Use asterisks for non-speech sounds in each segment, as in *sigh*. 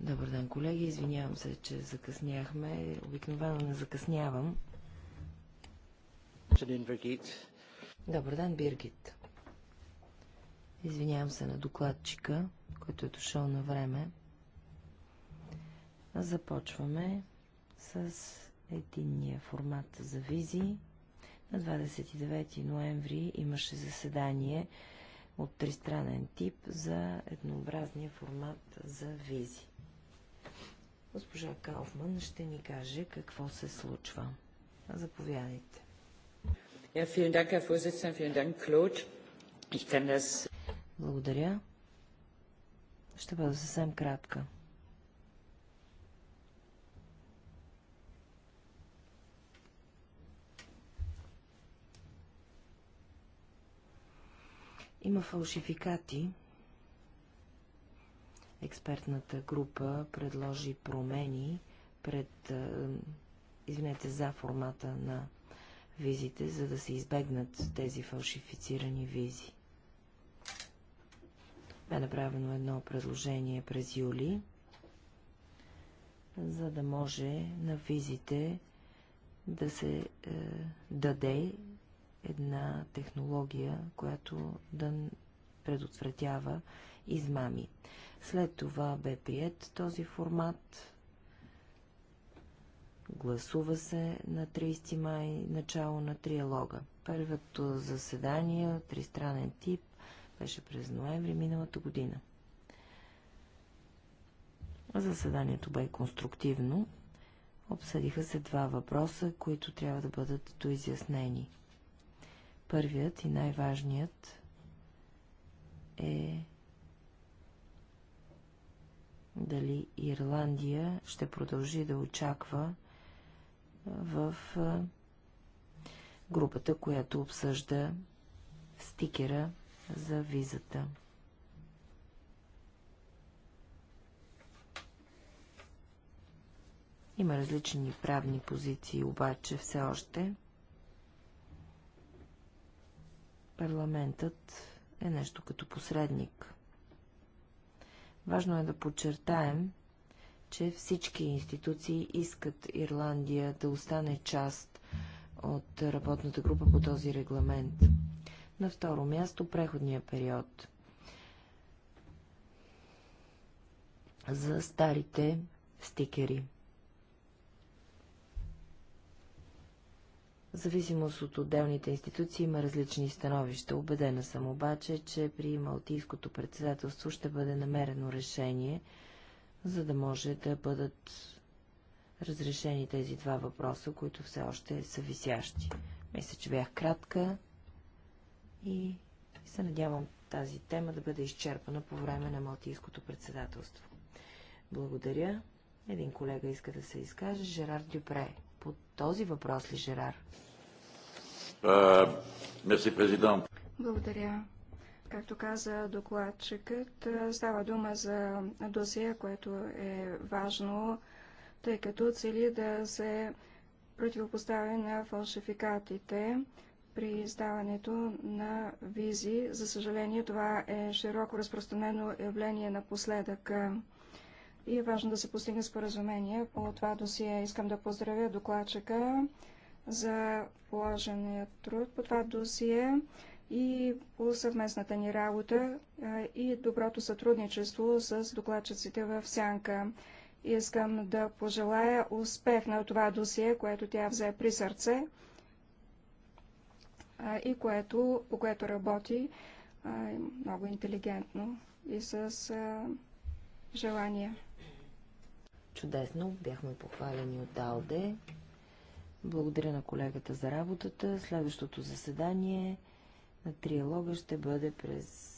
Добър ден, колеги. Извинявам се, че закъсняхме. Обикновено не закъснявам. Добър ден, Биргит. Извинявам се на докладчика, който е дошъл на време. Започваме с единния формат за визи. На 29 ноември имаше заседание от тристранен тип за еднообразния формат за визи. Госпожа Кауфман ще ни каже какво се случва. Заповядайте. Благодаря. Ще бъда съвсем кратка. Има фалшификати. Експертната група предложи промени пред, извинете, за формата на визите, за да се избегнат тези фалшифицирани визи. Бе направено едно предложение през юли, за да може на визите да се е, даде една технология, която да предотвратява измами. След това бе прият този формат. Гласува се на 30 май начало на триалога. Първото заседание, тристранен тип, беше през ноември миналата година. Заседанието бе конструктивно. Обсъдиха се два въпроса, които трябва да бъдат доизяснени. Първият и най-важният е дали Ирландия ще продължи да очаква в групата, която обсъжда стикера за визата. Има различни правни позиции, обаче все още – парламентът е нещо като посредник. Важно е да подчертаем, че всички институции искат Ирландия да остане част от работната група по този регламент. На второ място преходния период за старите стикери. В зависимост от отделните институции има различни становища. Обедена съм обаче, че при Малтийското председателство ще бъде намерено решение, за да може да бъдат разрешени тези два въпроса, които все още са висящи. Мисля, че бях кратка и се надявам тази тема да бъде изчерпана по време на Малтийското председателство. Благодаря. Един колега иска да се изкаже. Жерар Дюпре. По този въпрос ли, Жерар? Мерси, президент. Благодаря. Както каза докладчикът, става дума за досия, което е важно, тъй като цели да се противопостави на фалшификатите при издаването на визи. За съжаление, това е широко разпространено явление напоследък и е важно да се постигне споразумение по това досие. Искам да поздравя докладчика за положения труд по това досие и по съвместната ни работа и доброто сътрудничество с докладчиците в Сянка. Искам да пожелая успех на това досие, което тя взе при сърце и което, по което работи много интелигентно и с желание. Чудесно, бяхме похвалени от Алде. Благодаря на колегата за работата. Следващото заседание на триалога ще бъде през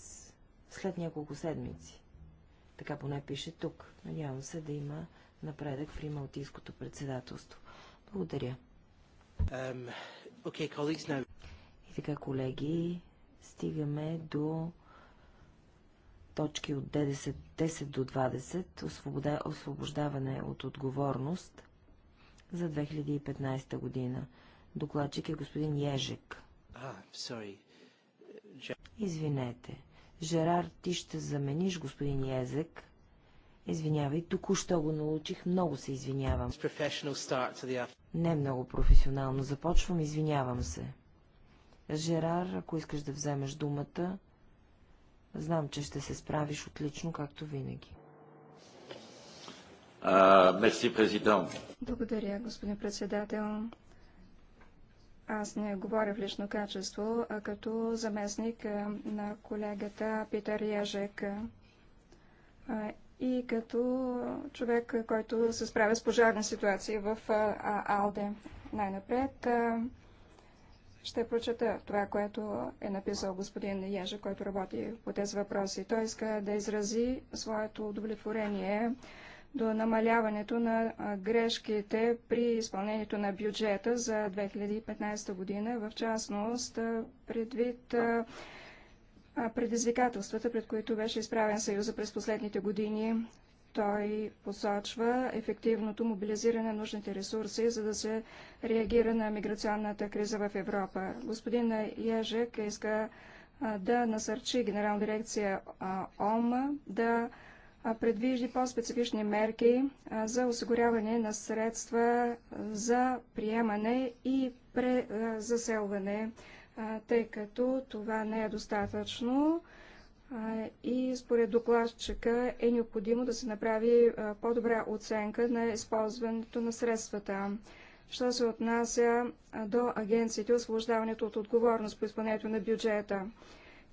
след няколко седмици. Така поне пише тук. Надявам се да има напредък при Малтийското председателство. Благодаря. Um, okay, colleagues, now... И така, колеги, стигаме до точки от 10, 10 до 20, освобода... освобождаване от отговорност – за 2015 година. Докладчик е господин Ежек. Извинете. Жерар, ти ще замениш господин Езек. Извинявай, току-що го научих, много се извинявам. Не много професионално започвам, извинявам се. Жерар, ако искаш да вземеш думата, знам, че ще се справиш отлично, както винаги. Благодаря, господин председател. Аз не говоря в лично качество, а като заместник на колегата Питър Яжек и като човек, който се справя с пожарна ситуация в Алде. Най-напред ще прочета това, което е написал господин Яжек, който работи по тези въпроси. Той иска да изрази своето удовлетворение до намаляването на грешките при изпълнението на бюджета за 2015 година, в частност предвид предизвикателствата, пред които беше изправен Съюза през последните години. Той посочва ефективното мобилизиране на нужните ресурси, за да се реагира на миграционната криза в Европа. Господин Ежек иска да насърчи Генерална дирекция ОМ да предвижди по-специфични мерки за осигуряване на средства за приемане и презаселване, тъй като това не е достатъчно и според докладчика е необходимо да се направи по-добра оценка на използването на средствата. Що се отнася до агенциите, освобождаването от отговорност по изпълнението на бюджета.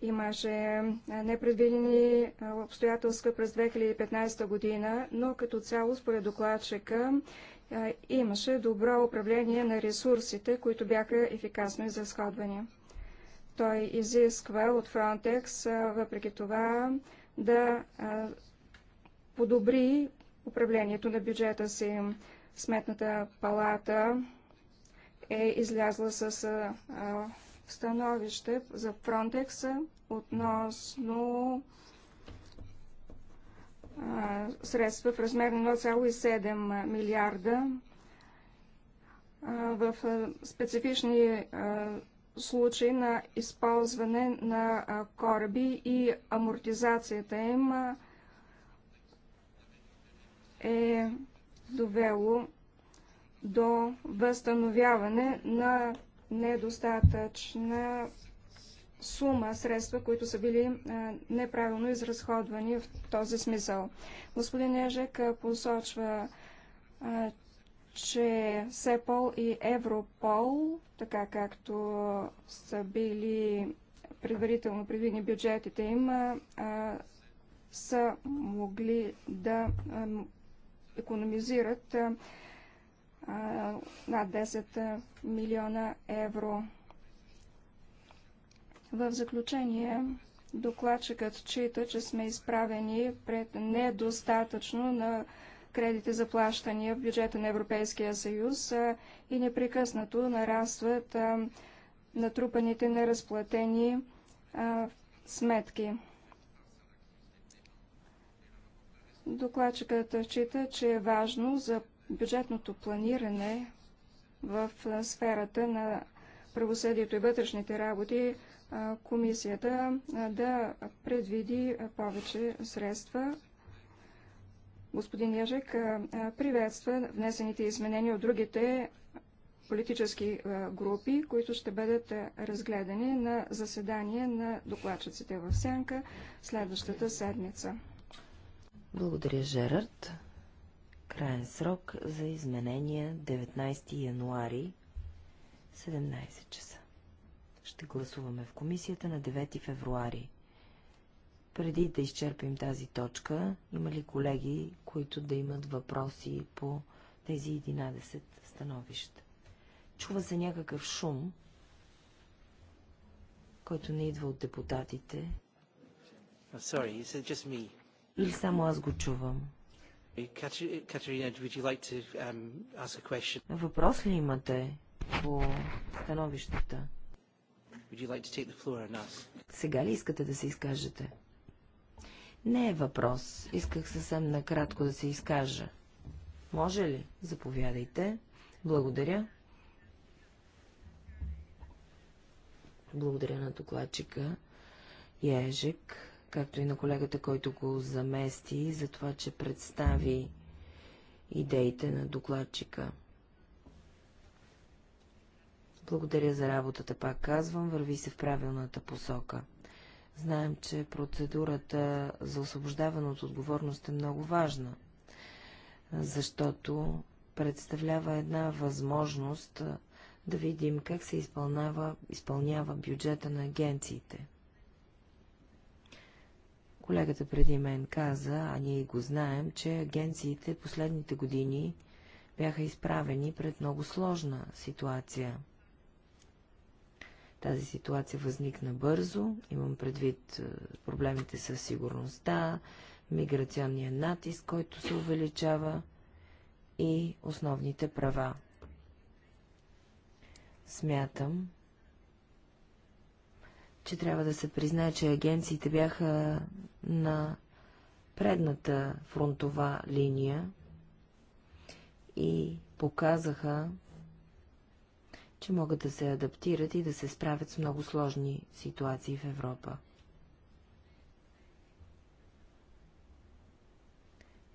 Имаше непредвидени обстоятелства през 2015 година, но като цяло според докладчика имаше добро управление на ресурсите, които бяха ефикасно изразходвани. Той изисква от Frontex, въпреки това, да подобри управлението на бюджета си. Сметната палата е излязла с становище за фронтекса относно а, средства в размер на 1,7 милиарда а, в а, специфични случаи на използване на кораби и амортизацията им е довело до възстановяване на недостатъчна сума средства, които са били е, неправилно изразходвани в този смисъл. Господин Ежек е, посочва, е, че СЕПОЛ и Европол, така както са били предварително предвидени бюджетите им, са могли да економизират над 10 милиона евро. В заключение, докладчикът чита, че сме изправени пред недостатъчно на кредити за плащания в бюджета на Европейския съюз и непрекъснато нарастват натрупаните неразплатени сметки. Докладчикът чита, че е важно за бюджетното планиране в сферата на правосъдието и вътрешните работи комисията да предвиди повече средства. Господин Яжек приветства внесените изменения от другите политически групи, които ще бъдат разгледани на заседание на докладчиците в Сянка следващата седмица. Благодаря, Жерард. Краен срок за изменения 19 януари 17 часа. Ще гласуваме в комисията на 9 февруари. Преди да изчерпим тази точка, има ли колеги, които да имат въпроси по тези 11 становища? Чува се някакъв шум, който не идва от депутатите. Sorry, Или само аз го чувам? Um, въпрос ли имате по становищата? Would you like to take the floor on us? Сега ли искате да се изкажете? Не е въпрос. Исках съвсем накратко да се изкажа. Може ли? Заповядайте. Благодаря. Благодаря на докладчика Ежик както и на колегата, който го замести, за това, че представи идеите на докладчика. Благодаря за работата, пак казвам, върви се в правилната посока. Знаем, че процедурата за освобождаване от отговорност е много важна, защото представлява една възможност да видим как се изпълнява, изпълнява бюджета на агенциите. Колегата преди мен каза, а ние го знаем, че агенциите последните години бяха изправени пред много сложна ситуация. Тази ситуация възникна бързо, имам предвид е, проблемите с сигурността, миграционния натиск, който се увеличава и основните права. Смятам, че трябва да се признае, че агенциите бяха на предната фронтова линия и показаха, че могат да се адаптират и да се справят с много сложни ситуации в Европа.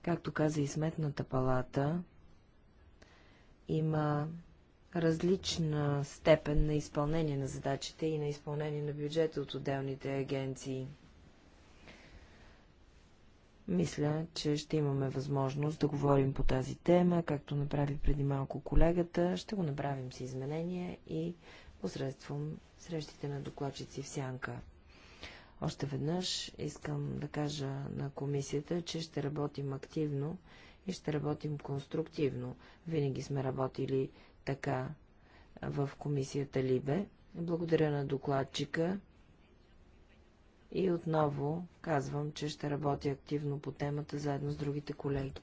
Както каза и Сметната палата, има различна степен на изпълнение на задачите и на изпълнение на бюджета от отделните агенции – мисля, че ще имаме възможност да говорим по тази тема, както направи преди малко колегата. Ще го направим с изменения и посредством срещите на докладчици в Сянка. Още веднъж искам да кажа на комисията, че ще работим активно и ще работим конструктивно. Винаги сме работили така в комисията Либе. Благодаря на докладчика и отново казвам, че ще работя активно по темата заедно с другите колеги.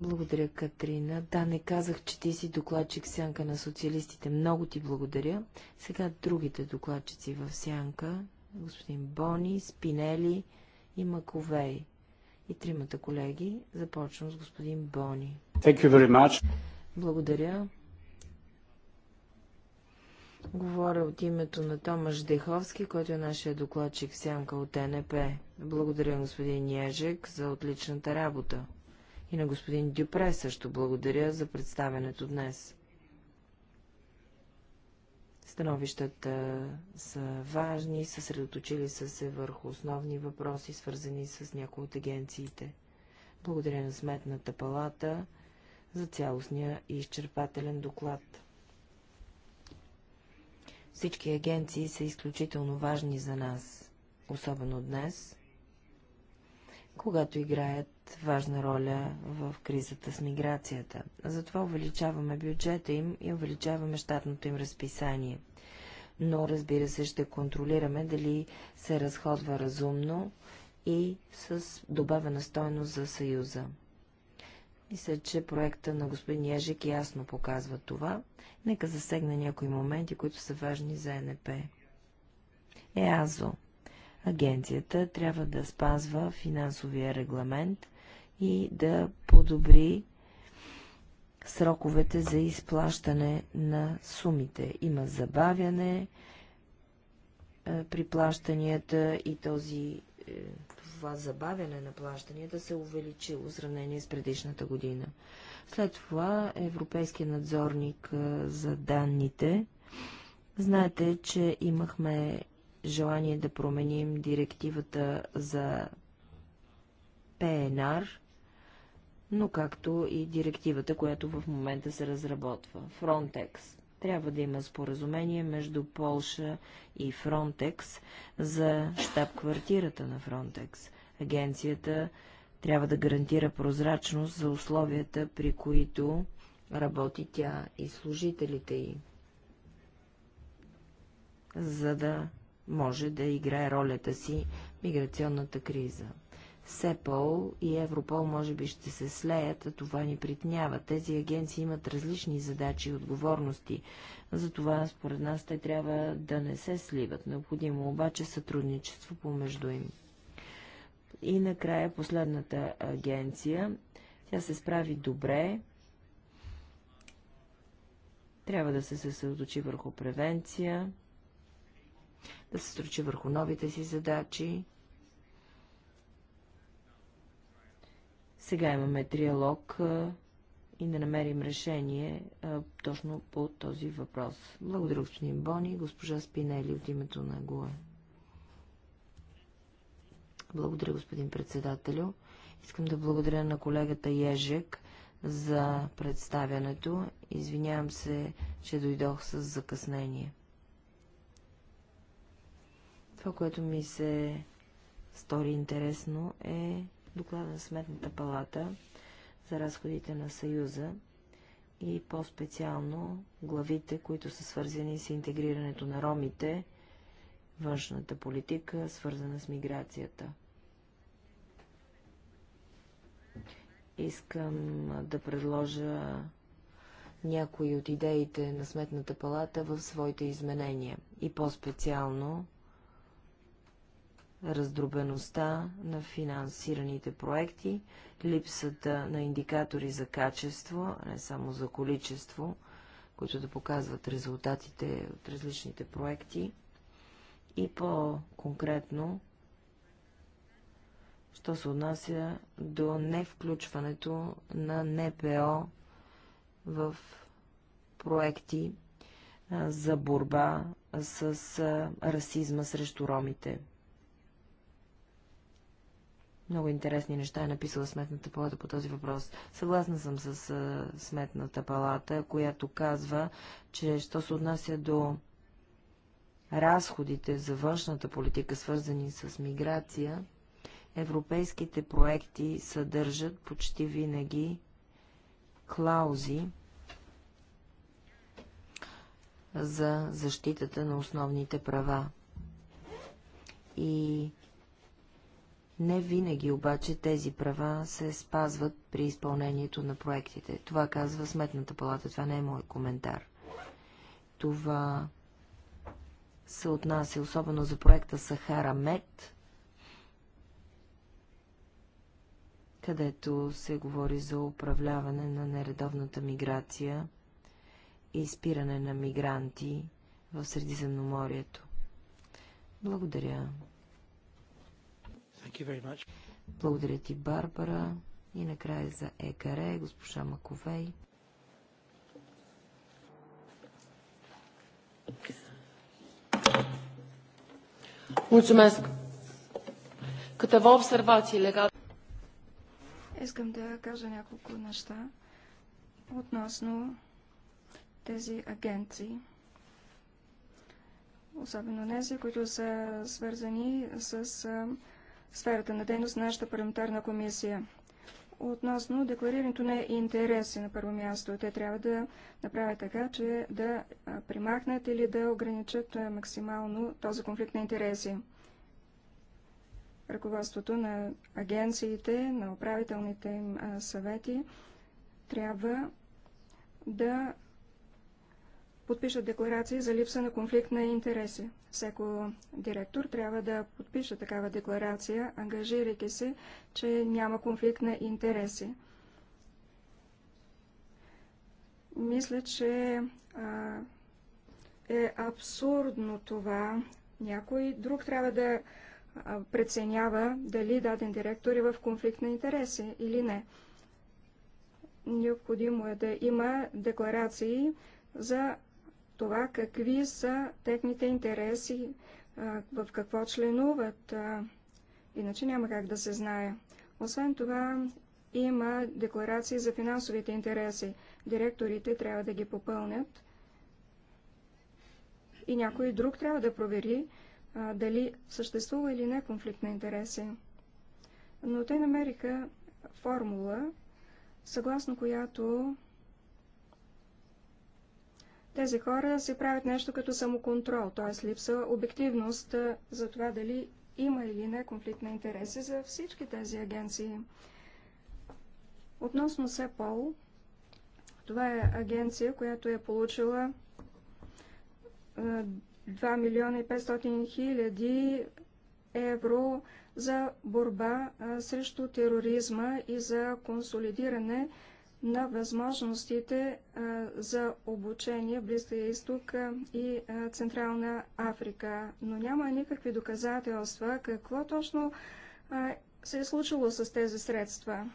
Благодаря, Катрина. Да, не казах, че ти си докладчик сянка на социалистите. Много ти благодаря. Сега другите докладчици в сянка, господин Бони, Спинели и Маковей. И тримата колеги. Започвам с господин Бони. Благодаря. Говоря от името на Томаш Деховски, който е нашия докладчик Сянка от НП. Благодаря господин Ежек за отличната работа. И на господин Дюпре също благодаря за представенето днес. Становищата са важни, съсредоточили са се върху основни въпроси, свързани с някои от агенциите. Благодаря на Сметната палата за цялостния и изчерпателен доклад. Всички агенции са изключително важни за нас, особено днес, когато играят важна роля в кризата с миграцията. Затова увеличаваме бюджета им и увеличаваме щатното им разписание. Но, разбира се, ще контролираме дали се разходва разумно и с добавена стойност за Съюза. Мисля, че проекта на господин Ежик ясно показва това. Нека засегна някои моменти, които са важни за НП. ЕАЗО. Агенцията трябва да спазва финансовия регламент и да подобри сроковете за изплащане на сумите. Има забавяне е, при плащанията и този е, това забавяне на плащанията се увеличило в сравнение с предишната година. След това Европейския надзорник за данните. Знаете, че имахме желание да променим директивата за ПНР, но както и директивата, която в момента се разработва – Frontex. Трябва да има споразумение между Полша и Frontex за щаб-квартирата на Frontex. Агенцията трябва да гарантира прозрачност за условията, при които работи тя и служителите й, за да може да играе ролята си миграционната криза. СЕПОЛ и Европол може би ще се слеят, а това ни притнява. Тези агенции имат различни задачи и отговорности. Затова, според нас, те трябва да не се сливат. Необходимо обаче сътрудничество помежду им. И накрая последната агенция. Тя се справи добре. Трябва да се съсредоточи върху превенция, да се строчи върху новите си задачи. Сега имаме триалог и да намерим решение а, точно по този въпрос. Благодаря, господин Бони. Госпожа Спинели от името на ГУЕ. Благодаря, господин председателю. Искам да благодаря на колегата Ежек за представянето. Извинявам се, че дойдох с закъснение. Това, което ми се стори интересно е доклада на Сметната палата за разходите на Съюза и по-специално главите, които са свързани с интегрирането на ромите, външната политика, свързана с миграцията – Искам да предложа някои от идеите на Сметната палата в своите изменения и по-специално раздробеността на финансираните проекти, липсата на индикатори за качество, а не само за количество, които да показват резултатите от различните проекти и по-конкретно що се отнася до невключването на НПО в проекти за борба с расизма срещу ромите. Много интересни неща е написала Сметната палата по този въпрос. Съгласна съм с Сметната палата, която казва, че що се отнася до разходите за външната политика, свързани с миграция, Европейските проекти съдържат почти винаги клаузи за защитата на основните права. И не винаги обаче тези права се спазват при изпълнението на проектите. Това казва Сметната палата, това не е мой коментар. Това се отнася особено за проекта Сахара Мед, където се говори за управляване на нередовната миграция и спиране на мигранти в Средиземноморието. Благодаря. Благодаря ти, Барбара. И накрая за ЕКАРЕ, госпожа Маковей. Mulțumesc. Câteva observații legate Искам да кажа няколко неща относно тези агенции. Особено тези, които са свързани с сферата на дейност на нашата парламентарна комисия. Относно декларирането на интереси на първо място, те трябва да направят така, че да примахнат или да ограничат максимално този конфликт на интереси ръководството на агенциите, на управителните им съвети трябва да подпишат декларации за липса на конфликт на интереси. Всеко директор трябва да подпише такава декларация, ангажирайки се, че няма конфликт на интереси. Мисля, че а, е абсурдно това. Някой друг трябва да преценява дали даден директор е в конфликт на интереси или не. Необходимо е да има декларации за това какви са техните интереси, в какво членуват, иначе няма как да се знае. Освен това, има декларации за финансовите интереси. Директорите трябва да ги попълнят и някой друг трябва да провери а, дали съществува или не конфликт на интереси. Но те намериха формула, съгласно която тези хора си правят нещо като самоконтрол, т.е. липса обективност за това дали има или не конфликт на интереси за всички тези агенции. Относно СЕПОЛ, това е агенция, която е получила 2 милиона и 500 хиляди евро за борба срещу тероризма и за консолидиране на възможностите за обучение в Близкия изток и Централна Африка. Но няма никакви доказателства какво точно се е случило с тези средства.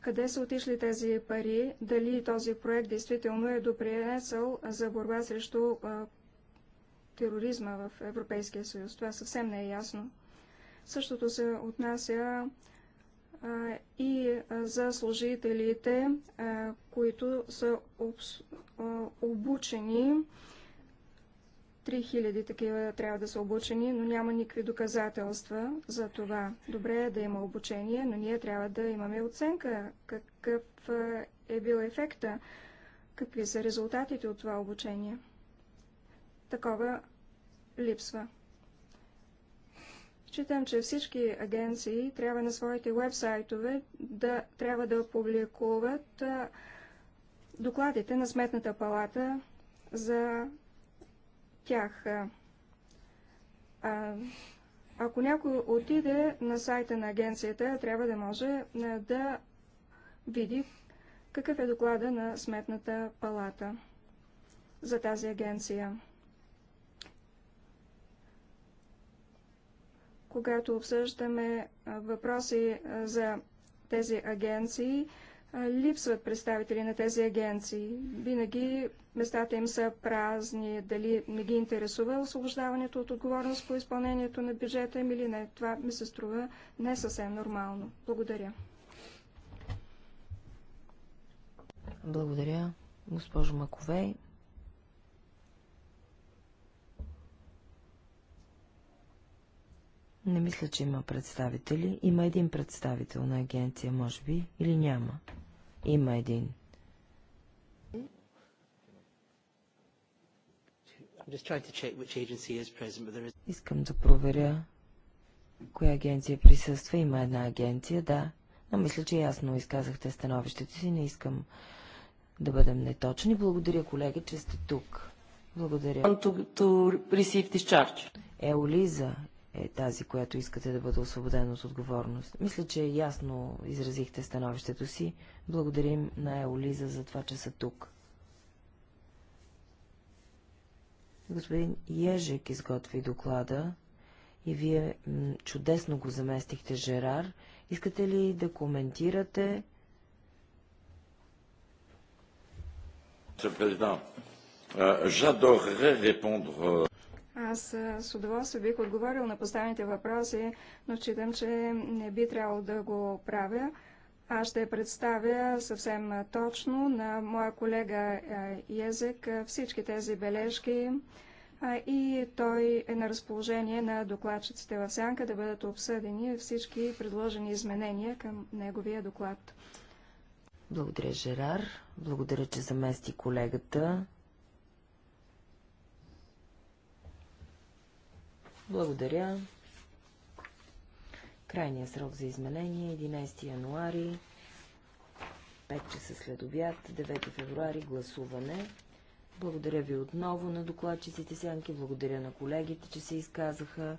Къде са отишли тези пари? Дали този проект действително е допринесъл за борба срещу тероризма в Европейския съюз. Това съвсем не е ясно. Същото се отнася а, и за служителите, а, които са обс... а, обучени. 3000 такива трябва да са обучени, но няма никакви доказателства за това. Добре е да има обучение, но ние трябва да имаме оценка какъв е бил ефекта, какви са резултатите от това обучение. Такова липсва. Читам, че всички агенции трябва на своите вебсайтове да трябва да публикуват докладите на Сметната палата за тях. ако някой отиде на сайта на агенцията, трябва да може да види какъв е доклада на Сметната палата за тази агенция. когато обсъждаме въпроси за тези агенции, липсват представители на тези агенции. Винаги местата им са празни, дали не ги интересува освобождаването от отговорност по изпълнението на бюджета им или не. Това ми се струва не съвсем нормално. Благодаря. Благодаря, госпожо Маковей. Не мисля, че има представители. Има един представител на агенция, може би, или няма. Има един. Искам да проверя коя агенция присъства. Има една агенция, да. Но мисля, че ясно изказахте становището си. Не искам да бъдем неточни. Благодаря, колега, че сте тук. Благодаря. Еолиза е тази, която искате да бъде освободена от отговорност. Мисля, че ясно изразихте становището си. Благодарим на Еолиза за това, че са тук. Господин Ежек изготви доклада и вие чудесно го заместихте, Жерар. Искате ли да коментирате? Monsieur le Président, euh, j'adorerais répondre euh, аз с удоволствие бих отговорил на поставените въпроси, но считам, че не би трябвало да го правя. Аз ще представя съвсем точно на моя колега Язек всички тези бележки и той е на разположение на докладчиците в Сянка да бъдат обсъдени всички предложени изменения към неговия доклад. Благодаря, Жерар. Благодаря, че замести колегата. Благодаря. Крайният срок за изменение 11 е януари, 5 часа след обяд, 9 февруари гласуване. Благодаря ви отново на докладчиците Сянки, благодаря на колегите, че се изказаха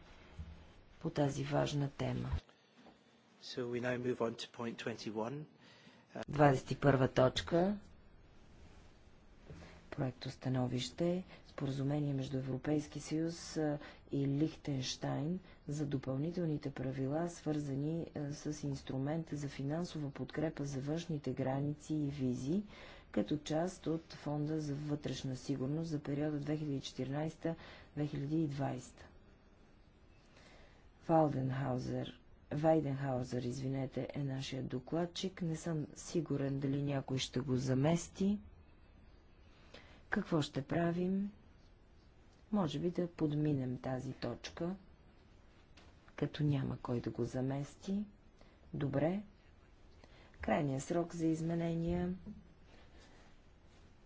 по тази важна тема. 21 точка. Проекто становище споразумение между Европейски съюз и Лихтенштайн за допълнителните правила, свързани с инструмента за финансова подкрепа за външните граници и визи, като част от Фонда за вътрешна сигурност за периода 2014-2020. Валденхаузер Вайденхаузер, извинете, е нашия докладчик. Не съм сигурен дали някой ще го замести. Какво ще правим? Може би да подминем тази точка, като няма кой да го замести. Добре. Крайният срок за изменения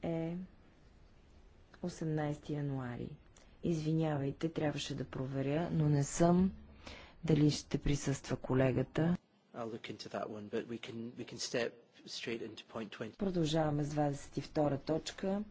е 18 януари. Извинявайте, трябваше да проверя, но не съм. Дали ще присъства колегата? Продължаваме с 22 точка.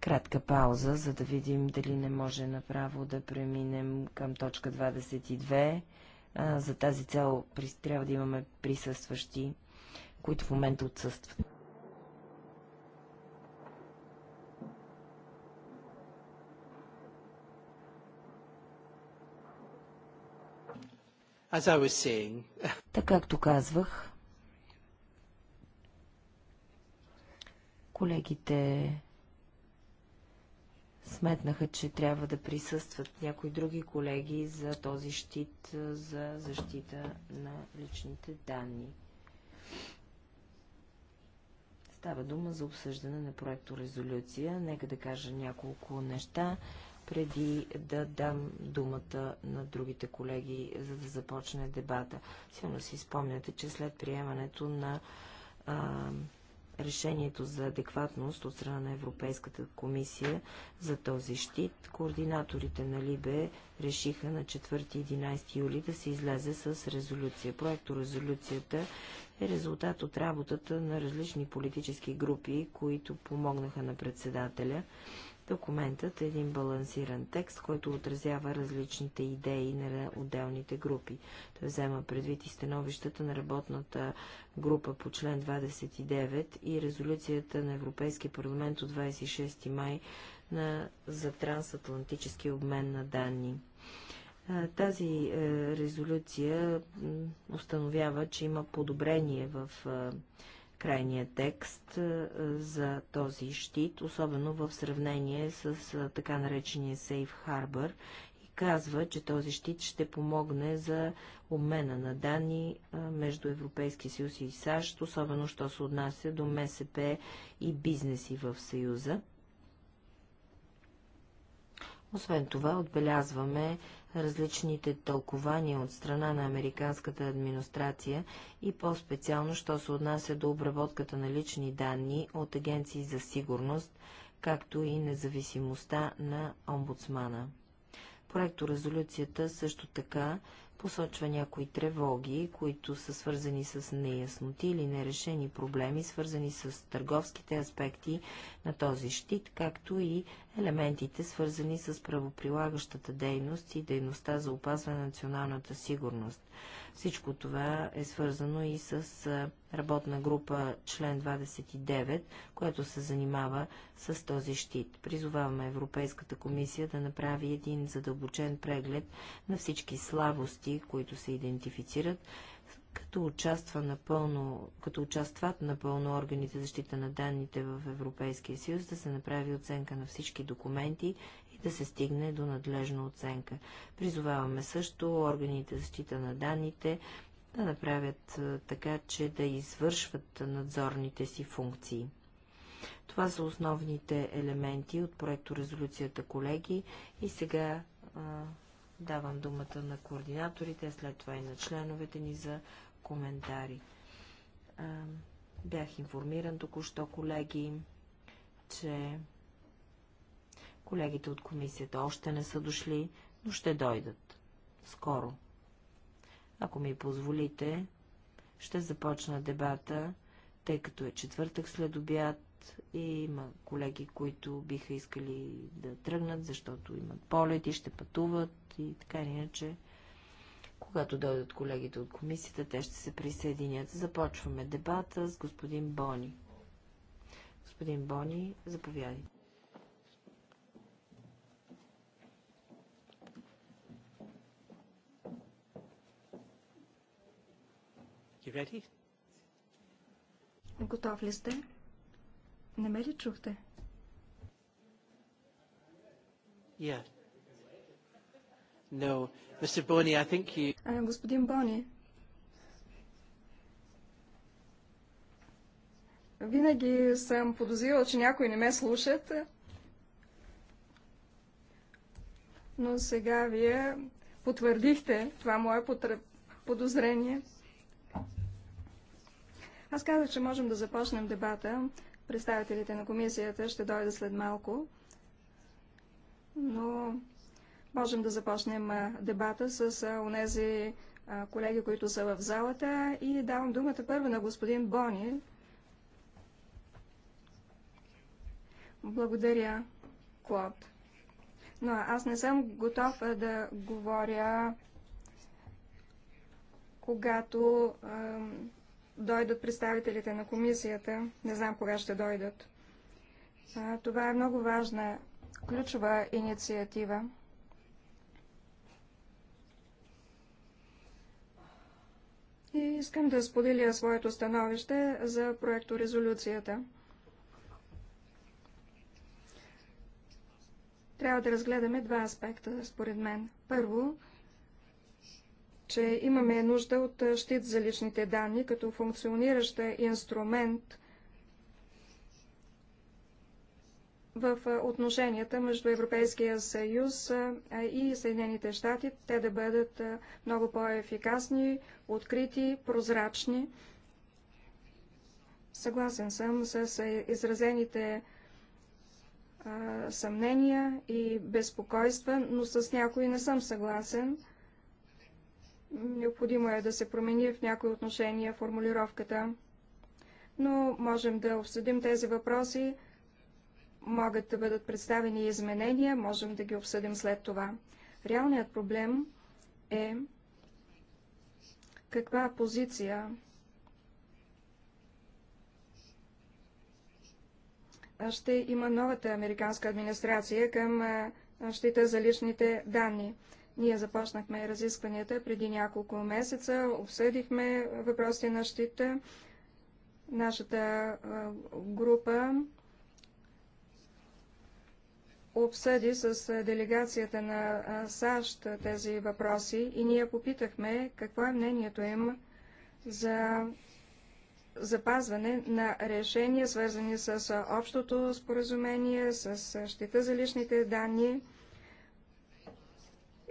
Кратка пауза, за да видим дали не може направо да преминем към точка 22. За тази цел трябва да имаме присъстващи, които в момента отсъстват. Saying... Така както казвах, Колегите сметнаха, че трябва да присъстват някои други колеги за този щит за защита на личните данни. Става дума за обсъждане на проекто резолюция. Нека да кажа няколко неща, преди да дам думата на другите колеги, за да започне дебата. Силно си спомняте, че след приемането на а, решението за адекватност от страна на Европейската комисия за този щит, координаторите на Либе решиха на 4-11 юли да се излезе с резолюция. Проекто резолюцията е резултат от работата на различни политически групи, които помогнаха на председателя Документът е един балансиран текст, който отразява различните идеи на отделните групи. Той взема предвид и становищата на работната група по член 29 и резолюцията на Европейския парламент от 26 май на, за трансатлантически обмен на данни. Тази е, резолюция установява, че има подобрение в е, крайния текст е, за този щит, особено в сравнение с е, така наречения Safe Harbor и казва, че този щит ще помогне за обмена на данни е, между Европейския съюз и САЩ, особено що се отнася до МСП и бизнеси в Съюза. Освен това, отбелязваме различните тълкования от страна на американската администрация и по-специално, що се отнася до обработката на лични данни от агенции за сигурност, както и независимостта на омбудсмана. Проекто резолюцията също така посочва някои тревоги, които са свързани с неясноти или нерешени проблеми, свързани с търговските аспекти на този щит, както и елементите, свързани с правоприлагащата дейност и дейността за опазване на националната сигурност. Всичко това е свързано и с работна група член 29, която се занимава с този щит. Призоваваме Европейската комисия да направи един задълбочен преглед на всички слабости, които се идентифицират като, участва напълно, като участват напълно органите защита на данните в Европейския съюз, да се направи оценка на всички документи и да се стигне до надлежна оценка. Призоваваме също органите защита на данните да направят така, че да извършват надзорните си функции. Това са основните елементи от проекто резолюцията, колеги. И сега а, давам думата на координаторите, след това и на членовете ни за коментари. Бях информиран току-що, колеги, че колегите от комисията още не са дошли, но ще дойдат. Скоро. Ако ми позволите, ще започна дебата, тъй като е четвъртък след обяд и има колеги, които биха искали да тръгнат, защото имат полет и ще пътуват и така иначе когато дойдат колегите от комисията, те ще се присъединят. Започваме дебата с господин Бони. Господин Бони, заповядайте. Готов ли сте? Не ме ли чухте? Yeah. No. Mr. Boni, I think you... Господин Бони, винаги съм подозирал, че някои не ме слушат, но сега вие потвърдихте това мое подозрение. Аз казах, че можем да започнем дебата. Представителите на комисията ще дойдат след малко, но Можем да започнем дебата с онези колеги, които са в залата и давам думата първо на господин Бони. Благодаря, Клод. Но аз не съм готов да говоря, когато е, дойдат представителите на комисията. Не знам кога ще дойдат. това е много важна, ключова инициатива. И искам да споделя своето становище за проекторезолюцията. Трябва да разгледаме два аспекта, според мен. Първо, че имаме нужда от щит за личните данни като функциониращ инструмент в отношенията между Европейския съюз и Съединените щати, те да бъдат много по-ефикасни, открити, прозрачни. Съгласен съм с изразените съмнения и безпокойства, но с някои не съм съгласен. Необходимо е да се промени в някои отношения формулировката. Но можем да обсъдим тези въпроси могат да бъдат представени изменения, можем да ги обсъдим след това. Реалният проблем е каква позиция ще има новата американска администрация към щита за личните данни. Ние започнахме разискванията преди няколко месеца, обсъдихме въпросите на щита. Нашата група обсъди с делегацията на САЩ тези въпроси и ние попитахме какво е мнението им за запазване на решения, свързани с общото споразумение, с щита за личните данни.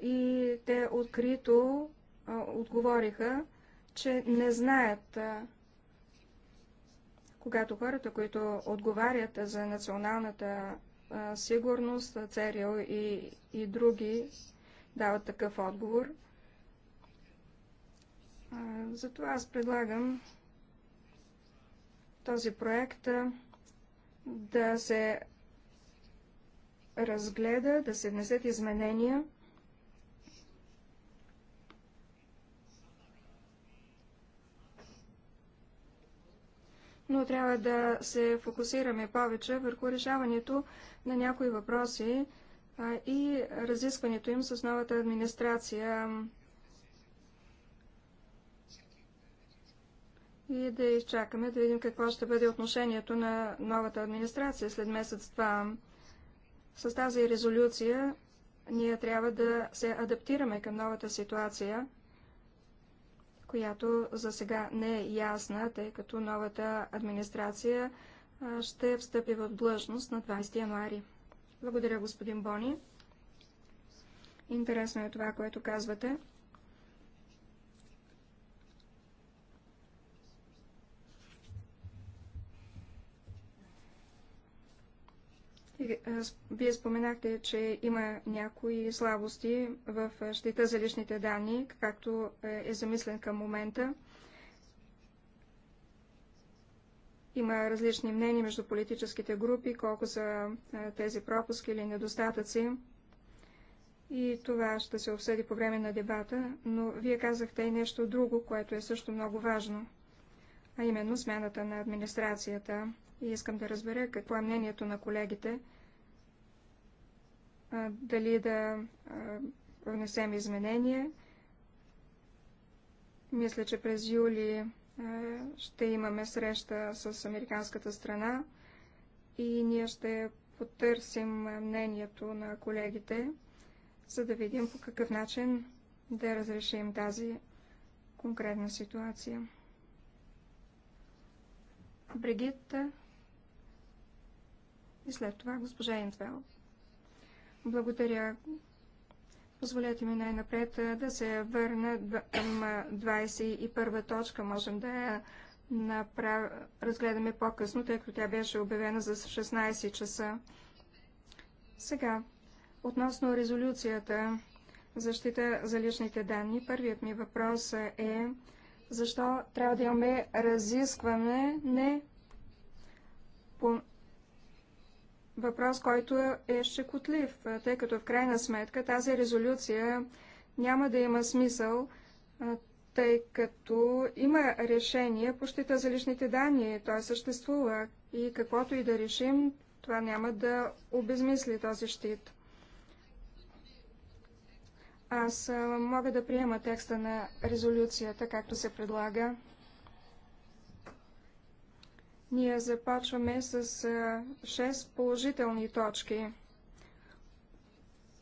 И те открито отговориха, че не знаят, когато хората, които отговарят за националната сигурност, церил и, и други дават такъв отговор. Затова аз предлагам този проект да се разгледа, да се внесат изменения но трябва да се фокусираме повече върху решаването на някои въпроси а, и разискването им с новата администрация. И да изчакаме да видим какво ще бъде отношението на новата администрация след месец-два. С тази резолюция ние трябва да се адаптираме към новата ситуация – която за сега не е ясна, тъй като новата администрация ще встъпи в длъжност на 20 януари. Благодаря, господин Бони. Интересно е това, което казвате. Е, вие споменахте, че има някои слабости в е, щита за личните данни, както е, е замислен към момента. Има различни мнения между политическите групи, колко са тези пропуски или недостатъци. И това ще се обсъди по време на дебата, но вие казахте и нещо друго, което е също много важно, а именно смяната на администрацията. И искам да разбера какво е мнението на колегите – дали да внесем изменения. Мисля, че през юли ще имаме среща с американската страна и ние ще потърсим мнението на колегите, за да видим по какъв начин да разрешим тази конкретна ситуация. Бригитта и след това госпожа Интвелд. Благодаря. Позволете ми най-напред да се върна към 21 точка. Можем да я направ... разгледаме по-късно, тъй като тя беше обявена за 16 часа. Сега, относно резолюцията защита за личните данни, първият ми въпрос е защо трябва да имаме разискване не по въпрос, който е щекотлив, тъй като в крайна сметка тази резолюция няма да има смисъл, тъй като има решение по щита за личните данни. Той съществува и каквото и да решим, това няма да обезмисли този щит. Аз мога да приема текста на резолюцията, както се предлага. Ние започваме с 6 положителни точки.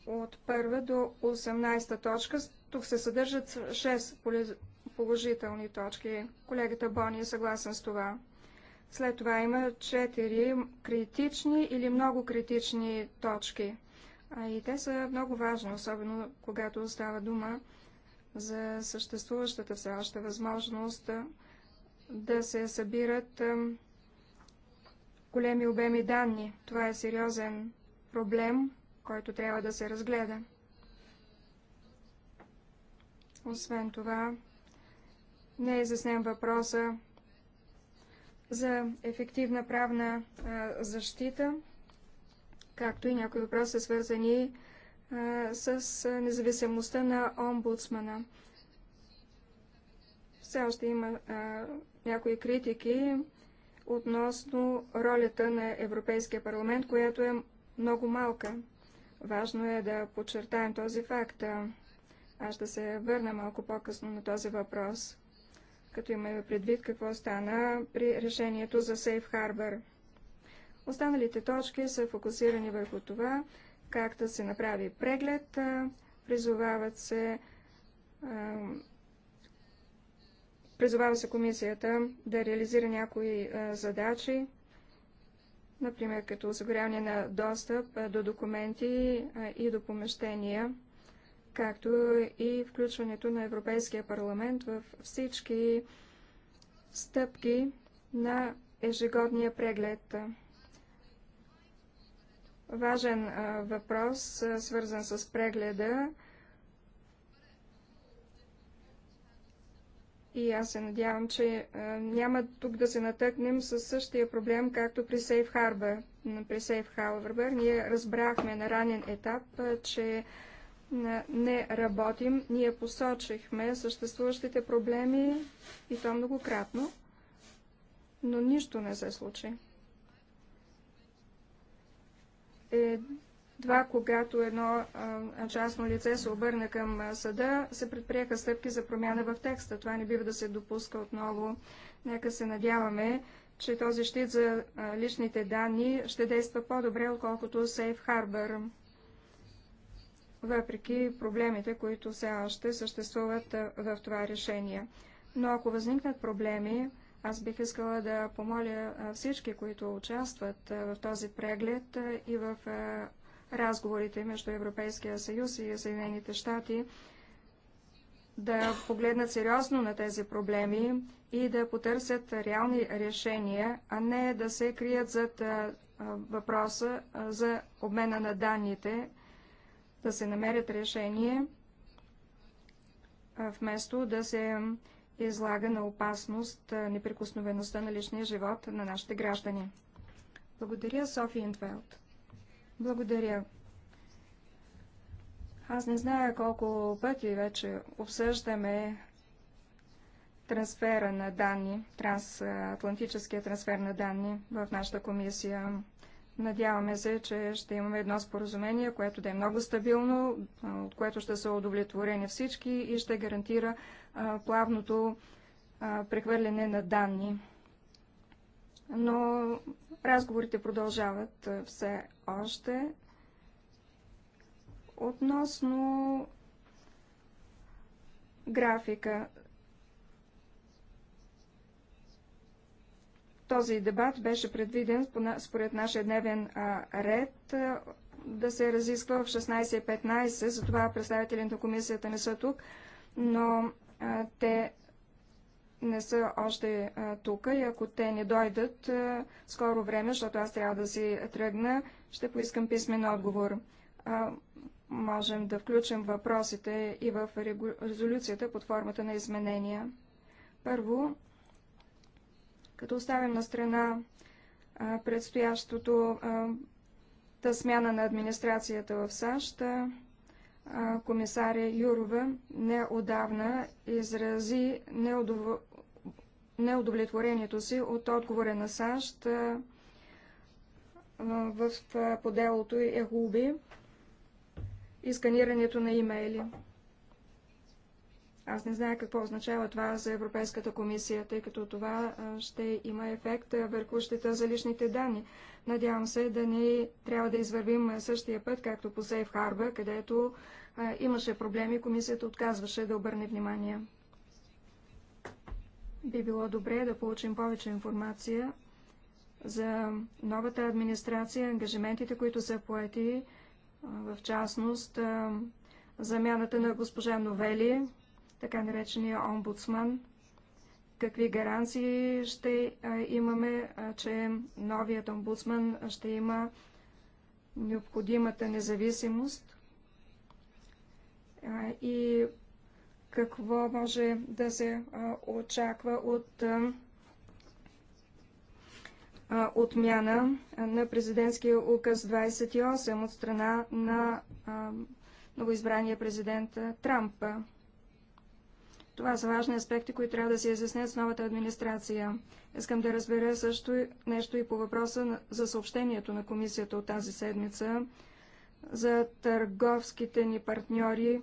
От първа до 18 точка. Тук се съдържат 6 положителни точки. Колегата Бони е съгласен с това. След това има 4 критични или много критични точки. А и те са много важни, особено когато става дума за съществуващата все още възможност да се събират големи обеми данни. Това е сериозен проблем, който трябва да се разгледа. Освен това, не е заснем въпроса за ефективна правна а, защита, както и някои въпроси свързани а, с независимостта на омбудсмана. Все още има а, някои критики относно ролята на Европейския парламент, която е много малка. Важно е да подчертаем този факт. Аз ще се върна малко по-късно на този въпрос, като имаме предвид какво стана при решението за Сейф Harbor. Останалите точки са фокусирани върху това, как да се направи преглед, призовават се Призовава се комисията да реализира някои е, задачи, например като осигуряване на достъп е, до документи е, и до помещения, както и включването на Европейския парламент в всички стъпки на ежегодния преглед. Важен въпрос, свързан с прегледа, И аз се надявам, че а, няма тук да се натъкнем с същия проблем, както при Сейф Harbor. При Сейф Harbor ние разбрахме на ранен етап, а, че не работим. Ние посочихме съществуващите проблеми и то многократно, но нищо не се случи. Е, това, когато едно а, частно лице се обърне към съда, се предприеха стъпки за промяна в текста. Това не бива да се допуска отново. Нека се надяваме, че този щит за а, личните данни ще действа по-добре, отколкото Safe Harbor, въпреки проблемите, които все още съществуват в това решение. Но ако възникнат проблеми, аз бих искала да помоля всички, които участват в този преглед и в разговорите между Европейския съюз и Съединените щати да погледнат сериозно на тези проблеми и да потърсят реални решения, а не да се крият зад въпроса за обмена на данните, да се намерят решение, вместо да се излага на опасност неприкосновеността на личния живот на нашите граждани. Благодаря, Софи Интвелд. Благодаря. Аз не зная колко пъти вече обсъждаме трансфера на данни, трансатлантическия трансфер на данни в нашата комисия. Надяваме се, че ще имаме едно споразумение, което да е много стабилно, от което ще са удовлетворени всички и ще гарантира плавното прехвърляне на данни. Но Разговорите продължават все още. Относно графика. Този дебат беше предвиден според нашия дневен ред да се разисква в 16.15, затова представителите на комисията не са тук, но те не са още тук и ако те не дойдат скоро време, защото аз трябва да си тръгна, ще поискам писмен отговор. можем да включим въпросите и в резолюцията под формата на изменения. Първо, като оставим на страна предстоящото та смяна на администрацията в САЩ, комисаря Юрова неодавна изрази неудов неудовлетворението си от отговора на САЩ в поделото Ехуби и сканирането на имейли. Аз не знае какво означава това за Европейската комисия, тъй като това ще има ефект върху щета за личните данни. Надявам се да не трябва да извървим същия път, както по Сейф Харба, където имаше проблеми и комисията отказваше да обърне внимание. Би било добре да получим повече информация за новата администрация, ангажиментите, които са поети, в частност замяната на госпожа Новели, така наречения омбудсман, какви гаранции ще имаме, че новият омбудсман ще има необходимата независимост и какво може да се очаква от отмяна на президентския указ 28 от страна на новоизбрания президент Трамп. Това са важни аспекти, които трябва да се изяснят с новата администрация. Искам да разбера също нещо и по въпроса за съобщението на комисията от тази седмица за търговските ни партньори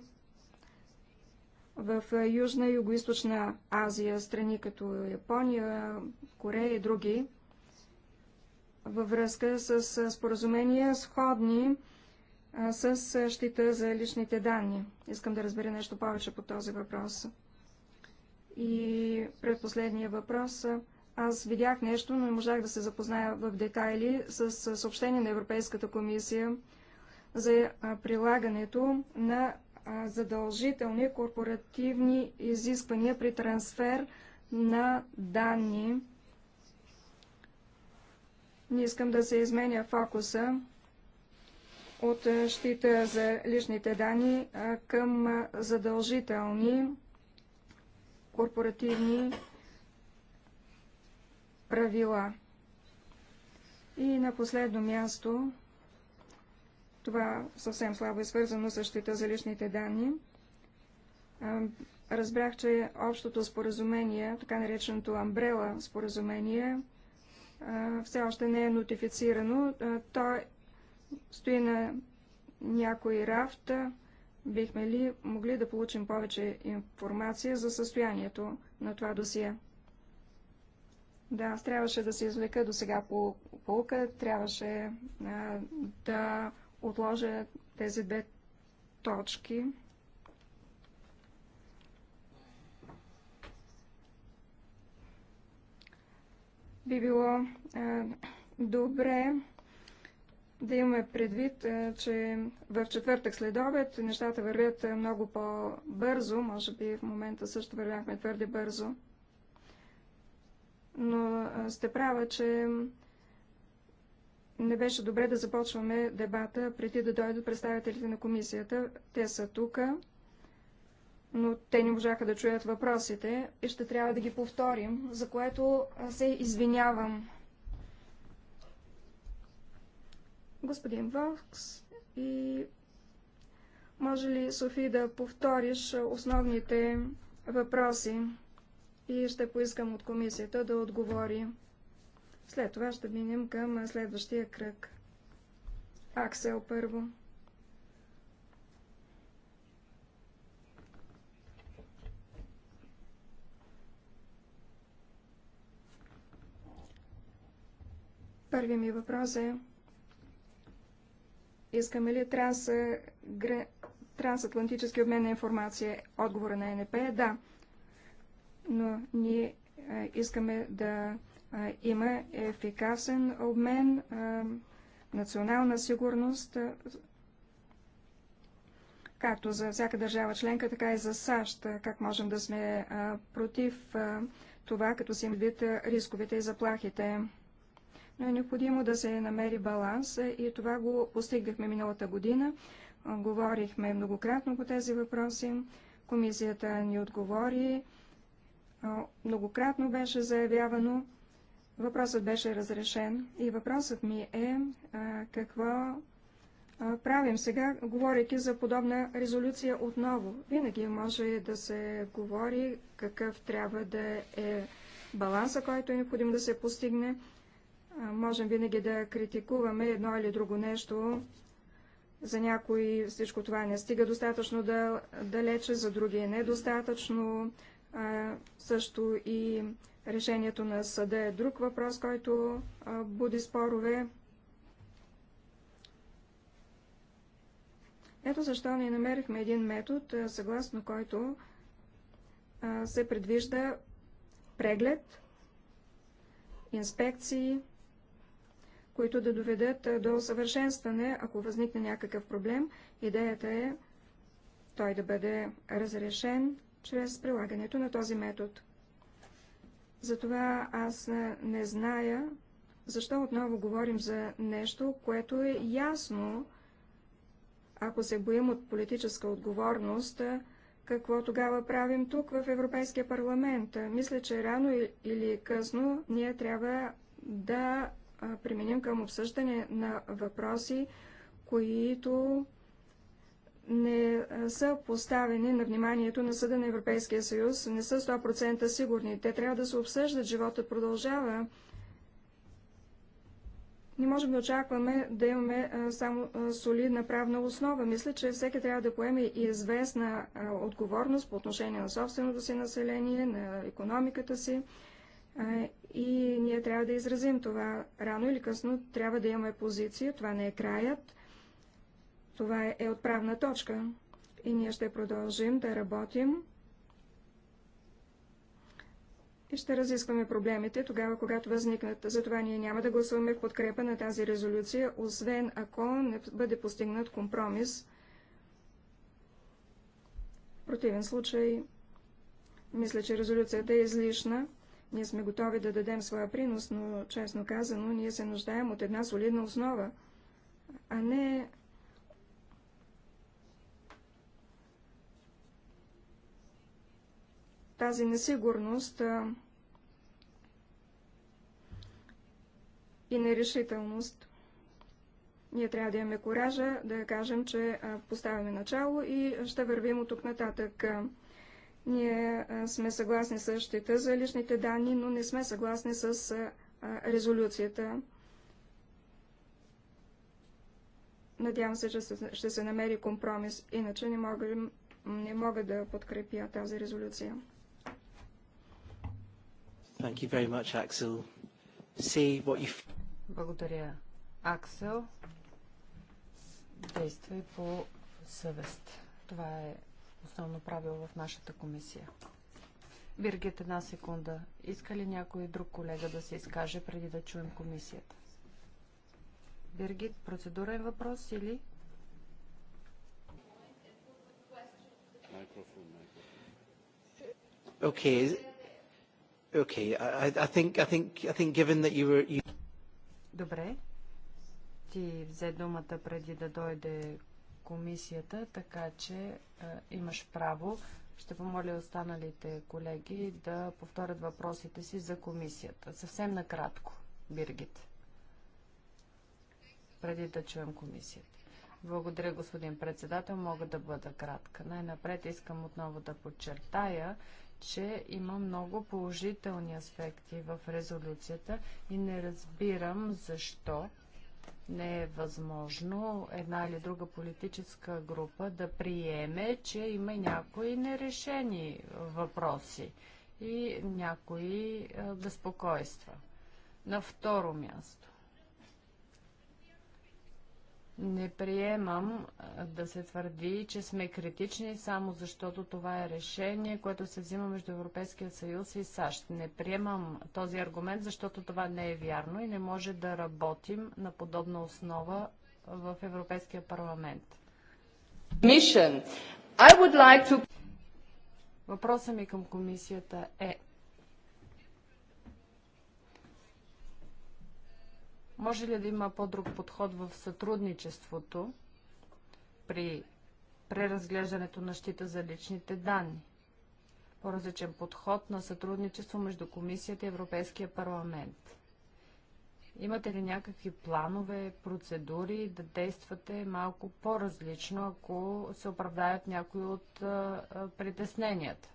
в Южна и Юго-Источна Азия, страни като Япония, Корея и други, във връзка с споразумения сходни с щита за личните данни. Искам да разбера нещо повече по този въпрос. И предпоследния въпрос. Аз видях нещо, но не можах да се запозная в детайли с съобщение на Европейската комисия за прилагането на задължителни корпоративни изисквания при трансфер на данни. Не искам да се изменя фокуса от щита за личните данни към задължителни корпоративни правила. И на последно място това съвсем слабо е свързано с защита за личните данни. Разбрах, че общото споразумение, така нареченото Амбрела споразумение, все още не е нотифицирано. То стои на някои рафт. Бихме ли могли да получим повече информация за състоянието на това досие? Да, аз трябваше да се извлека до сега по полка, трябваше а, да отложа тези две точки. Би било е, добре да имаме предвид, е, че в четвъртък след обед нещата вървят е, много по-бързо. Може би в момента също вървяхме твърде бързо. Но е, сте права, че не беше добре да започваме дебата преди да дойдат представителите на комисията. Те са тук, но те не можаха да чуят въпросите и ще трябва да ги повторим, за което се извинявам. Господин Волкс, и може ли, Софи, да повториш основните въпроси и ще поискам от комисията да отговори след това ще минем към следващия кръг. Аксел първо. Първи ми въпрос е, искаме ли транс, трансатлантически обмен на информация? Отговора на НП е да. Но ние искаме да има ефикасен обмен, национална сигурност, както за всяка държава членка, така и за САЩ, как можем да сме против това, като си имат рисковете и заплахите. Но е необходимо да се намери баланс и това го постигнахме миналата година. Говорихме многократно по тези въпроси. Комисията ни отговори. Многократно беше заявявано, Въпросът беше разрешен и въпросът ми е а, какво правим сега, говоряки за подобна резолюция отново. Винаги може да се говори какъв трябва да е баланса, който е необходим да се постигне. Можем винаги да критикуваме едно или друго нещо. За някои всичко това не стига достатъчно да, далече, за други е недостатъчно. А, също и Решението на съда е друг въпрос, който буди спорове. Ето защо ние намерихме един метод, съгласно който се предвижда преглед, инспекции, които да доведат до усъвършенстване, ако възникне някакъв проблем. Идеята е той да бъде разрешен чрез прилагането на този метод. Затова аз не зная, защо отново говорим за нещо, което е ясно, ако се боим от политическа отговорност, какво тогава правим тук в Европейския парламент. Мисля, че рано или късно ние трябва да применим към обсъждане на въпроси, които не са поставени на вниманието на Съда на Европейския съюз, не са 100% сигурни. Те трябва да се обсъждат, живота продължава. Не можем да очакваме да имаме само солидна правна основа. Мисля, че всеки трябва да поеме и известна отговорност по отношение на собственото си население, на економиката си. И ние трябва да изразим това рано или късно. Трябва да имаме позиция. Това не е краят. Това е, е отправна точка и ние ще продължим да работим и ще разискваме проблемите тогава, когато възникнат. Затова ние няма да гласуваме в подкрепа на тази резолюция, освен ако не бъде постигнат компромис. В противен случай, мисля, че резолюцията е излишна. Ние сме готови да дадем своя принос, но честно казано, ние се нуждаем от една солидна основа, а не тази несигурност и нерешителност. Ние трябва да имаме коража да кажем, че поставяме начало и ще вървим от тук нататък. Ние сме съгласни с щита за личните данни, но не сме съгласни с резолюцията. Надявам се, че ще се намери компромис, иначе не мога, не мога да подкрепя тази резолюция. Thank you very much, Axel. what you... Благодаря, Аксел. Действай по съвест. Това е основно правило в нашата комисия. Биргет, една секунда. Иска ли някой друг колега да се изкаже преди да чуем комисията? Биргит, процедурен въпрос или... Микрофон, микрофон. Okay. Okay, I, I think, I think, I think given that you were... You... Добре. Ти взе думата преди да дойде комисията, така че е, имаш право. Ще помоля останалите колеги да повторят въпросите си за комисията. Съвсем накратко, Биргит, преди да чуем комисията. Благодаря, господин председател. Мога да бъда кратка. Най-напред искам отново да подчертая, че има много положителни аспекти в резолюцията и не разбирам защо не е възможно една или друга политическа група да приеме, че има някои нерешени въпроси и някои безпокойства. На второ място. Не приемам да се твърди, че сме критични само защото това е решение, което се взима между Европейския съюз и САЩ. Не приемам този аргумент, защото това не е вярно и не може да работим на подобна основа в Европейския парламент. Mission. I would like to... Въпросът ми към комисията е Може ли да има по-друг подход в сътрудничеството при преразглеждането на щита за личните данни? По-различен подход на сътрудничество между Комисията и Европейския парламент. Имате ли някакви планове, процедури да действате малко по-различно, ако се оправдаят някои от а, притесненията?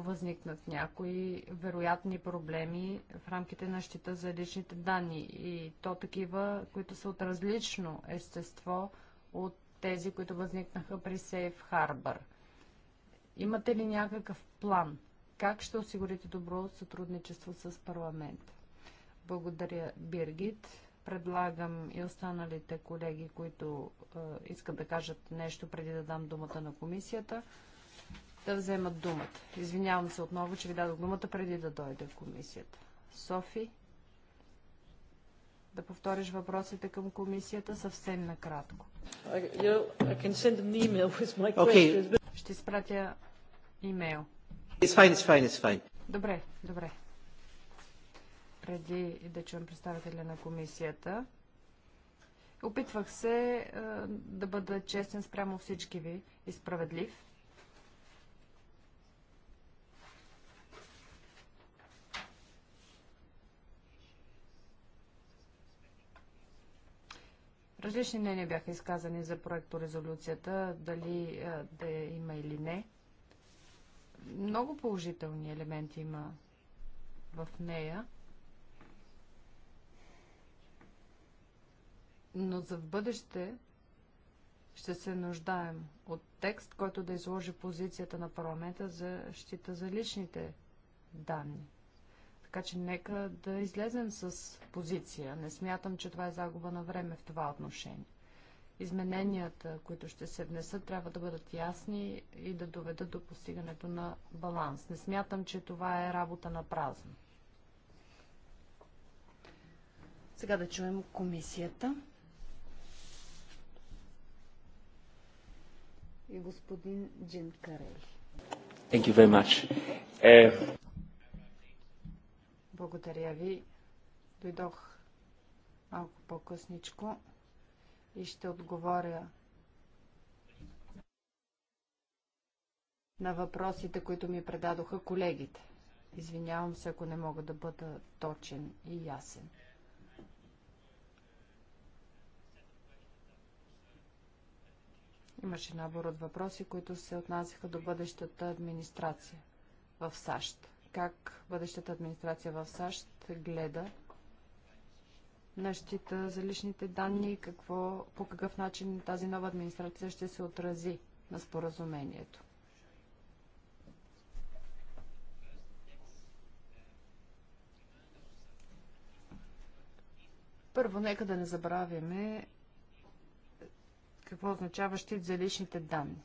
възникнат някои вероятни проблеми в рамките на щита за личните данни и то такива, които са от различно естество от тези, които възникнаха при Сейф Harbor. Имате ли някакъв план? Как ще осигурите добро сътрудничество с парламент? Благодаря, Биргит. Предлагам и останалите колеги, които е, искат да кажат нещо преди да дам думата на комисията да вземат думата. Извинявам се отново, че ви дадох думата преди да дойде в комисията. Софи, да повториш въпросите към комисията съвсем накратко. okay. Ще спратя имейл. It's fine, it's fine, it's fine. Добре, добре. Преди да чуем представителя на комисията, опитвах се е, да бъда честен спрямо всички ви и справедлив. Различни мнения бяха изказани за проекто резолюцията, дали да е има или не. Много положителни елементи има в нея. Но за в бъдеще ще се нуждаем от текст, който да изложи позицията на парламента за щита за личните данни. Така че нека да излезем с позиция. Не смятам, че това е загуба на време в това отношение. Измененията, които ще се внесат, трябва да бъдат ясни и да доведат до постигането на баланс. Не смятам, че това е работа на празно. Сега да чуем комисията. И господин Джин Карели. Thank you very much. Uh... Благодаря ви. Дойдох малко по-късничко и ще отговоря на въпросите, които ми предадоха колегите. Извинявам се, ако не мога да бъда точен и ясен. Имаше набор от въпроси, които се отнасяха до бъдещата администрация в САЩ как бъдещата администрация в САЩ гледа на щита за личните данни и какво, по какъв начин тази нова администрация ще се отрази на споразумението. Първо, нека да не забравяме какво означава щит за личните данни.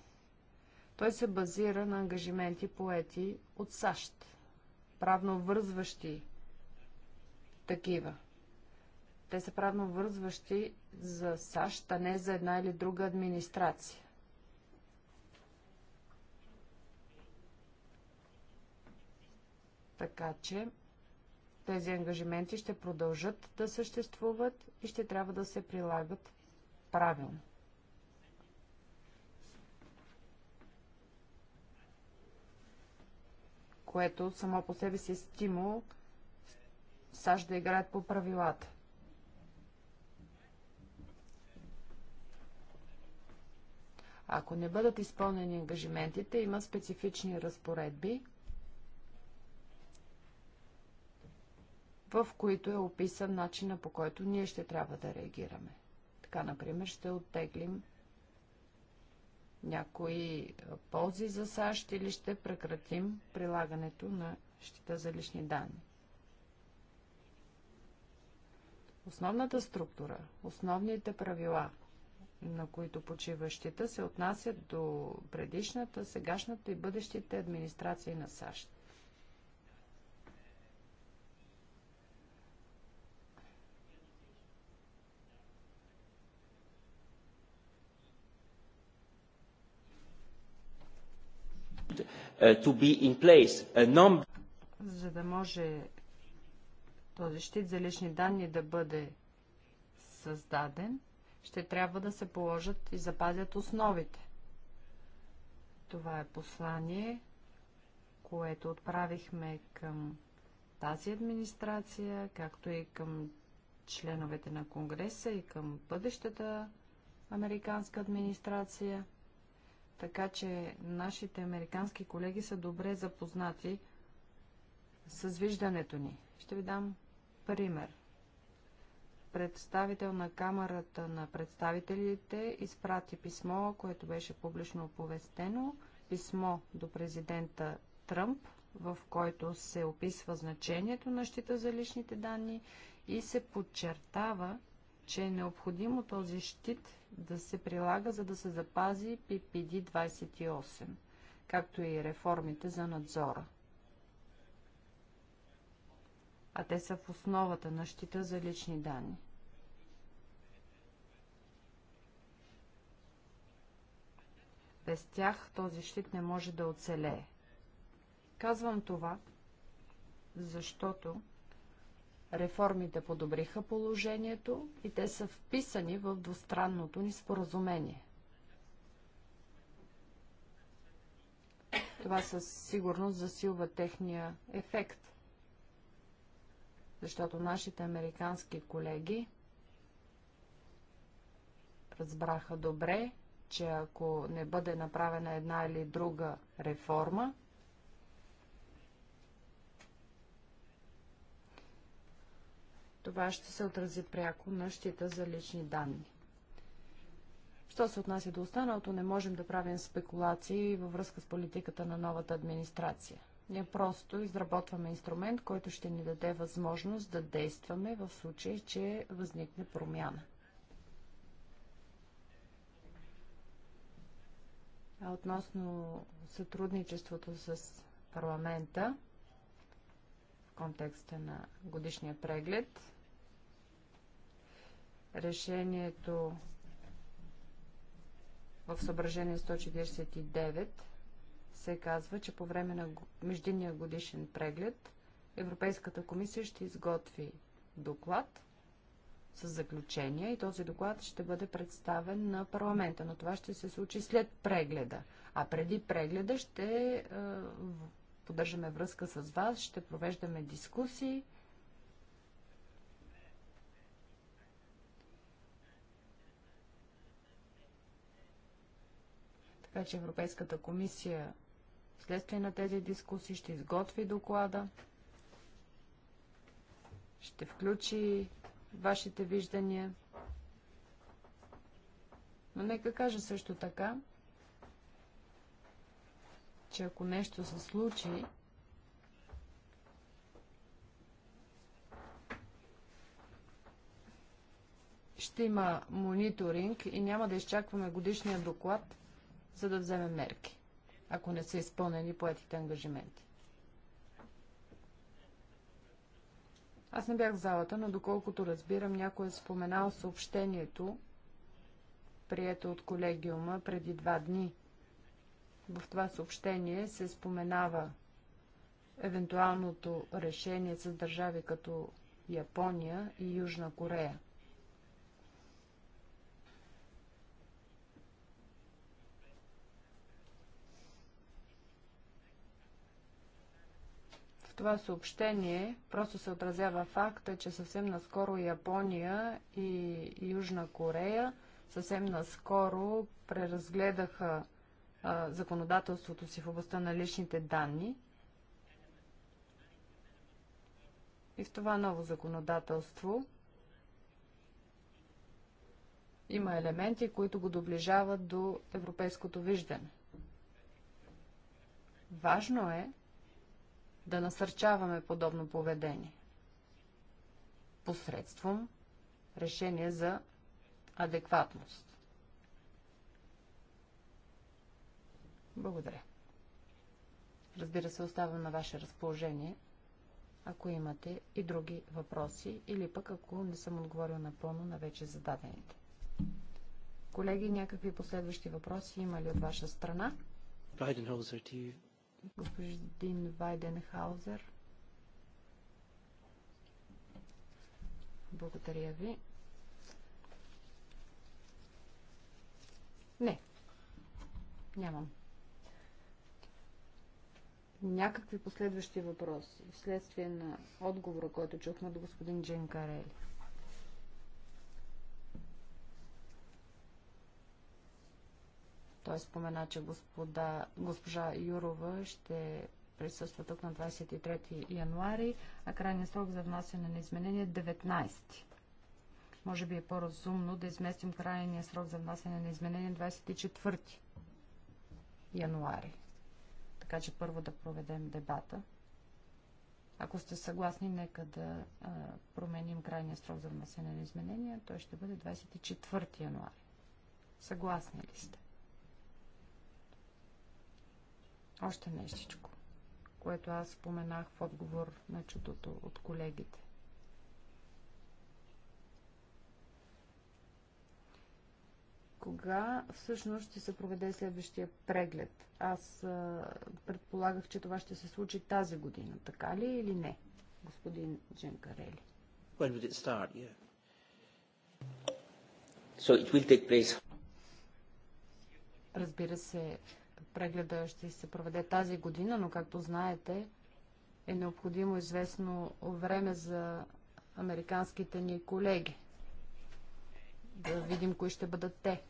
Той се базира на ангажименти поети от САЩ – правно вързващи такива. Те са правно вързващи за САЩ, а не за една или друга администрация. Така че тези ангажименти ще продължат да съществуват и ще трябва да се прилагат правилно. което само по себе си е стимул САЩ да играят по правилата. Ако не бъдат изпълнени ангажиментите, има специфични разпоредби, в които е описан начина по който ние ще трябва да реагираме. Така, например, ще оттеглим някои ползи за САЩ или ще прекратим прилагането на щита за лични данни. Основната структура, основните правила, на които почива щита, се отнасят до предишната, сегашната и бъдещите администрации на САЩ. Е, to be in place. A number... За да може този щит за лични данни да бъде създаден, ще трябва да се положат и запазят основите. Това е послание, което отправихме към тази администрация, както и към членовете на Конгреса и към бъдещата американска администрация така че нашите американски колеги са добре запознати с виждането ни. Ще ви дам пример. Представител на Камерата на представителите изпрати писмо, което беше публично оповестено, писмо до президента Тръмп, в който се описва значението на щита за личните данни и се подчертава, че е необходимо този щит да се прилага, за да се запази PPD-28, както и реформите за надзора. А те са в основата на щита за лични данни. Без тях този щит не може да оцелее. Казвам това, защото Реформите подобриха положението и те са вписани в двустранното ни споразумение. Това със сигурност засилва техния ефект, защото нашите американски колеги разбраха добре, че ако не бъде направена една или друга реформа, това ще се отрази пряко на щита за лични данни. Що се отнася до останалото, не можем да правим спекулации във връзка с политиката на новата администрация. Ние просто изработваме инструмент, който ще ни даде възможност да действаме в случай, че възникне промяна. А относно сътрудничеството с парламента в контекста на годишния преглед, решението в съображение 149 се казва, че по време на междинния годишен преглед Европейската комисия ще изготви доклад с заключения и този доклад ще бъде представен на парламента, но това ще се случи след прегледа. А преди прегледа ще е, поддържаме връзка с вас, ще провеждаме дискусии Така че Европейската комисия вследствие на тези дискусии ще изготви доклада, ще включи вашите виждания. Но нека кажа също така, че ако нещо се случи, ще има мониторинг и няма да изчакваме годишния доклад – за да вземе мерки, ако не са изпълнени поетите ангажименти. Аз не бях в залата, но доколкото разбирам, някой е споменал съобщението, прието от колегиума преди два дни. В това съобщение се споменава евентуалното решение с държави като Япония и Южна Корея. Това съобщение просто се отразява факта, че съвсем наскоро Япония и Южна Корея съвсем наскоро преразгледаха а, законодателството си в областта на личните данни. И в това ново законодателство има елементи, които го доближават до европейското виждане. Важно е да насърчаваме подобно поведение посредством решение за адекватност. Благодаря. Разбира се, оставам на ваше разположение, ако имате и други въпроси, или пък ако не съм отговорил напълно на вече зададените. Колеги, някакви последващи въпроси има ли от ваша страна? Байденхаузер, ти Господин Вайденхаузер. Благодаря ви. Не. Нямам. Някакви последващи въпроси, вследствие на отговора, който чухме от господин Джен Карели. Той спомена, че господа, госпожа Юрова ще присъства тук на 23 януари, а крайният срок за внасяне на изменение е 19. Може би е по-разумно да изместим крайния срок за внасяне на изменение 24 януари. Така че първо да проведем дебата. Ако сте съгласни, нека да а, променим крайния срок за внасяне на изменения. Той ще бъде 24 януари. Съгласни ли сте? Още нещичко, което аз споменах в отговор на чутото от колегите. Кога всъщност ще се проведе следващия преглед? Аз предполагах, че това ще се случи тази година, така ли или не, господин Дженкарели? When would it start? Yeah. So it will take place. Разбира се, Прегледа ще се проведе тази година, но както знаете, е необходимо известно време за американските ни колеги. Да видим кои ще бъдат те.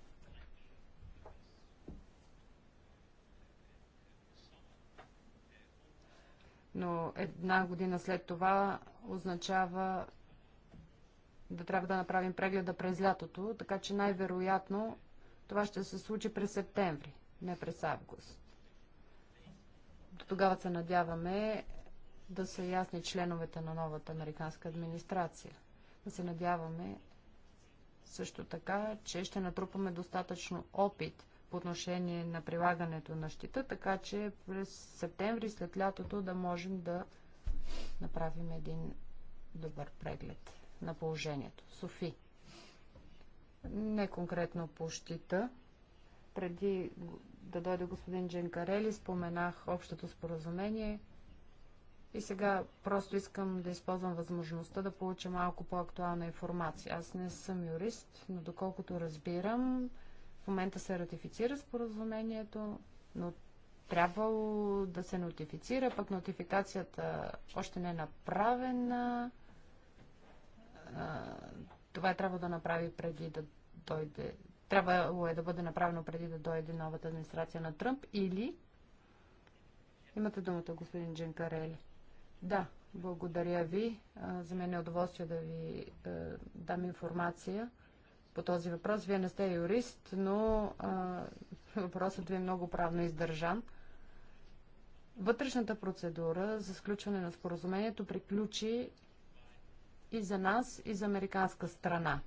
но една година след това означава да трябва да направим прегледа през лятото, така че най-вероятно това ще се случи през септември не през август. До тогава се надяваме да са ясни членовете на новата американска администрация. Да се надяваме също така, че ще натрупаме достатъчно опит по отношение на прилагането на щита, така че през септември след лятото да можем да направим един добър преглед на положението. Софи. Не конкретно по щита, преди да дойде господин Дженкарели, споменах общото споразумение. И сега просто искам да използвам възможността да получа малко по-актуална информация. Аз не съм юрист, но доколкото разбирам, в момента се ратифицира споразумението, но трябвало да се нотифицира, пък нотификацията още не е направена. Това е трябва да направи преди да дойде трябвало е да бъде направено преди да дойде новата администрация на Тръмп или... Имате думата, господин Дженкарели. Да, благодаря ви. За мен е удоволствие да ви дам информация по този въпрос. Вие не сте юрист, но въпросът ви е много правно издържан. Вътрешната процедура за сключване на споразумението приключи и за нас, и за американска страна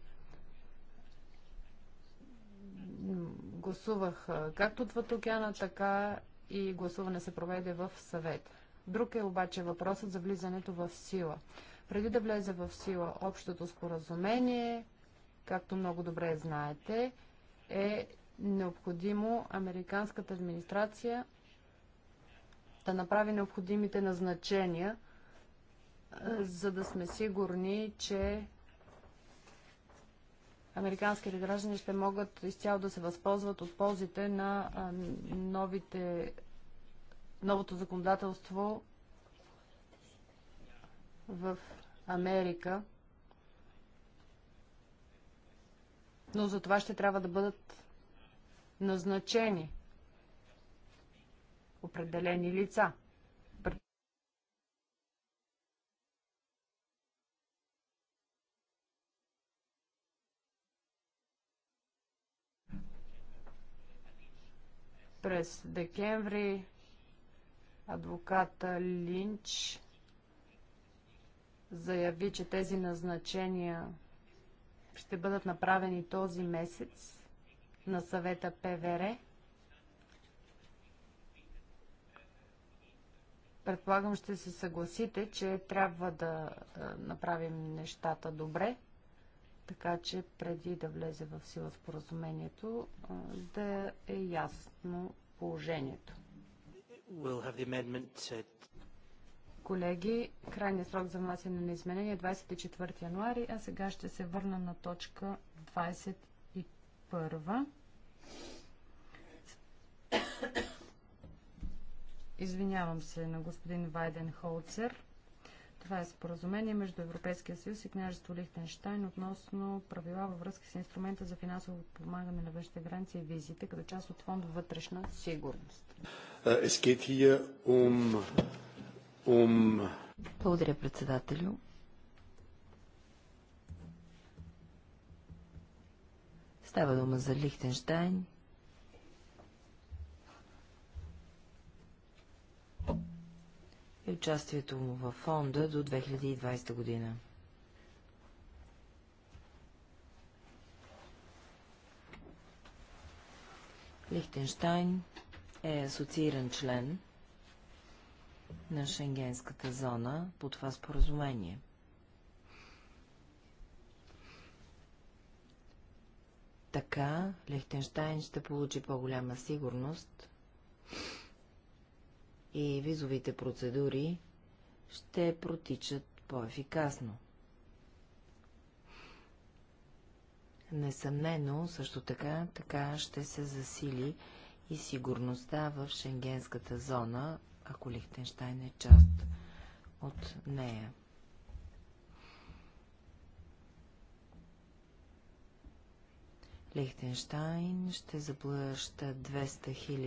гласувах както от океана, така и гласуване се проведе в съвет. Друг е обаче въпросът за влизането в сила. Преди да влезе в сила общото споразумение, както много добре знаете, е необходимо американската администрация да направи необходимите назначения, за да сме сигурни, че американските граждани ще могат изцяло да се възползват от ползите на новите, новото законодателство в Америка. Но за това ще трябва да бъдат назначени определени лица. През декември адвоката Линч заяви, че тези назначения ще бъдат направени този месец на съвета ПВР. Предполагам, ще се съгласите, че трябва да направим нещата добре така че преди да влезе в сила споразумението да е ясно положението. We'll Колеги, крайният срок за внасяне на изменение е 24 януари, а сега ще се върна на точка 21. Извинявам се на господин Вайден Холцер. Това е споразумение между Европейския съюз и княжество Лихтенштайн относно правила във връзка с инструмента за финансово подпомагане на външните граници и визите, като част от фонд вътрешна сигурност. Е, е, Благодаря, председателю. Става дума за Лихтенштайн и участието му във фонда до 2020 година. Лихтенштайн е асоцииран член на Шенгенската зона по това споразумение. Така Лихтенштайн ще получи по-голяма сигурност и визовите процедури ще протичат по-ефикасно. Несъмнено, също така, така ще се засили и сигурността в шенгенската зона, ако Лихтенштайн е част от нея. Лихтенштайн ще заплаща 200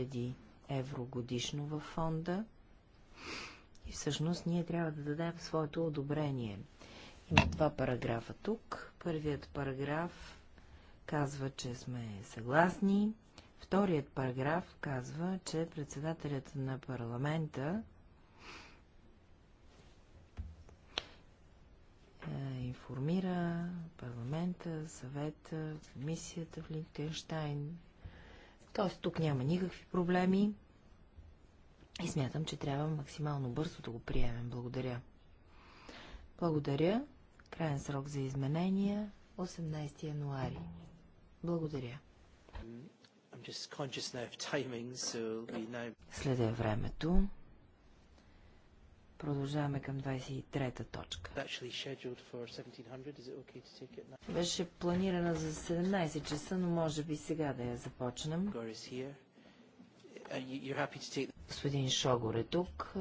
000 евро годишно във фонда и всъщност ние трябва да дадем своето одобрение. Има два параграфа тук. Първият параграф казва, че сме съгласни. Вторият параграф казва, че председателят на парламента е, информира парламента, съвета, комисията в Линкенштайн Тоест тук няма никакви проблеми и смятам, че трябва максимално бързо да го приемем. Благодаря. Благодаря. Крайен срок за изменения 18 януари. Благодаря. Now... Следя времето. Продължаваме към 23-та точка. Беше планирана за 17 часа, но може би сега да я започнем. Uh, Господин Шогор е тук.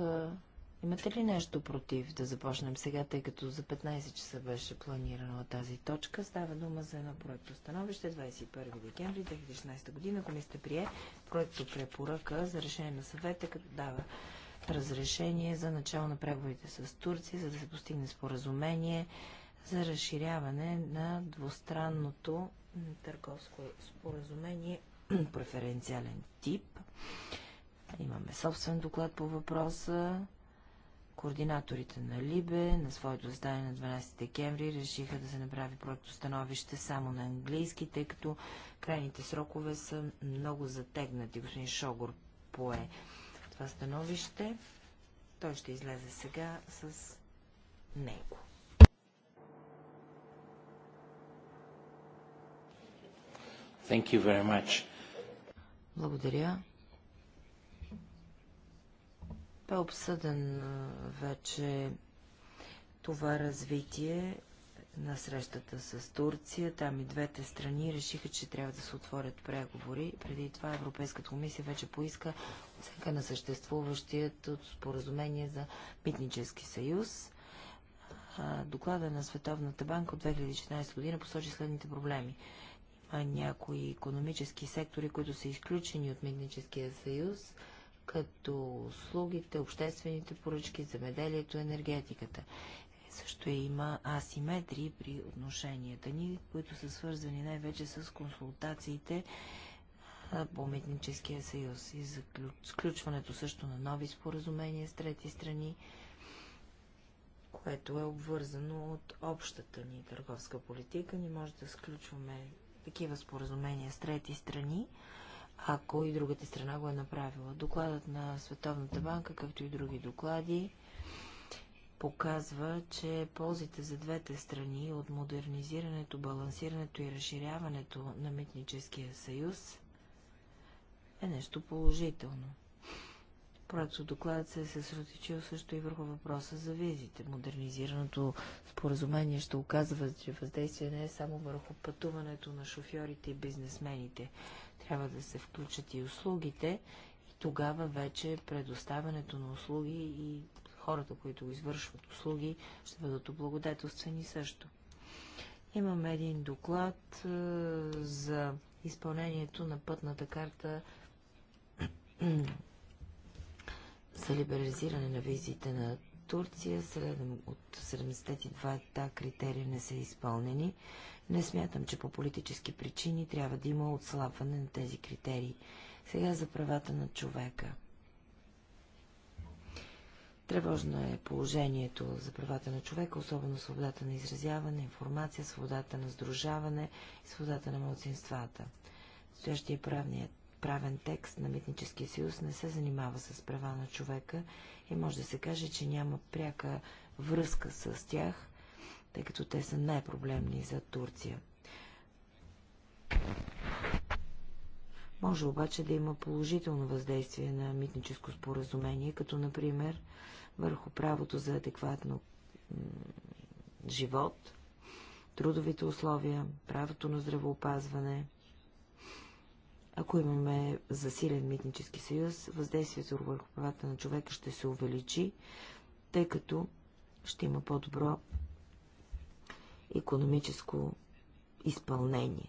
Имате ли нещо против да започнем сега, тъй като за 15 часа беше планирана тази точка? Става дума за едно проекто становище 21 декември 2016 година. Комисията прие проекто препоръка за решение на съвета, като дава разрешение за начало на преговорите с Турция, за да се постигне споразумение за разширяване на двустранното търговско споразумение, *clears throat* преференциален тип. Имаме собствен доклад по въпроса. Координаторите на Либе на своето задание на 12 декември решиха да се направи установище само на английски, тъй като крайните срокове са много затегнати. Господин Шогор пое това становище. Той ще излезе сега с него. Thank you very much. Благодаря. Бе обсъден вече това развитие на срещата с Турция. Там и двете страни решиха, че трябва да се отворят преговори. Преди това Европейската комисия вече поиска оценка на съществуващият от споразумение за митнически съюз. Доклада на Световната банка от 2016 година посочи следните проблеми. Има някои економически сектори, които са изключени от митническия съюз, като услугите, обществените поръчки, земеделието, енергетиката. Е, също има асиметрии при отношенията ни, които са свързани най-вече с консултациите по Митническия съюз и за сключването също на нови споразумения с трети страни, което е обвързано от общата ни търговска политика. Ни може да сключваме такива споразумения с трети страни, ако и другата страна го е направила. Докладът на Световната банка, както и други доклади, показва, че ползите за двете страни от модернизирането, балансирането и разширяването на митническия съюз е нещо положително. Проектът докладът се е съсредоточил също и върху въпроса за визите. Модернизираното споразумение ще оказва, че въздействие не е само върху пътуването на шофьорите и бизнесмените. Трябва да се включат и услугите и тогава вече предоставянето на услуги и хората, които извършват услуги, ще бъдат облагодетелствени също. Имаме един доклад е, за изпълнението на пътната карта за либерализиране на визите на Турция. 7 от 72-та критерия не са изпълнени. Не смятам, че по политически причини трябва да има отслабване на тези критерии. Сега за правата на човека. Тревожно е положението за правата на човека, особено свободата на изразяване, информация, свободата на сдружаване и свободата на младсинствата. Стоящия правният правен текст на Митническия съюз не се занимава с права на човека и може да се каже, че няма пряка връзка с тях, тъй като те са най-проблемни за Турция. Може обаче да има положително въздействие на митническо споразумение, като например върху правото за адекватно живот, трудовите условия, правото на здравоопазване. Ако имаме засилен митнически съюз, въздействието върху правата на човека ще се увеличи, тъй като ще има по-добро економическо изпълнение.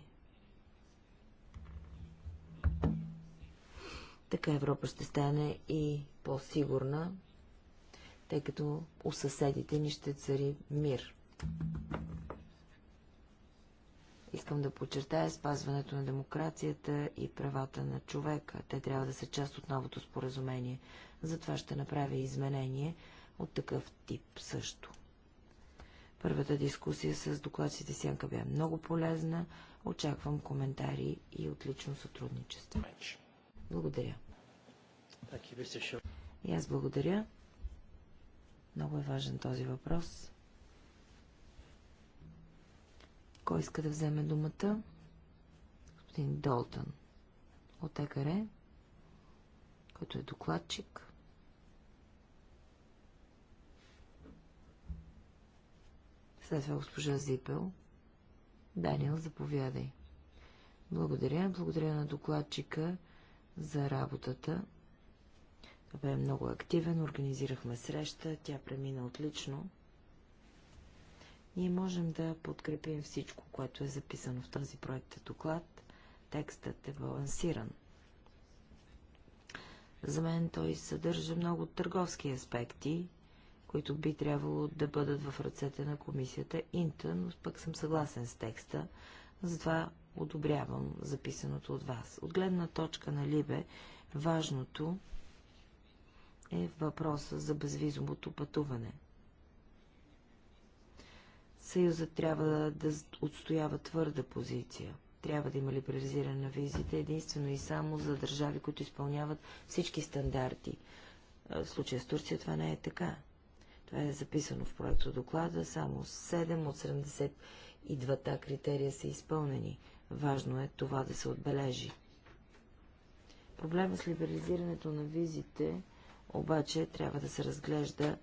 Така Европа ще стане и по-сигурна, тъй като у съседите ни ще цари мир. Искам да подчертая спазването на демокрацията и правата на човека. Те трябва да са част от новото споразумение. Затова ще направя изменение от такъв тип също. Първата дискусия с докладчите Сянка бе много полезна. Очаквам коментари и отлично сътрудничество. Благодаря. И аз благодаря. Много е важен този въпрос. Кой иска да вземе думата? Господин Долтън от ЕКР, който е докладчик. След това госпожа Зипел. Даниел, заповядай. Благодаря. Благодаря на докладчика за работата. Бе много активен, организирахме среща, тя премина отлично. Ние можем да подкрепим всичко, което е записано в този проект е доклад. Текстът е балансиран. За мен той съдържа много търговски аспекти, които би трябвало да бъдат в ръцете на комисията Инта, но пък съм съгласен с текста, затова одобрявам записаното от вас. От гледна точка на Либе, важното е въпроса за безвизовото пътуване – Съюзът трябва да отстоява твърда позиция. Трябва да има либерализиране на визите единствено и само за държави, които изпълняват всички стандарти. В случая с Турция това не е така. Това е записано в проекто доклада. Само 7 от 72-та критерия са изпълнени. Важно е това да се отбележи. Проблема с либерализирането на визите обаче трябва да се разглежда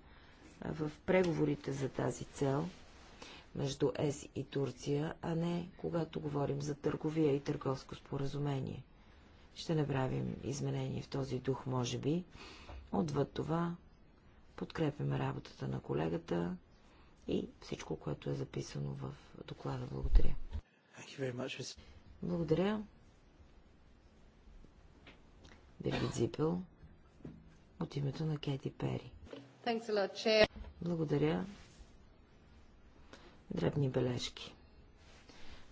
в преговорите за тази цел – между ЕС и Турция, а не когато говорим за търговия и търговско споразумение. Ще направим изменение в този дух, може би. Отвъд това подкрепяме работата на колегата и всичко, което е записано в доклада. Благодаря. Благодаря. Бергит Зипел от името на Кети Пери. Благодаря. Дребни бележки.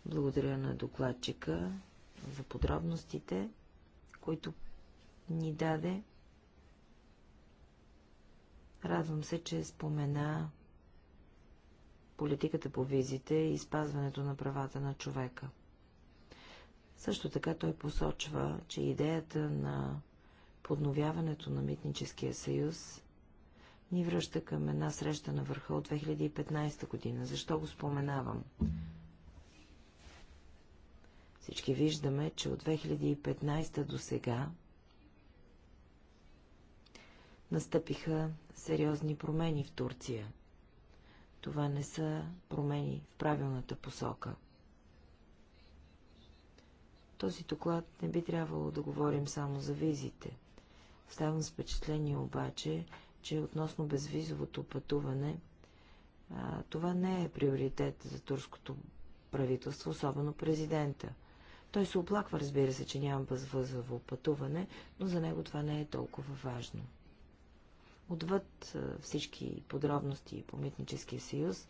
Благодаря на докладчика за подробностите, които ни даде. Радвам се, че спомена политиката по визите и спазването на правата на човека. Също така той посочва, че идеята на подновяването на Митническия съюз ни връща към една среща на върха от 2015 година. Защо го споменавам? Всички виждаме, че от 2015 до сега настъпиха сериозни промени в Турция. Това не са промени в правилната посока. Този доклад не би трябвало да говорим само за визите. Ставам с впечатление обаче, че относно безвизовото пътуване, а, това не е приоритет за турското правителство, особено президента. Той се оплаква, разбира се, че няма безвъзово пътуване, но за него това не е толкова важно. Отвъд всички подробности по Митническия съюз,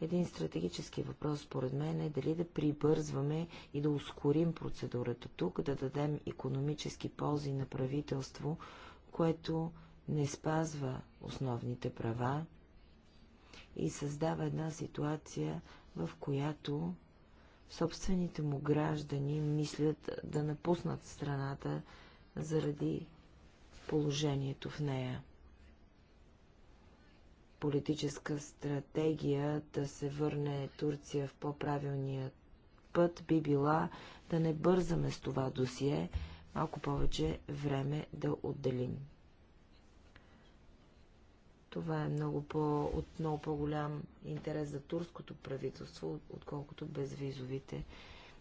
един стратегически въпрос, според мен, е дали да прибързваме и да ускорим процедурата тук, да дадем економически ползи на правителство, което не спазва основните права и създава една ситуация, в която собствените му граждани мислят да напуснат страната заради положението в нея. Политическа стратегия да се върне Турция в по-правилния път би била да не бързаме с това досие, малко повече време да отделим. Това е много по, от много по-голям интерес за турското правителство, отколкото безвизовите,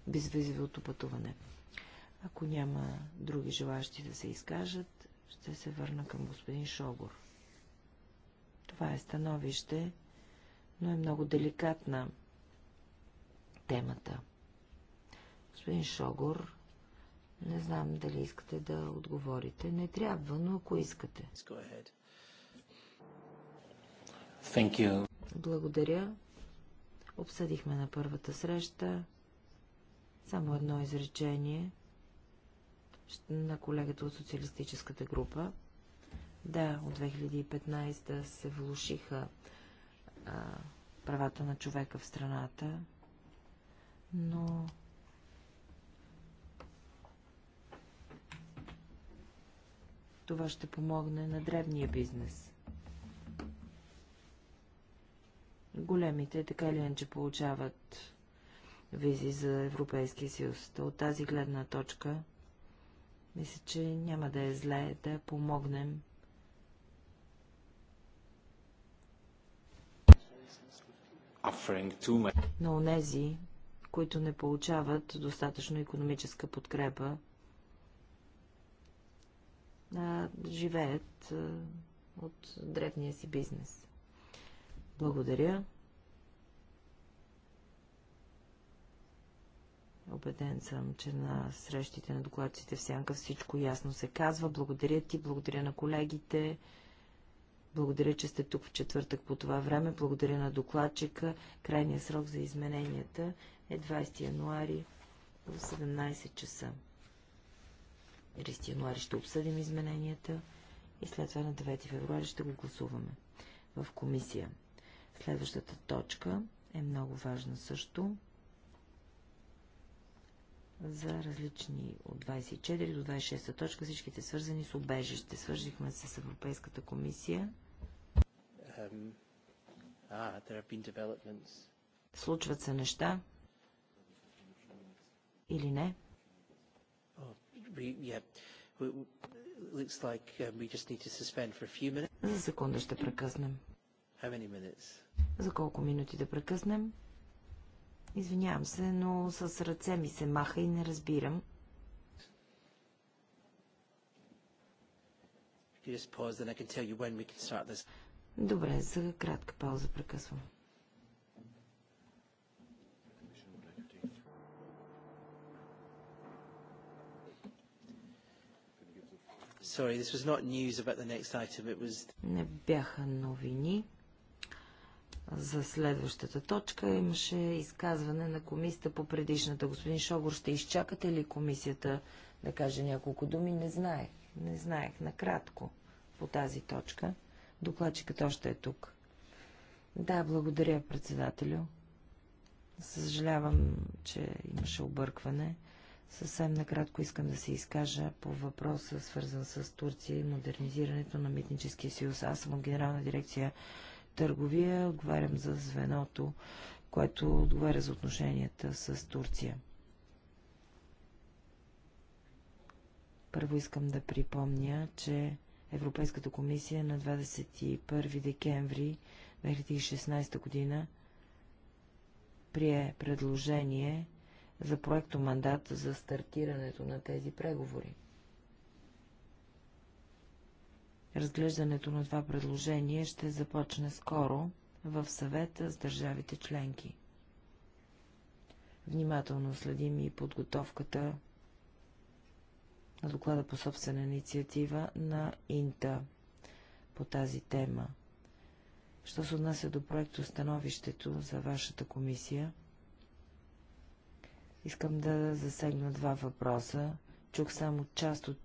безвизовото пътуване. Ако няма други желащи да се изкажат, ще се върна към господин Шогор. Това е становище, но е много деликатна темата. Господин Шогор, не знам дали искате да отговорите. Не трябва, но ако искате. Let's go ahead. Thank you. Благодаря. Обсъдихме на първата среща само едно изречение на колегата от социалистическата група. Да, от 2015 се влушиха а, правата на човека в страната, но това ще помогне на дребния бизнес. Големите така или иначе получават визи за Европейския съюз. от тази гледна точка, мисля, че няма да е зле да помогнем на онези, които не получават достатъчно економическа подкрепа, а живеят от древния си бизнес. Благодаря. Обеден съм, че на срещите на докладците в Сянка всичко ясно се казва. Благодаря ти, благодаря на колегите. Благодаря, че сте тук в четвъртък по това време. Благодаря на докладчика. Крайният срок за измененията е 20 януари в 17 часа. 30 януари ще обсъдим измененията и след това на 9 февруари ще го гласуваме в комисия. Следващата точка е много важна също за различни от 24 до 26 точка, всичките свързани с обежище. Свържихме се с Европейската комисия. Um, ah, Случват се неща или не? Um, за секунда ще прекъснем. How many minutes? За колко минути да прекъснем? Извинявам се, но с ръце ми се маха и не разбирам. Добре, за кратка пауза прекъсвам. Sorry, this was not news about the next item. It was... Не бяха новини за следващата точка. Имаше изказване на комисията по предишната. Господин Шогор, ще изчакате ли комисията да каже няколко думи? Не знаех. Не знаех. Накратко по тази точка. Докладчикът още е тук. Да, благодаря, председателю. Съжалявам, че имаше объркване. Съвсем накратко искам да се изкажа по въпроса, свързан с Турция и модернизирането на митническия съюз. Аз съм от Генерална дирекция търговия, отговарям за звеното, което отговаря за отношенията с Турция. Първо искам да припомня, че Европейската комисия на 21 декември 2016 година прие предложение за проекто мандат за стартирането на тези преговори. Разглеждането на това предложение ще започне скоро в съвета с държавите членки. Внимателно следим и подготовката на доклада по собствена инициатива на Инта по тази тема. Що се отнася до проекто становището за вашата комисия, искам да засегна два въпроса. Чух само част от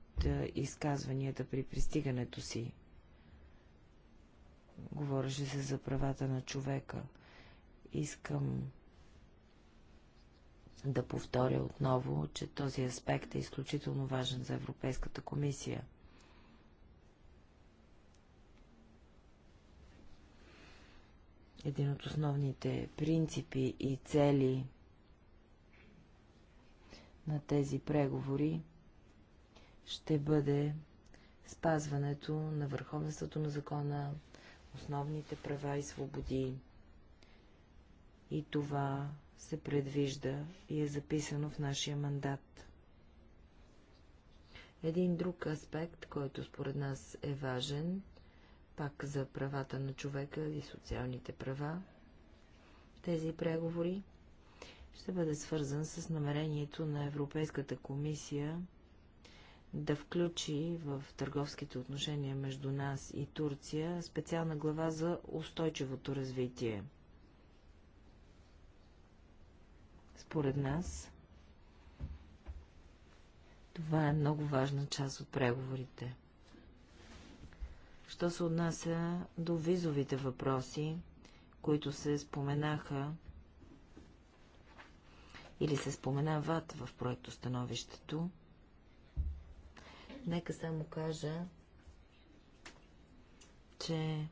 изказванията при пристигането си. Говореше се за правата на човека. Искам да повторя отново, че този аспект е изключително важен за Европейската комисия. Един от основните принципи и цели на тези преговори – ще бъде спазването на върховенството на закона, основните права и свободи. И това се предвижда и е записано в нашия мандат. Един друг аспект, който според нас е важен, пак за правата на човека и социалните права, тези преговори ще бъде свързан с намерението на Европейската комисия да включи в търговските отношения между нас и Турция специална глава за устойчивото развитие. Според нас, това е много важна част от преговорите. Що се отнася до визовите въпроси, които се споменаха или се споменават в проекто становището, Нека само кажа, че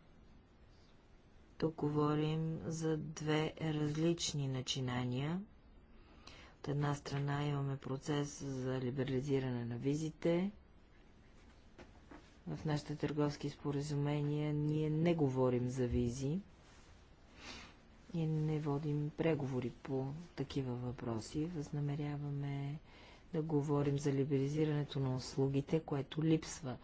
тук говорим за две различни начинания. От една страна имаме процес за либерализиране на визите. В нашите търговски споразумения ние не говорим за визи и не водим преговори по такива въпроси. Възнамеряваме да говорим за либеризирането на услугите, което липсва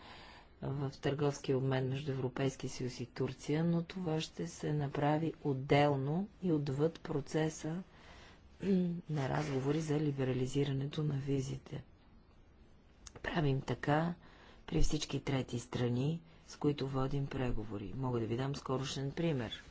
в търговския обмен между Европейски съюз и Турция, но това ще се направи отделно и отвъд процеса *clears throat* на разговори за либерализирането на визите. Правим така при всички трети страни, с които водим преговори. Мога да ви дам скорошен пример.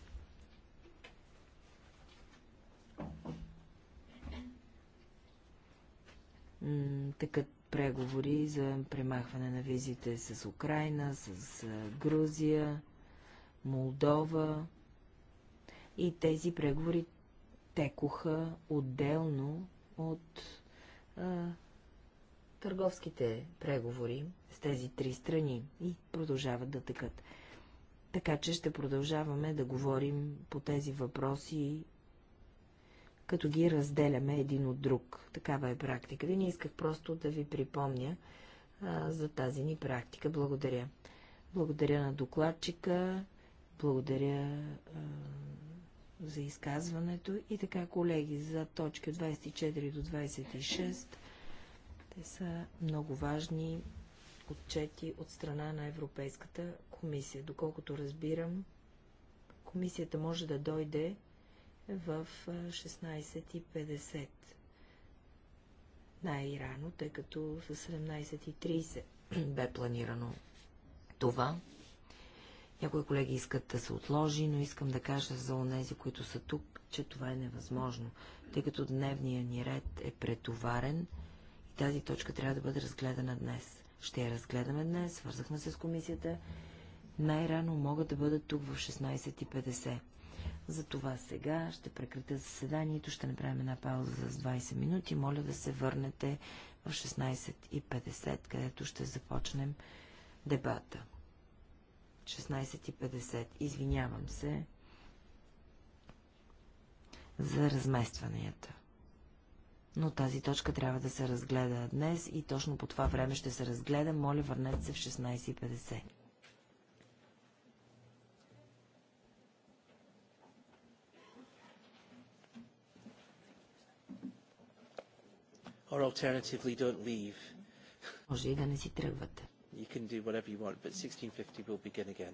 такът преговори за премахване на визите с Украина, с Грузия, Молдова. И тези преговори текоха отделно от а, търговските преговори с тези три страни и продължават да текат. Така че ще продължаваме да говорим по тези въпроси като ги разделяме един от друг. Такава е практиката. Не исках просто да ви припомня а, за тази ни практика. Благодаря. Благодаря на докладчика, благодаря а, за изказването. И така, колеги, за точки 24 до 26, те са много важни отчети от страна на Европейската комисия. Доколкото разбирам, комисията може да дойде в 16.50 най-рано, тъй като в 17.30 *clears throat* бе планирано това. Някои колеги искат да се отложи, но искам да кажа за онези, които са тук, че това е невъзможно, тъй като дневния ни ред е претоварен и тази точка трябва да бъде разгледана днес. Ще я разгледаме днес, свързахме се с комисията. Най-рано могат да бъдат тук в 16.50. Затова сега ще прекратя заседанието, ще направим една пауза за 20 минути. Моля да се върнете в 16.50, където ще започнем дебата. 16.50. Извинявам се за разместванията. Но тази точка трябва да се разгледа днес и точно по това време ще се разгледа. Моля, върнете се в 16.50. or alternatively don't leave. Може и да не си тръгвате. You can do whatever you want, but 16.50 will begin again.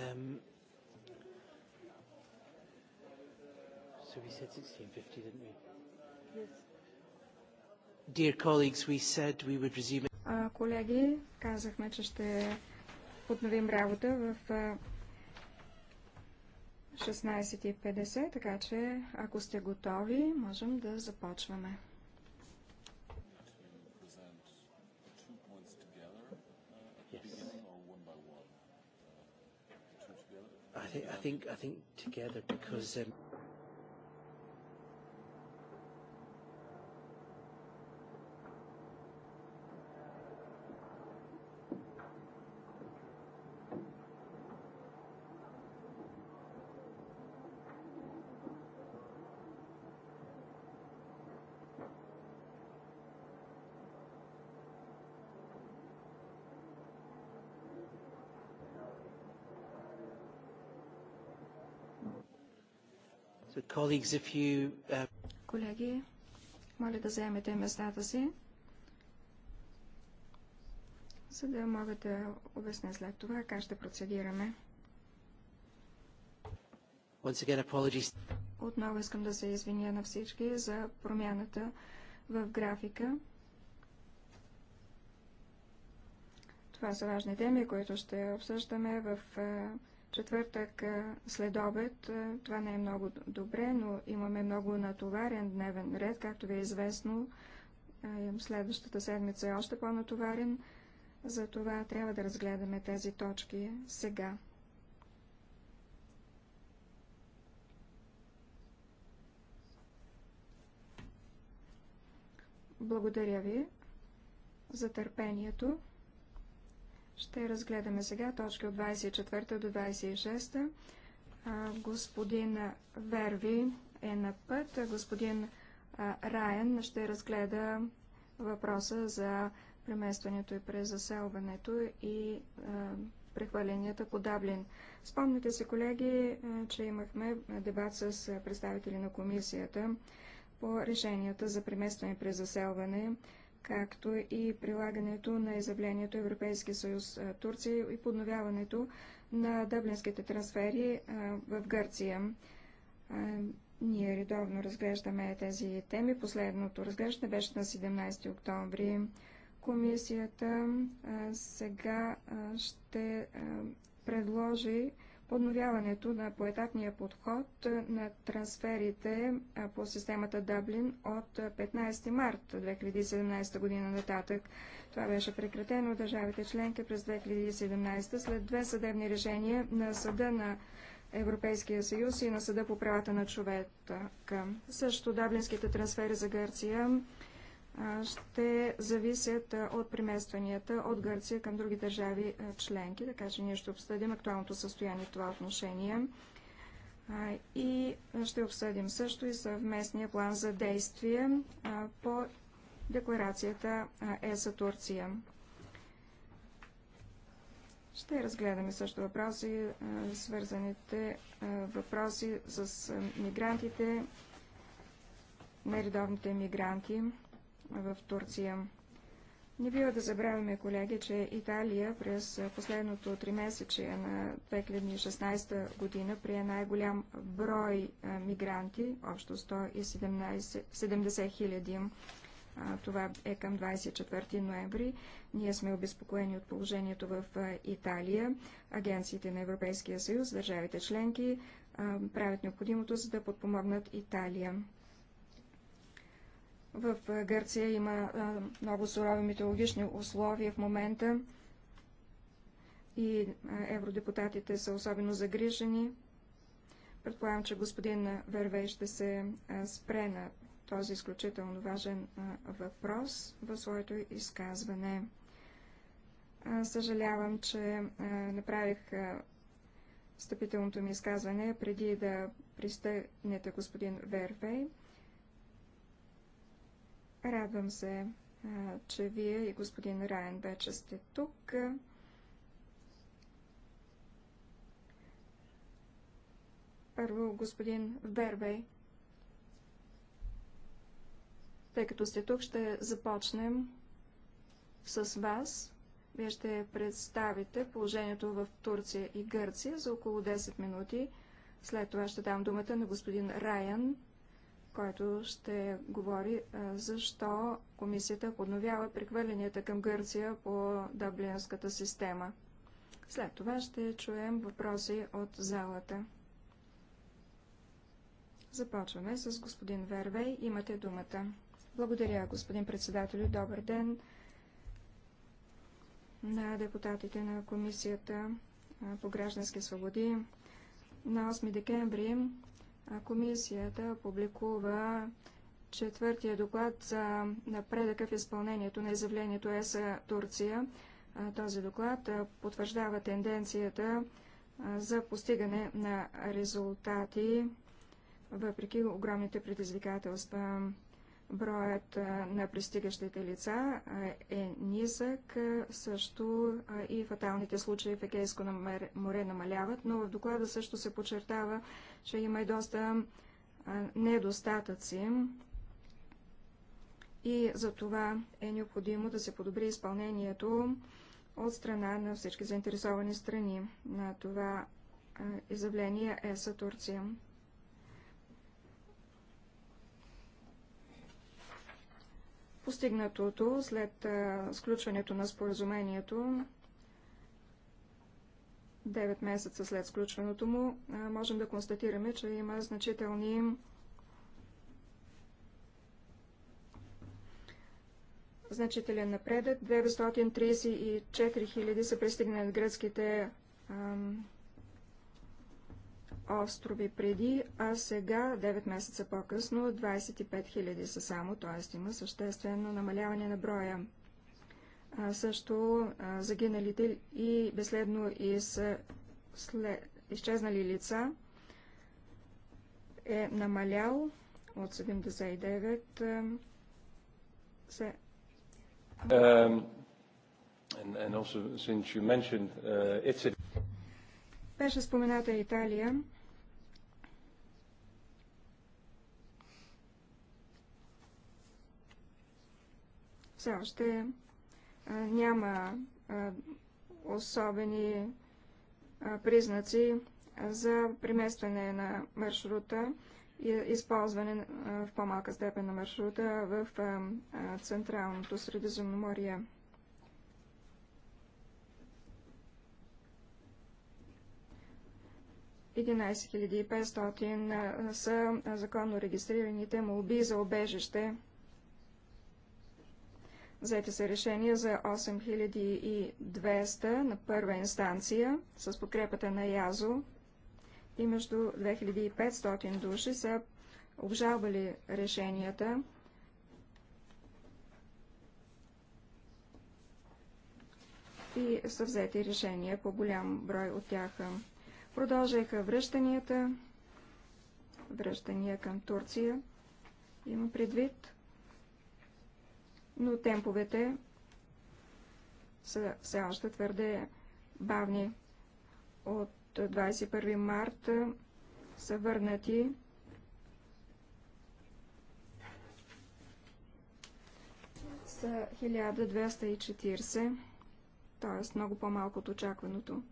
Um, so we said 1650, didn't we? Yes. Dear colleagues, we said we would resume... А, колеги, казахме, че ще подновим работа в 16.50, така че ако сте готови, можем да започваме. think, together because. Um, Uh, Колеги, моля да заемете местата си, за да мога да обясня след това как ще процедираме. Отново искам да се извиня на всички за промяната в графика. Това са важни теми, които ще обсъждаме в е, четвъртък е, след обед. Е, това не е много добре, но имаме много натоварен дневен ред, както ви е известно. Е, следващата седмица е още по-натоварен. Затова трябва да разгледаме тези точки сега. Благодаря ви за търпението. Ще разгледаме сега точки от 24 до 26. Господин Верви е на път. Господин Райен ще разгледа въпроса за преместването и презаселването и прехваленията по Даблин. Спомните се, колеги, че имахме дебат с представители на комисията по решенията за преместване и презаселване както и прилагането на изявлението Европейския съюз Турция и подновяването на дъблинските трансфери в Гърция. Ние редовно разглеждаме тези теми. Последното разглеждане беше на 17 октомври. Комисията сега ще предложи подновяването на поетапния подход на трансферите по системата Даблин от 15 март 2017 година нататък. Това беше прекратено от държавите членки през 2017 след две съдебни решения на Съда на Европейския съюз и на Съда по правата на човека. Също даблинските трансфери за Гърция ще зависят от преместванията от Гърция към други държави членки, така че ние ще обсъдим актуалното състояние в това отношение и ще обсъдим също и съвместния план за действие по декларацията ЕСА Турция. Ще разгледаме също въпроси, свързаните въпроси с мигрантите, нередовните мигранти в Турция. Не бива да забравяме, колеги, че Италия през последното три месече на 2016 година прие най-голям брой мигранти, общо 170 хиляди. Това е към 24 ноември. Ние сме обезпокоени от положението в Италия. Агенциите на Европейския съюз, държавите членки правят необходимото, за да подпомогнат Италия. В Гърция има много сурови метеорологични условия в момента и евродепутатите са особено загрижени. Предполагам, че господин Вервей ще се спре на този изключително важен въпрос в своето изказване. Съжалявам, че направих встъпителното ми изказване преди да пристъгнете господин Вервей. Радвам се, че вие и господин Райан вече сте тук. Първо господин Вербей. Тъй като сте тук, ще започнем с вас. Вие ще представите положението в Турция и Гърция за около 10 минути. След това ще дам думата на господин Райан който ще говори защо комисията подновява прехвърленията към Гърция по дъблинската система. След това ще чуем въпроси от залата. Започваме с господин Вервей. Имате думата. Благодаря, господин председател. Добър ден на депутатите на Комисията по граждански свободи. На 8 декември Комисията публикува четвъртия доклад за напредъка в изпълнението на изявлението ЕСА Турция. Този доклад потвърждава тенденцията за постигане на резултати, въпреки огромните предизвикателства. Броят на пристигащите лица е низък, също и фаталните случаи в на море намаляват, но в доклада също се подчертава, че има и доста недостатъци и за това е необходимо да се подобри изпълнението от страна на всички заинтересовани страни на това изявление ЕСА Турция. постигнатото след сключването на споразумението 9 месеца след сключването му, можем да констатираме, че има значителни значителен напредък. 934 000 са пристигнали гръцките острови преди, а сега, 9 месеца по-късно, 25 000 са само, т.е. има съществено намаляване на броя. А, също а, загиналите и безследно из, след, изчезнали лица е намалял от 79 се... Um, and, and also, mentioned, uh, беше спомената Италия. Все още няма особени признаци за преместване на маршрута и използване в по-малка степен на маршрута в Централното Средиземноморие. са законно регистрираните молби за обежище Взети са решения за 8200 на първа инстанция с подкрепата на ЯЗО и между 2500 души са обжалвали решенията. И са взети решения по голям брой от тях. Продължиха връщанията, връщания към Турция. Има предвид но темповете са все още твърде бавни. От 21 март са върнати са 1240, т.е. много по-малко от очакваното.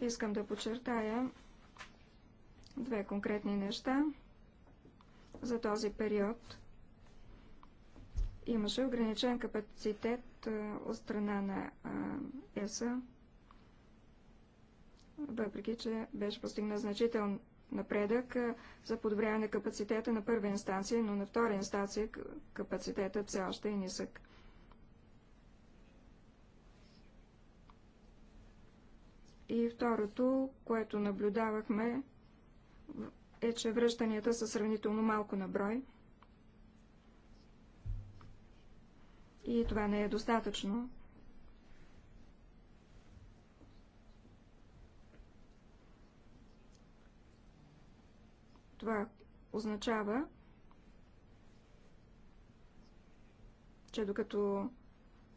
Искам да подчертая, Две конкретни неща за този период. Имаше ограничен капацитет от страна на ЕСА, въпреки че беше постигнат значителен напредък за подобряване на капацитета на първа инстанция, но на втора инстанция капацитетът все още е нисък. И второто, което наблюдавахме, е, че връщанията са сравнително малко на брой. И това не е достатъчно. Това означава, че докато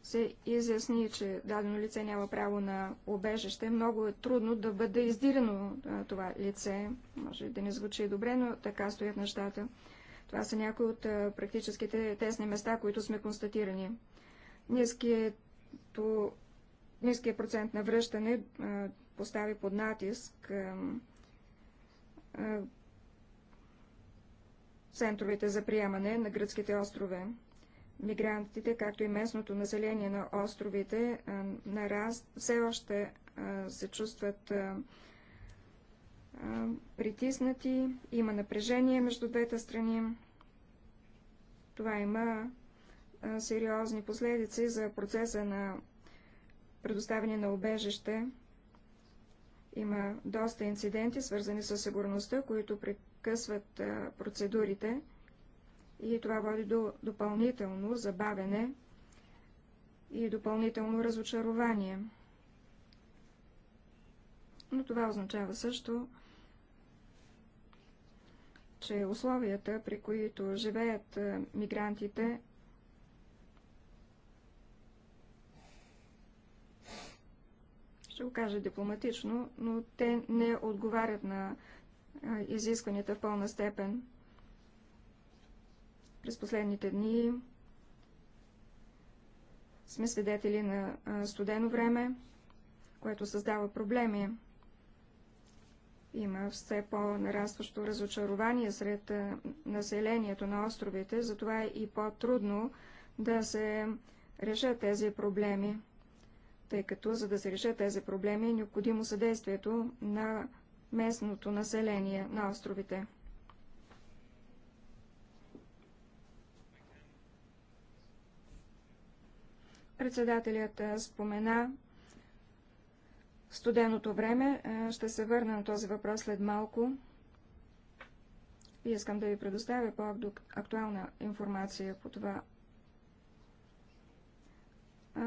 се изясни, че дадено лице няма право на обежище, много е трудно да бъде издирено това лице. Може да не звучи добре, но така стоят нещата. Това са някои от практическите тесни места, които сме констатирани. Нискието, ниският процент на връщане постави под натиск центровете за приемане на гръцките острове мигрантите, както и местното население на островите, нараз... все още се чувстват притиснати, има напрежение между двете страни. Това има сериозни последици за процеса на предоставяне на обежище. Има доста инциденти, свързани с сигурността, които прекъсват процедурите и това води до допълнително забавене и допълнително разочарование. Но това означава също, че условията, при които живеят е, мигрантите, ще го кажа дипломатично, но те не отговарят на е, изискванията в пълна степен. През последните дни сме свидетели на студено време, което създава проблеми. Има все по-нарастващо разочарование сред населението на островите, затова е и по-трудно да се решат тези проблеми, тъй като за да се решат тези проблеми е необходимо съдействието на местното население на островите. Председателят спомена студеното време. Ще се върна на този въпрос след малко. И искам да ви предоставя по-актуална информация по това.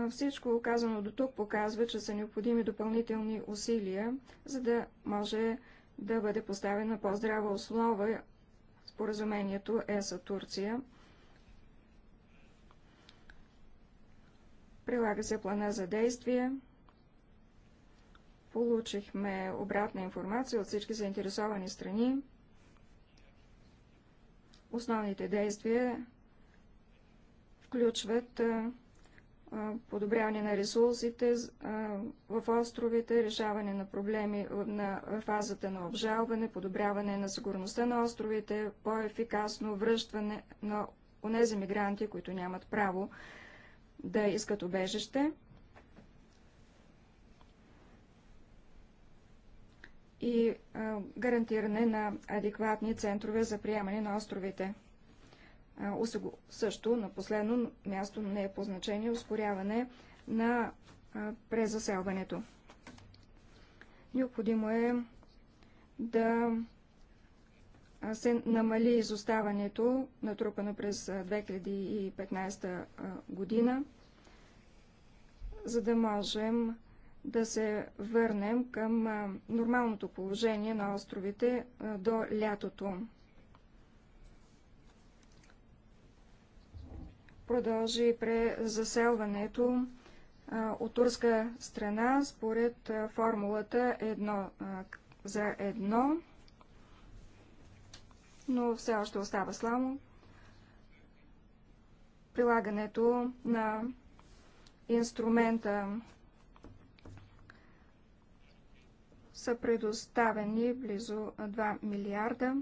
Всичко казано до тук показва, че са необходими допълнителни усилия, за да може да бъде поставена по-здрава основа споразумението ЕСА Турция. Прилага се плана за действие. Получихме обратна информация от всички заинтересовани страни. Основните действия включват подобряване на ресурсите в островите, решаване на проблеми на фазата на обжалване, подобряване на сигурността на островите, по-ефикасно връщане на онези мигранти, които нямат право да искат убежище. и гарантиране на адекватни центрове за приемане на островите. Също на последно място не е по значение ускоряване на презаселването. Необходимо е да се намали изоставането, натрупано през 2015 година, за да можем да се върнем към нормалното положение на островите до лятото. Продължи презаселването от турска страна според формулата 1 за 1 но все още остава слабо. Прилагането на инструмента са предоставени близо 2 милиарда.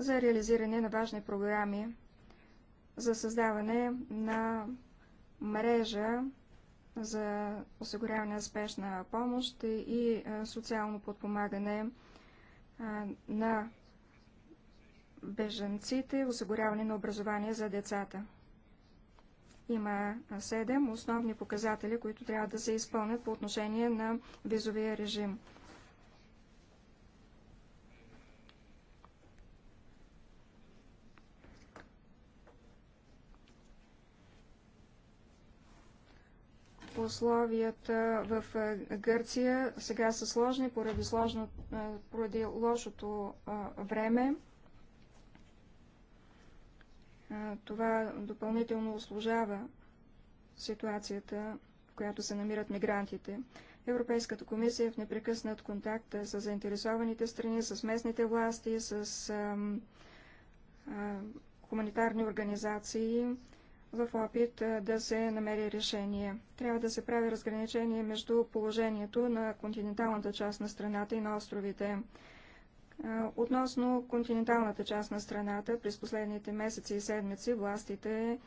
за реализиране на важни програми за създаване на мрежа за осигуряване на спешна помощ и социално подпомагане на беженците, осигуряване на образование за децата. Има седем основни показатели, които трябва да се изпълнят по отношение на визовия режим. Условията в е, Гърция сега са сложни поради, сложно, е, поради лошото е, време. Това допълнително услужава ситуацията, в която се намират мигрантите. Европейската комисия е в непрекъснат контакт с заинтересованите страни, с местните власти, с хуманитарни организации, в опит да се намери решение. Трябва да се прави разграничение между положението на континенталната част на страната и на островите. Относно континенталната част на страната, през последните месеци и седмици властите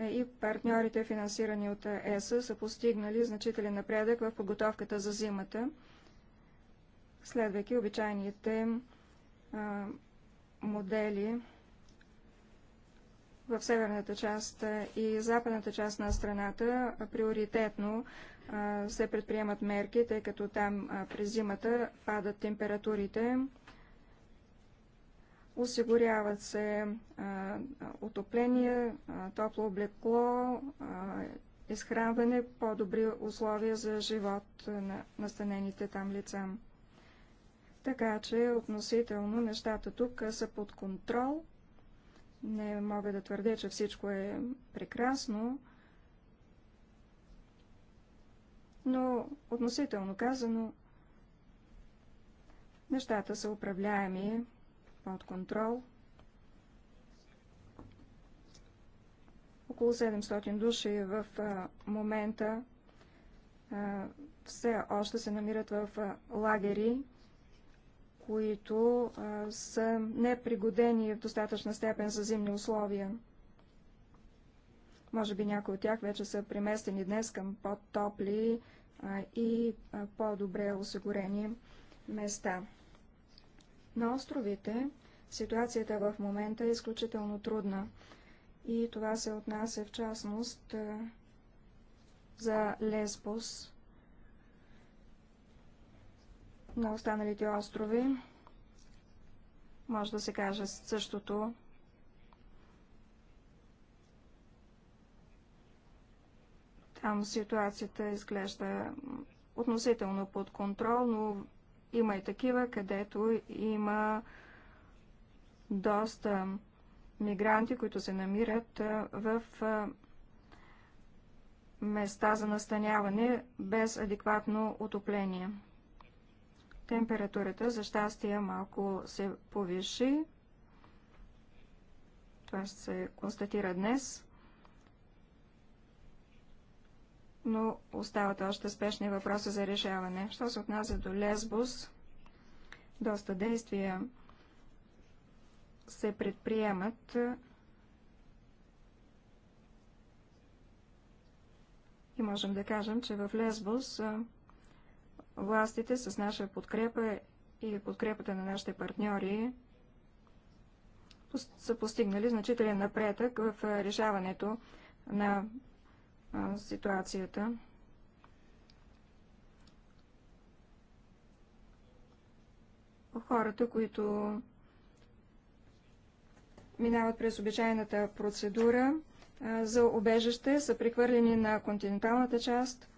и партньорите, финансирани от ЕСА, са постигнали значителен напредък в подготовката за зимата, следвайки обичайните модели в северната част и западната част на страната приоритетно се предприемат мерки, тъй като там през зимата падат температурите. Осигуряват се отопление, топло облекло, изхранване, по-добри условия за живот на настанените там лица. Така че относително нещата тук са под контрол – не мога да твърдя, че всичко е прекрасно, но относително казано, нещата са управляеми под контрол. Около 700 души в момента все още се намират в лагери които а, са непригодени в достатъчна степен за зимни условия. Може би някои от тях вече са преместени днес към по-топли и по-добре осигурени места. На островите ситуацията в момента е изключително трудна и това се отнася в частност за леспос на останалите острови. Може да се каже същото. Там ситуацията изглежда относително под контрол, но има и такива, където има доста мигранти, които се намират в места за настаняване без адекватно отопление. Температурата, за щастие, малко се повиши. Това ще се констатира днес. Но остават още спешни въпроси за решаване. Що се отнася до Лесбус, доста действия се предприемат. И можем да кажем, че в Лесбус властите с наша подкрепа и подкрепата на нашите партньори са постигнали значителен напредък в решаването на ситуацията. Хората, които минават през обичайната процедура за обежище, са прехвърлени на континенталната част –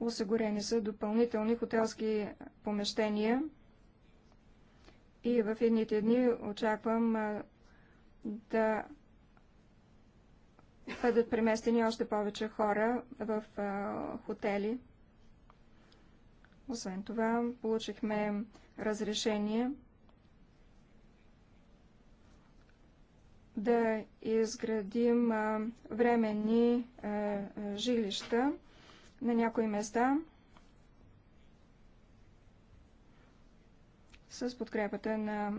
Осигурени са допълнителни хотелски помещения и в едните дни очаквам да бъдат преместени още повече хора в хотели. Освен това, получихме разрешение да изградим временни жилища на някои места с подкрепата на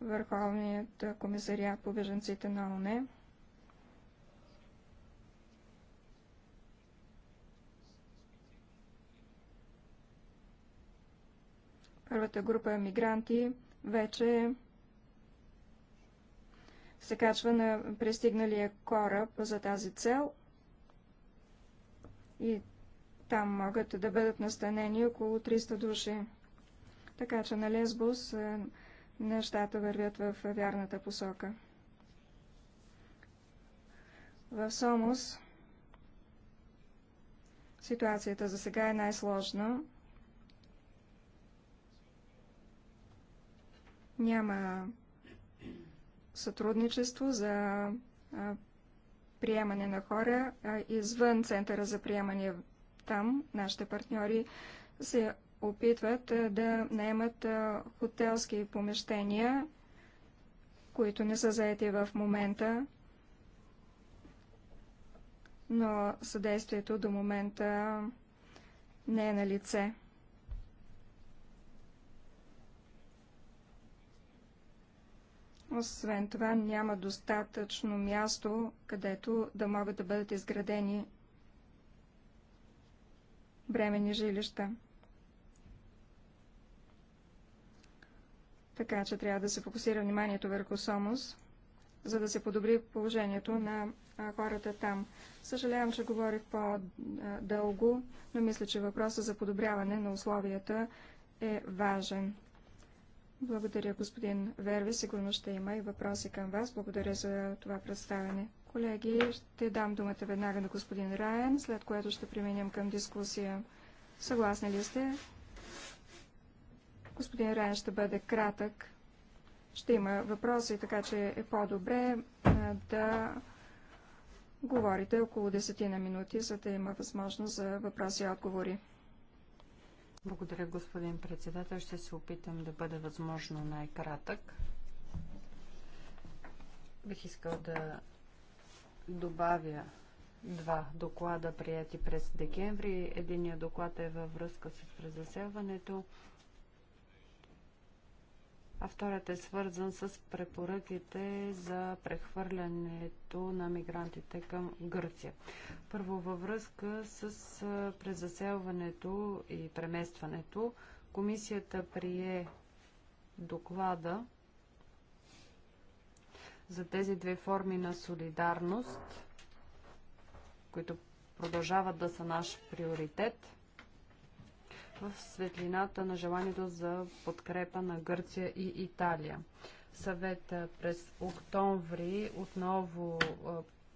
Върховният комисариат по беженците на ОНЕ. Първата група мигранти вече се качва на пристигналия кораб за тази цел. И там могат да бъдат настанени около 300 души. Така че на Лесбос е, нещата вървят в вярната посока. В Сомос ситуацията за сега е най-сложна. Няма сътрудничество за приемане на хора извън центъра за приемане там нашите партньори се опитват да наемат хотелски помещения, които не са заети в момента, но съдействието до момента не е на лице. Освен това няма достатъчно място, където да могат да бъдат изградени бремени жилища. Така че трябва да се фокусира вниманието върху Сомос, за да се подобри положението на хората там. Съжалявам, че говорих по-дълго, но мисля, че въпросът за подобряване на условията е важен. Благодаря, господин Верви. Сигурно ще има и въпроси към вас. Благодаря за това представяне. Колеги, ще дам думата веднага на господин Раен, след което ще преминем към дискусия. Съгласни ли сте? Господин Раен ще бъде кратък. Ще има въпроси, така че е по-добре да говорите около 10 на минути, за да има възможност за въпроси и отговори. Благодаря, господин председател. Ще се опитам да бъда възможно най-кратък. Бих искал да добавя два доклада, прияти през декември. Единият доклад е във връзка с презаселването, а вторият е свързан с препоръките за прехвърлянето на мигрантите към Гърция. Първо във връзка с презаселването и преместването, комисията прие доклада за тези две форми на солидарност, които продължават да са наш приоритет в светлината на желанието за подкрепа на Гърция и Италия. Съвет през октомври отново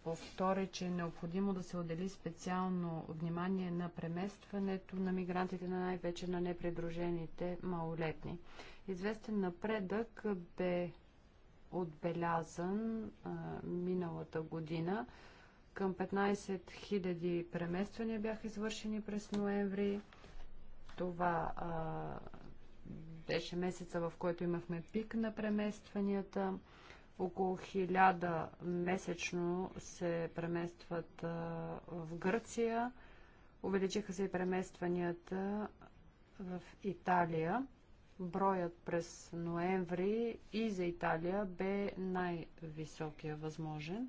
повтори, че е необходимо да се отдели специално внимание на преместването на мигрантите, на най-вече на непредружените малолетни. Известен напредък бе отбелязан а, миналата година. Към 15 000 премествания бяха извършени през ноември. Това а, беше месеца, в който имахме пик на преместванията. Около 1000 месечно се преместват а, в Гърция. Увеличиха се и преместванията в Италия. Броят през ноември и за Италия бе най-високия възможен.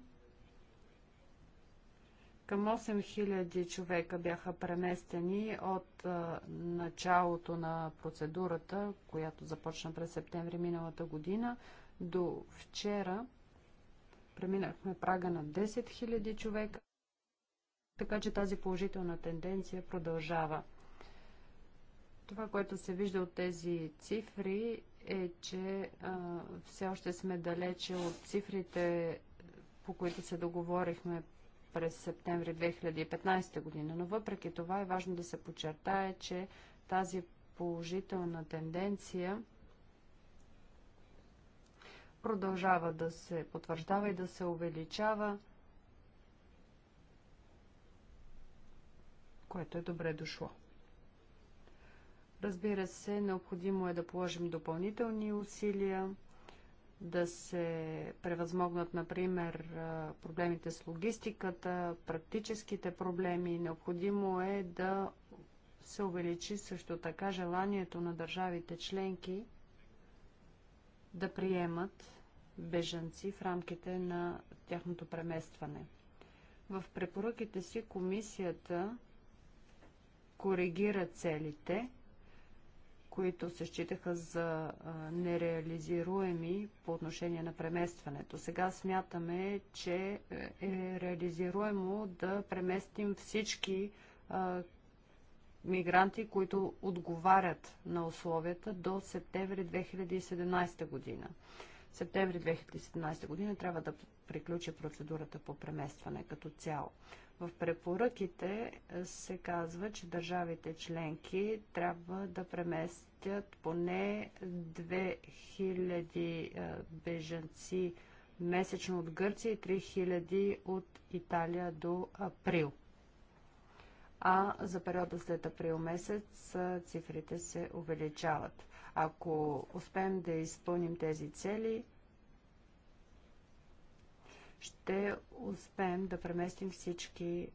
Към 8000 човека бяха преместени от а, началото на процедурата, която започна през септември миналата година, до вчера. Преминахме прага на 10 000 човека, така че тази положителна тенденция продължава. Това, което се вижда от тези цифри е, че а, все още сме далече от цифрите, по които се договорихме през септември 2015 година. Но въпреки това е важно да се подчертае, че тази положителна тенденция продължава да се потвърждава и да се увеличава, което е добре дошло. Разбира се, необходимо е да положим допълнителни усилия, да се превъзмогнат, например, проблемите с логистиката, практическите проблеми. Необходимо е да се увеличи също така желанието на държавите членки да приемат бежанци в рамките на тяхното преместване. В препоръките си комисията коригира целите – които се считаха за нереализируеми по отношение на преместването. Сега смятаме, че е, е реализируемо да преместим всички мигранти, които отговарят на условията до септември 2017 година. В септември 2017 година трябва да приключи процедурата по преместване като цяло. В препоръките е, се казва, че държавите членки трябва да преместят поне 2000 е, бежанци месечно от Гърция и 3000 от Италия до април. А за периода след април месец е, цифрите се увеличават. Ако успеем да изпълним тези цели, ще успеем да преместим всички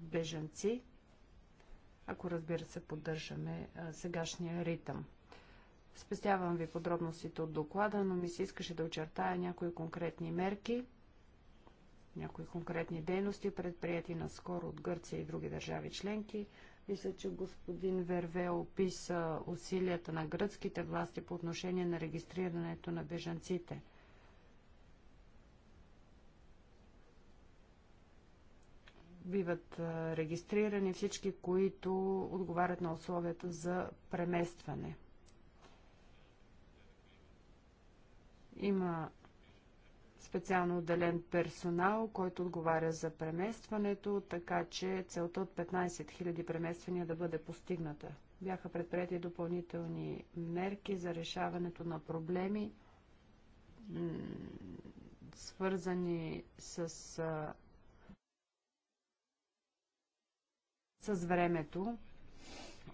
бежанци, ако разбира се поддържаме сегашния ритъм. Спестявам ви подробностите от доклада, но ми се искаше да очертая някои конкретни мерки, някои конкретни дейности, предприяти наскоро от Гърция и други държави членки. Мисля, че господин Верве описа усилията на гръцките власти по отношение на регистрирането на бежанците – биват регистрирани всички, които отговарят на условията за преместване. Има специално отделен персонал, който отговаря за преместването, така че целта от 15 000 премествания да бъде постигната. Бяха предприяти допълнителни мерки за решаването на проблеми, свързани с с времето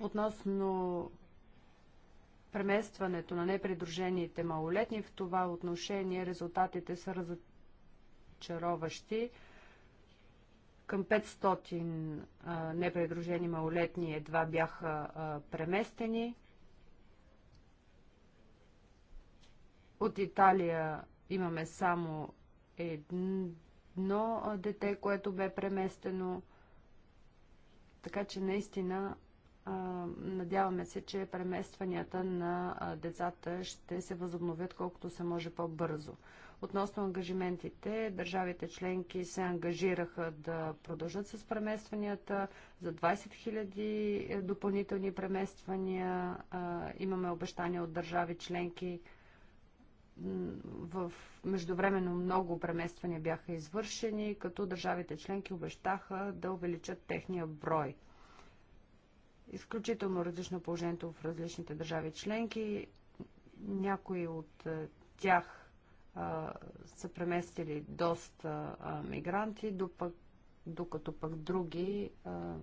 относно преместването на непридружените малолетни. В това отношение резултатите са разочароващи. Към 500 непридружени малолетни едва бяха преместени. От Италия имаме само едно дете, което бе преместено. Така че наистина надяваме се, че преместванията на децата ще се възобновят колкото се може по-бързо. Относно ангажиментите, държавите членки се ангажираха да продължат с преместванията. За 20 000 е, допълнителни премествания имаме обещания от държави членки – в междувременно много премествания бяха извършени, като държавите членки обещаха да увеличат техния брой. Изключително различно е положението в различните държави членки. Някои от тях а, са преместили доста а, мигранти, допък, докато пък други а,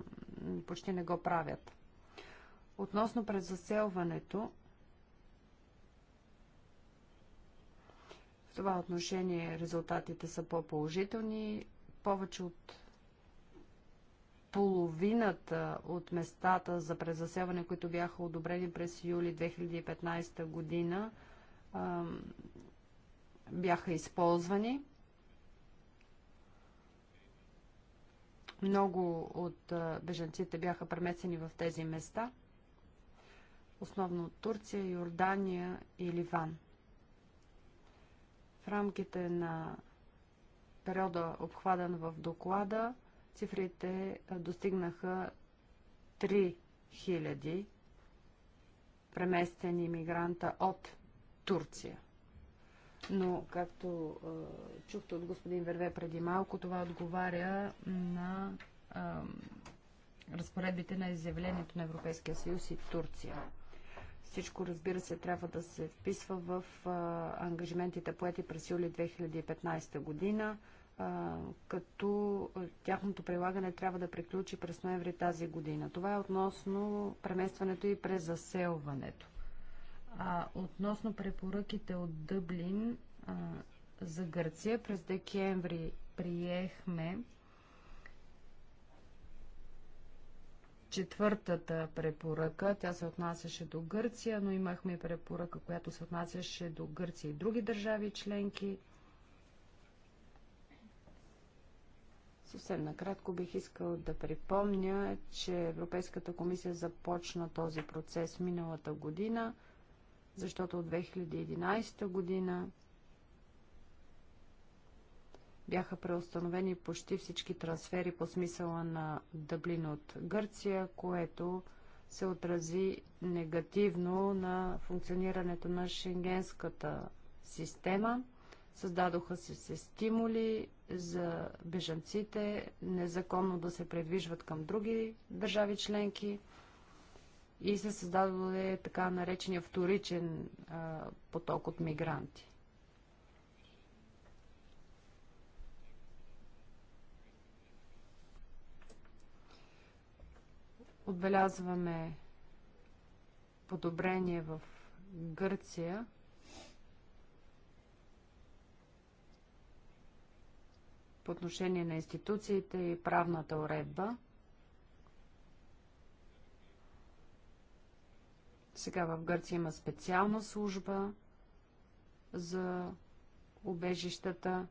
почти не го правят. Относно заселването. това отношение резултатите са по-положителни. Повече от половината от местата за презаселване, които бяха одобрени през юли 2015 година, бяха използвани. Много от бежанците бяха преместени в тези места, основно от Турция, Йордания и Ливан. В рамките на периода обхвадан в доклада, цифрите достигнаха 3000 преместени мигранта от Турция. Но, както е, чухте от господин Верве преди малко, това отговаря на е, разпоредбите на изявлението на Европейския съюз и Турция. Всичко, разбира се, трябва да се вписва в ангажиментите поети през юли 2015 година, като тяхното прилагане трябва да приключи през ноември тази година. Това е относно преместването и презаселването. А, относно препоръките от Дъблин а, за Гърция, през декември приехме четвъртата препоръка. Тя се отнасяше до Гърция, но имахме и препоръка, която се отнасяше до Гърция и други държави членки. Съвсем накратко бих искал да припомня, че Европейската комисия започна този процес миналата година, защото от 2011 година бяха преустановени почти всички трансфери по смисъла на Дъблин от Гърция, което се отрази негативно на функционирането на шенгенската система. Създадоха се, се стимули за бежанците незаконно да се предвижват към други държави членки и се създаде така наречения вторичен а, поток от мигранти. Отбелязваме подобрение в Гърция. по отношение на институциите и правната уредба. Сега в Гърция има специална служба за убежищата.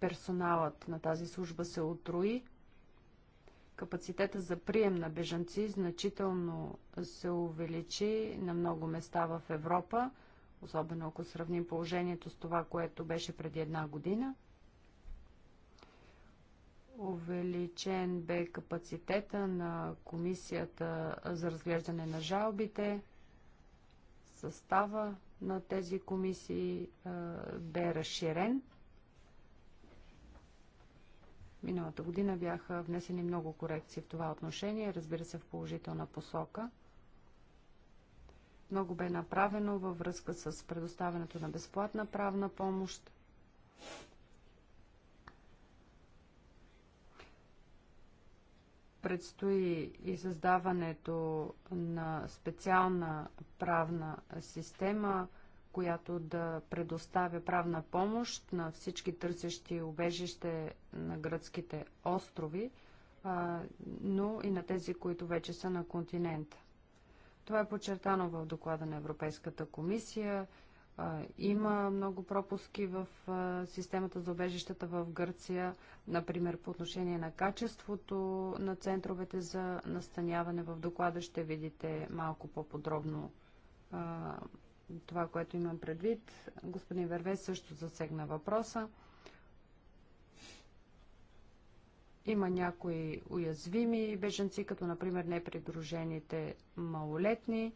Персоналът на тази служба се отруи. Капацитета за прием на бежанци значително се увеличи на много места в Европа, особено ако сравним положението с това, което беше преди една година. Увеличен бе капацитета на комисията за разглеждане на жалбите. Състава на тези комисии бе разширен. Миналата година бяха внесени много корекции в това отношение, разбира се в положителна посока. Много бе направено във връзка с предоставянето на безплатна правна помощ. Предстои и създаването на специална правна система – която да предоставя правна помощ на всички търсещи убежище на гръцките острови, но и на тези, които вече са на континента. Това е подчертано в доклада на Европейската комисия. Има много пропуски в системата за обежищата в Гърция, например по отношение на качеството на центровете за настаняване. В доклада ще видите малко по-подробно това, което имам предвид. Господин Верве също засегна въпроса. Има някои уязвими беженци, като например непридружените малолетни.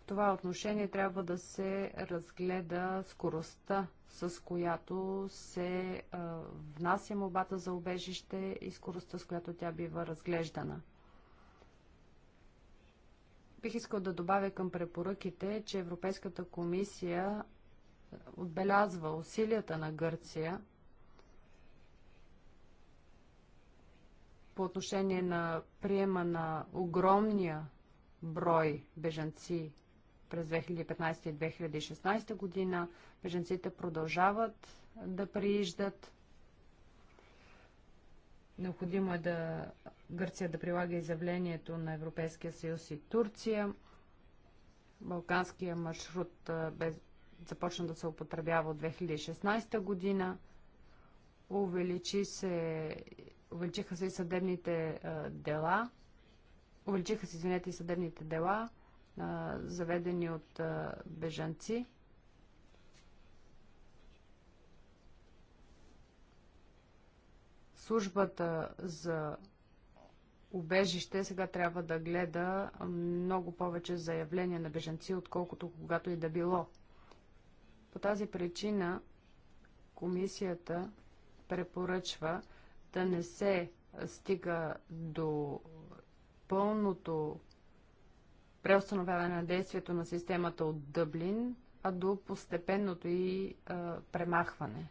В това отношение трябва да се разгледа скоростта, с която се а, внася мобата за убежище и скоростта, с която тя бива разглеждана. Бих искал да добавя към препоръките, че Европейската комисия отбелязва усилията на Гърция по отношение на приема на огромния брой бежанци през 2015 и 2016 година. Бежанците продължават да прииждат Необходимо е да Гърция да прилага изявлението на Европейския съюз и Турция. Балканския маршрут бе, започна да се употребява от 2016 година. Увеличи се, увеличиха се и съдебните дела. Увеличиха се, извинете, и съдебните дела, заведени от бежанци. службата за убежище сега трябва да гледа много повече заявления на бежанци, отколкото когато и да било. По тази причина комисията препоръчва да не се стига до пълното преустановяване на действието на системата от Дъблин, а до постепенното и а, премахване.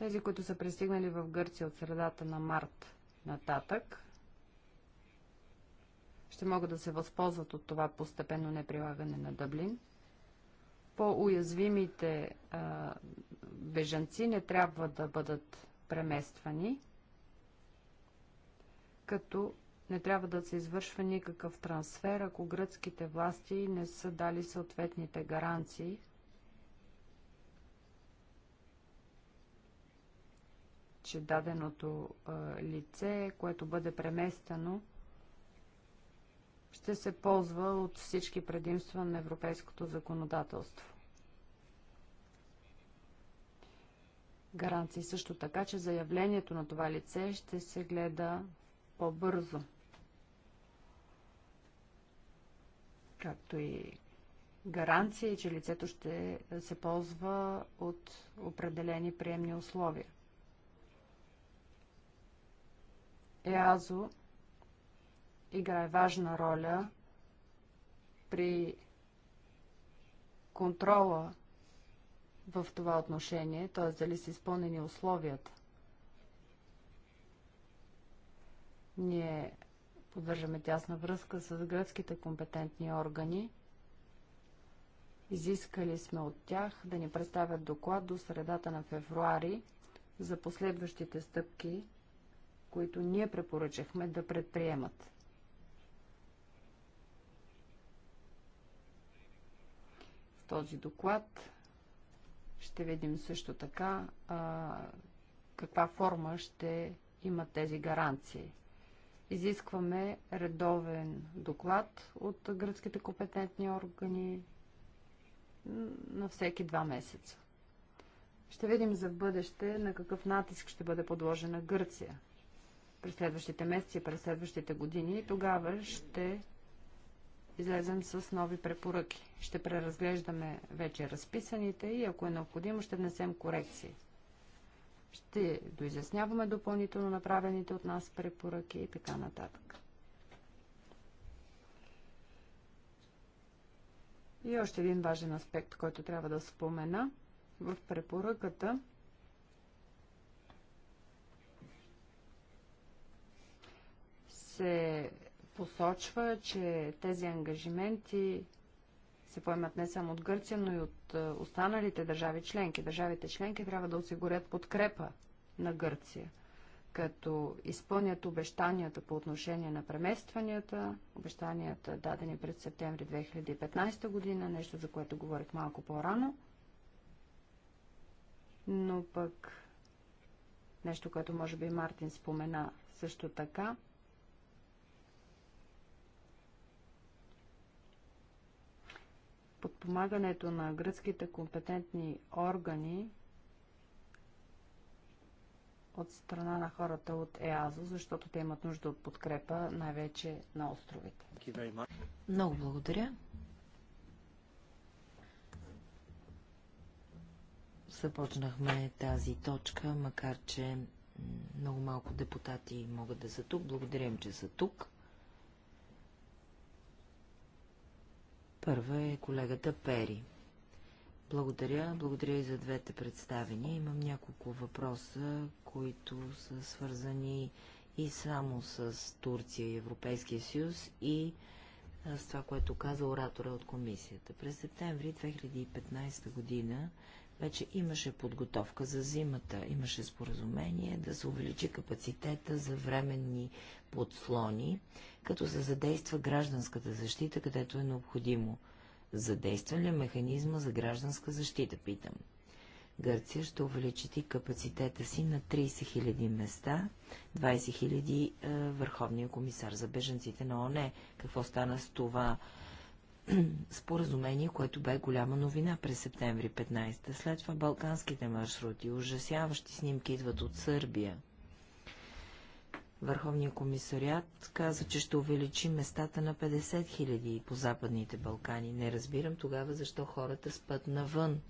Тези, които са пристигнали в Гърция от средата на март нататък, ще могат да се възползват от това постепенно неприлагане на Дъблин. По-уязвимите бежанци не трябва да бъдат премествани, като не трябва да се извършва никакъв трансфер, ако гръцките власти не са дали съответните гаранции – че даденото лице, което бъде преместено, ще се ползва от всички предимства на европейското законодателство. Гаранции също така, че заявлението на това лице ще се гледа по-бързо. Както и гаранции, че лицето ще се ползва от определени приемни условия. ЕАЗО играе важна роля при контрола в това отношение, т.е. дали са изпълнени условията. Ние поддържаме тясна връзка с гръцките компетентни органи. Изискали сме от тях да ни представят доклад до средата на февруари за последващите стъпки които ние препоръчахме да предприемат. В този доклад ще видим също така а, каква форма ще имат тези гаранции. Изискваме редовен доклад от гръцките компетентни органи на всеки два месеца. Ще видим за бъдеще на какъв натиск ще бъде подложена Гърция през следващите месеци, през следващите години и тогава ще излезем с нови препоръки. Ще преразглеждаме вече разписаните и ако е необходимо, ще внесем корекции. Ще доизясняваме допълнително направените от нас препоръки и така нататък. И още един важен аспект, който трябва да спомена. В препоръката се посочва, че тези ангажименти се поемат не само от Гърция, но и от е, останалите държави членки. Държавите членки трябва да осигурят подкрепа на Гърция, като изпълнят обещанията по отношение на преместванията, обещанията дадени през септември 2015 година, нещо за което говорих малко по-рано. Но пък нещо, което може би Мартин спомена също така – подпомагането на гръцките компетентни органи от страна на хората от ЕАЗО, защото те имат нужда от подкрепа, най-вече на островите. Много благодаря. Започнахме тази точка, макар че много малко депутати могат да са тук. Благодарим, че са тук. Първа е колегата Пери. Благодаря. Благодаря и за двете представения. Имам няколко въпроса, които са свързани и само с Турция и Европейския съюз и с това, което каза оратора от комисията. През септември 2015 година вече имаше подготовка за зимата, имаше споразумение да се увеличи капацитета за временни подслони, като се задейства гражданската защита, където е необходимо. Задействан ли е механизма за гражданска защита, питам. Гърция ще увеличи капацитета си на 30 000 места, 20 000 е, Върховния комисар за беженците на ОНЕ. Какво стана с това *clears throat* споразумение, което бе голяма новина през септември 15. та След това балканските маршрути, ужасяващи снимки идват от Сърбия. Върховният комисариат каза, че ще увеличи местата на 50 000 по Западните Балкани. Не разбирам тогава защо хората спът навън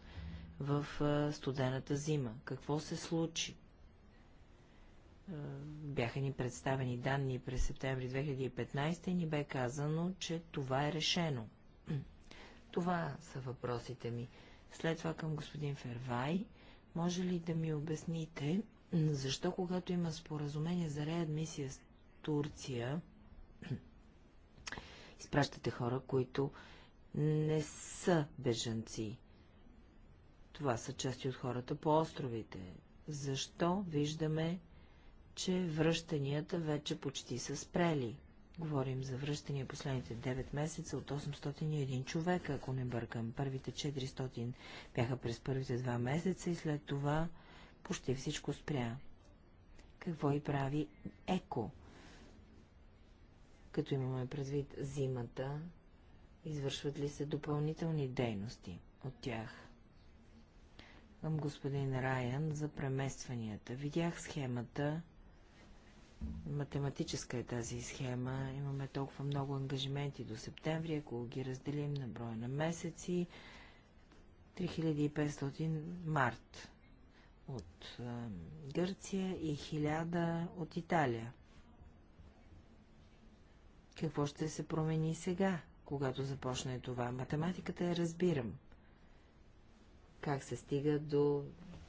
в студената зима. Какво се случи? Бяха ни представени данни през септември 2015 и ни бе казано, че това е решено. Това са въпросите ми. След това към господин Фервай. Може ли да ми обясните, защо когато има споразумение за реадмисия с Турция, *clears throat* изпращате хора, които не са бежанци? Това са части от хората по островите. Защо виждаме, че връщанията вече почти са спрели? Говорим за връщания последните 9 месеца от 801 човека, ако не бъркам. Първите 400 бяха през първите 2 месеца и след това почти всичко спря. Какво и прави ЕКО? Като имаме предвид зимата, извършват ли се допълнителни дейности от тях? Към господин Райан за преместванията. Видях схемата Математическа е тази схема. Имаме толкова много ангажименти до септември, ако ги разделим на броя на месеци. 3500 март от а, Гърция и 1000 от Италия. Какво ще се промени сега, когато започне това? Математиката я разбирам. Как се стига до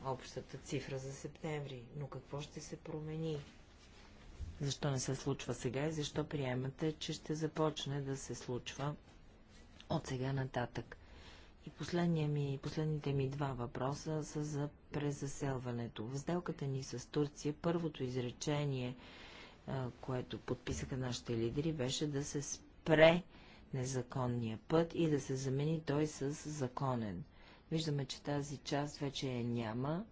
общата цифра за септември? Но какво ще се промени? Защо не се случва сега и защо приемате, че ще започне да се случва от сега нататък? И последния ми, последните ми два въпроса са за презаселването. В сделката ни с Турция първото изречение, което подписаха нашите лидери, беше да се спре незаконния път и да се замени той с законен. Виждаме, че тази част вече я няма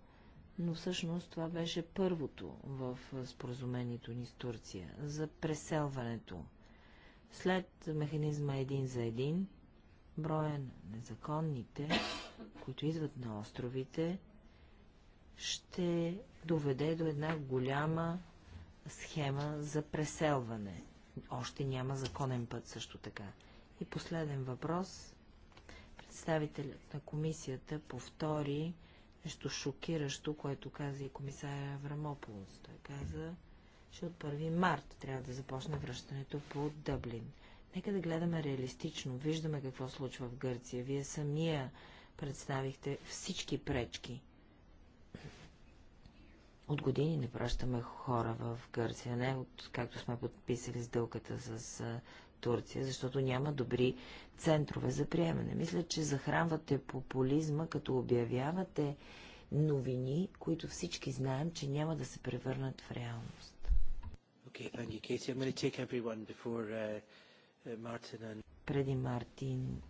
но всъщност това беше първото в споразумението ни с Турция за преселването. След механизма един за един, броя на незаконните, които идват на островите, ще доведе до една голяма схема за преселване. Още няма законен път също така. И последен въпрос. Представителят на комисията повтори нещо шокиращо, което каза и комисаря Аврамополос. Той каза, че от 1 март трябва да започне връщането по Дъблин. Нека да гледаме реалистично. Виждаме какво случва в Гърция. Вие самия представихте всички пречки. От години не пращаме хора в Гърция, не от както сме подписали сделката с Турция, защото няма добри центрове за приемане. Мисля, че захранвате популизма, като обявявате новини, които всички знаем, че няма да се превърнат в реалност. Okay, thank you, I'm going to take everyone before uh, uh, Martin and... Преди Мартин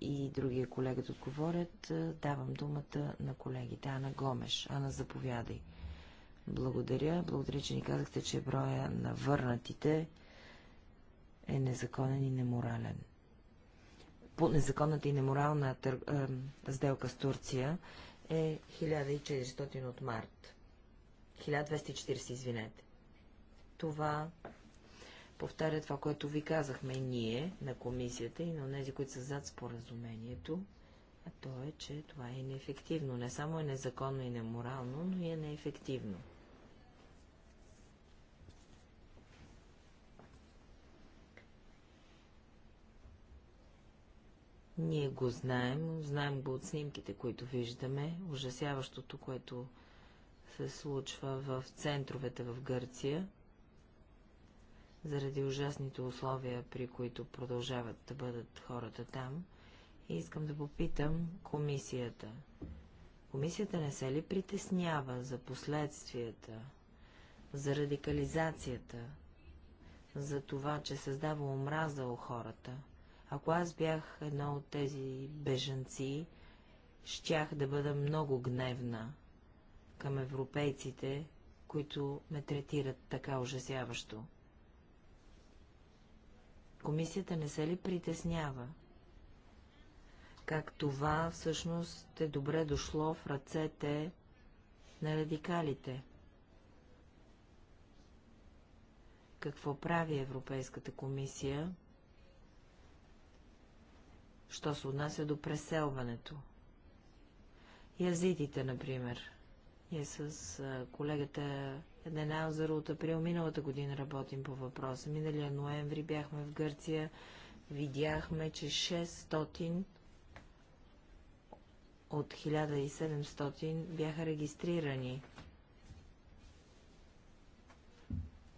и другия колега да отговорят, е, давам думата на колегите. Ана Гомеш. Ана, заповядай. Благодаря. Благодаря, че ни казахте, че броя на върнатите е незаконен и неморален. По незаконната и неморална тър... э, сделка с Турция е 1400 от март. 1240, извинете. Това повтаря това, което ви казахме ние на комисията и на тези, които са зад споразумението, а то е, че това е неефективно. Не само е незаконно и неморално, но и е неефективно. Ние го знаем, знаем го от снимките, които виждаме, ужасяващото, което се случва в центровете в Гърция, заради ужасните условия, при които продължават да бъдат хората там. И искам да попитам комисията. Комисията не се ли притеснява за последствията, за радикализацията, за това, че създава омраза у хората – ако аз бях едно от тези бежанци, щях да бъда много гневна към европейците, които ме третират така ужасяващо. Комисията не се ли притеснява? Как това всъщност е добре дошло в ръцете на радикалите? Какво прави Европейската комисия, що се отнася до преселването. Язитите, например. Ние с колегата Едена Озеро от април миналата година работим по въпроса. Миналия ноември бяхме в Гърция, видяхме, че 600 от 1700 бяха регистрирани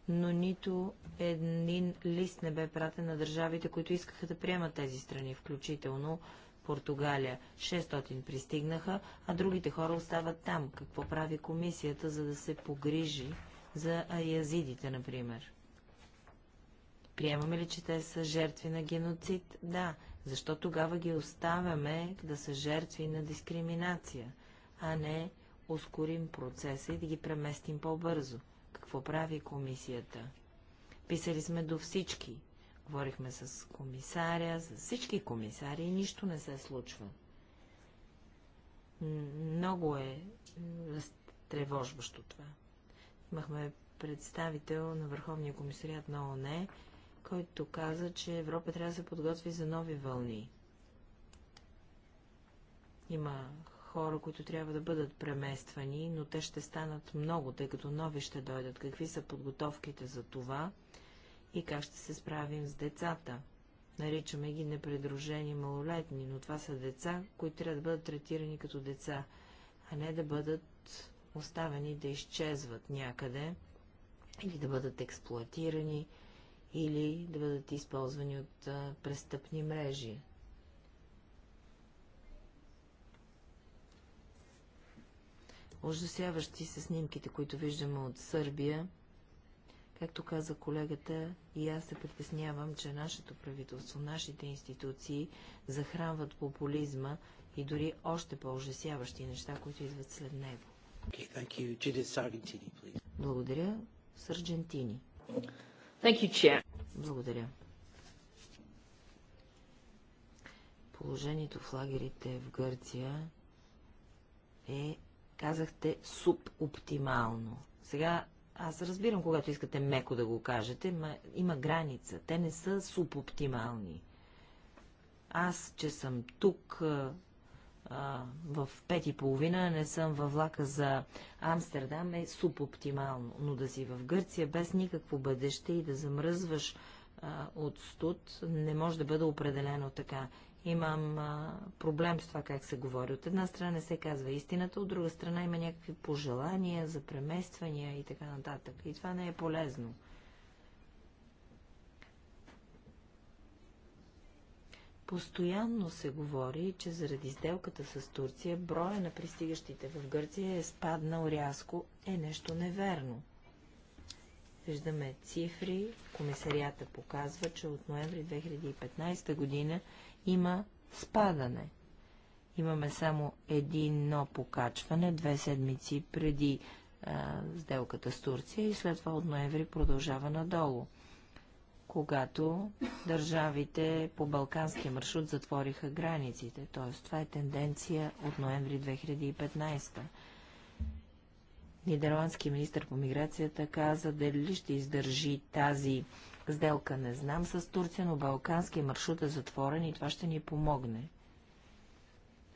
но нито един лист не бе пратен на държавите, които искаха да приемат тези страни, включително Португалия. 600 пристигнаха, а другите хора остават там. Какво прави комисията, за да се погрижи за аязидите, например? Приемаме ли, че те са жертви на геноцид? Да. Защо тогава ги оставяме да са жертви на дискриминация, а не ускорим процеса и да ги преместим по-бързо? какво прави комисията. Писали сме до всички. Говорихме с комисаря, с всички комисари и нищо не се случва. Много е тревожващо това. Имахме представител на Върховния комисариат на ОНЕ, който каза, че Европа трябва да се подготви за нови вълни. Има хора, които трябва да бъдат премествани, но те ще станат много, тъй като нови ще дойдат. Какви са подготовките за това и как ще се справим с децата? Наричаме ги непредружени малолетни, но това са деца, които трябва да бъдат третирани като деца, а не да бъдат оставени да изчезват някъде или да бъдат експлуатирани или да бъдат използвани от а, престъпни мрежи. Ужасяващи са снимките, които виждаме от Сърбия. Както каза колегата, и аз се притеснявам, че нашето правителство, нашите институции захранват популизма и дори още по-ужасяващи неща, които идват след него. Okay, Благодаря. Сърджентини. You, Благодаря. Положението в лагерите в Гърция е Казахте субоптимално. Сега аз разбирам, когато искате меко да го кажете, ма има граница. Те не са субоптимални. Аз, че съм тук а, в пет и половина, не съм във влака за Амстердам, е субоптимално. Но да си в Гърция без никакво бъдеще и да замръзваш а, от студ, не може да бъде определено така имам а, проблем с това как се говори. От една страна не се казва истината, от друга страна има някакви пожелания за премествания и така нататък. И това не е полезно. Постоянно се говори, че заради сделката с Турция броя на пристигащите в Гърция е спаднал рязко. Е нещо неверно. Виждаме цифри. Комисарията показва, че от ноември 2015 година има спадане. Имаме само едно покачване, две седмици преди а, сделката с Турция и след това от ноември продължава надолу, когато държавите по Балканския маршрут затвориха границите. Т.е. това е тенденция от ноември 2015 нидерландски министр по миграцията каза дали ще издържи тази сделка не знам с Турция, но балкански маршрут е затворен и това ще ни помогне.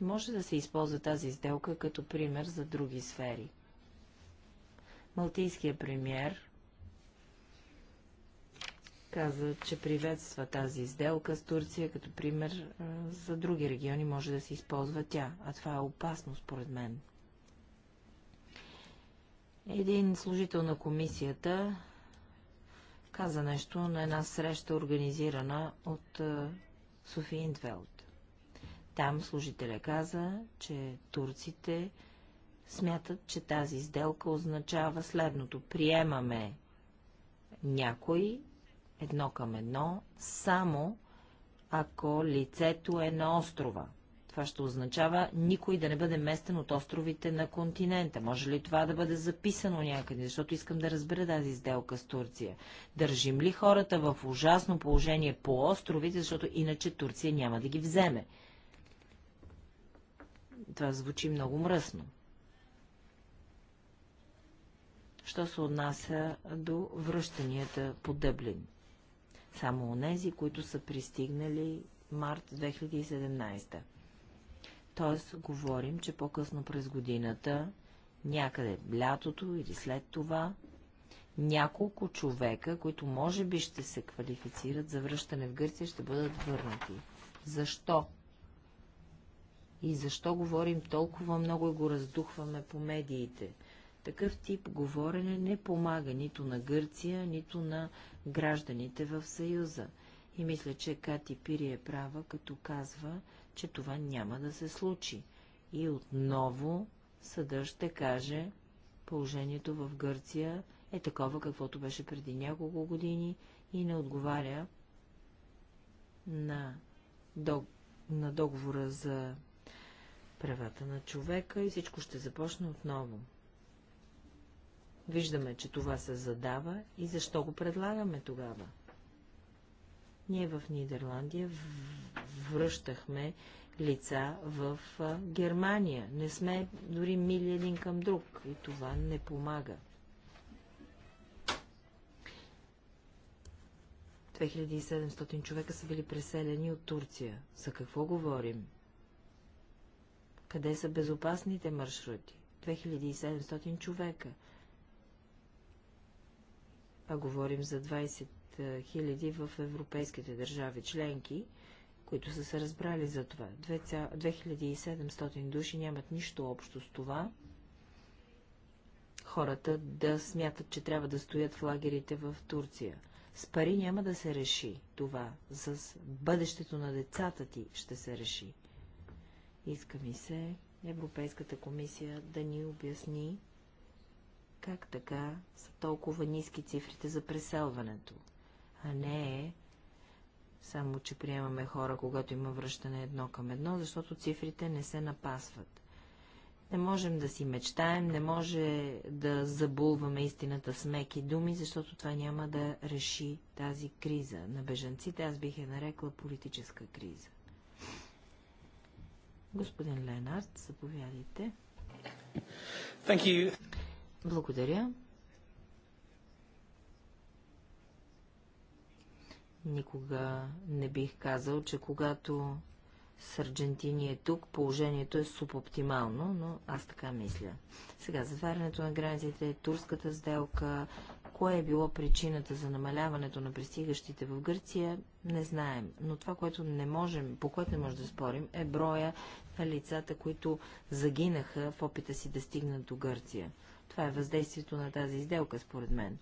Може да се използва тази сделка като пример за други сфери. Малтийският премьер каза, че приветства тази сделка с Турция като пример е, за други региони може да се използва тя, а това е опасно според мен. Един служител на комисията каза нещо на една среща, организирана от Софи Интвелд. Там служителя каза, че турците смятат, че тази сделка означава следното. Приемаме някой едно към едно, само ако лицето е на острова – това ще означава никой да не бъде местен от островите на континента. Може ли това да бъде записано някъде? Защото искам да разбера тази сделка с Турция. Държим ли хората в ужасно положение по островите, защото иначе Турция няма да ги вземе? Това звучи много мръсно. Що се отнася до връщанията по Дъблин? Само онези, които са пристигнали март 2017. Т.е. говорим, че по-късно през годината, някъде лятото или след това, няколко човека, които може би ще се квалифицират за връщане в Гърция, ще бъдат върнати. Защо? И защо говорим толкова много и го раздухваме по медиите? Такъв тип говорене не помага нито на Гърция, нито на гражданите в Съюза. И мисля, че Кати Пири е права, като казва, че това няма да се случи. И отново съдър ще каже, положението в Гърция е такова, каквото беше преди няколко години и не отговаря на, дог... на договора за правата на човека и всичко ще започне отново. Виждаме, че това се задава и защо го предлагаме тогава? Ние в Нидерландия връщахме лица в Германия. Не сме дори мили един към друг и това не помага. 2700 човека са били преселени от Турция. За какво говорим? Къде са безопасните маршрути? 2700 човека. А говорим за 20 хиляди в европейските държави членки, които са се разбрали за това. 2700 души нямат нищо общо с това. Хората да смятат, че трябва да стоят в лагерите в Турция. С пари няма да се реши това. С бъдещето на децата ти ще се реши. Иска ми се Европейската комисия да ни обясни как така са толкова ниски цифрите за преселването а не е само, че приемаме хора, когато има връщане едно към едно, защото цифрите не се напасват. Не можем да си мечтаем, не може да забулваме истината с меки думи, защото това няма да реши тази криза на бежанците. Аз бих я нарекла политическа криза. Господин Ленард, заповядайте. Благодаря. Никога не бих казал, че когато с Аржентини е тук, положението е субоптимално, но аз така мисля. Сега, затварянето на границите, турската сделка, кое е било причината за намаляването на пристигащите в Гърция, не знаем. Но това, което не можем, по което не можем да спорим, е броя на лицата, които загинаха в опита си да стигнат до Гърция. Това е въздействието на тази изделка, според мен.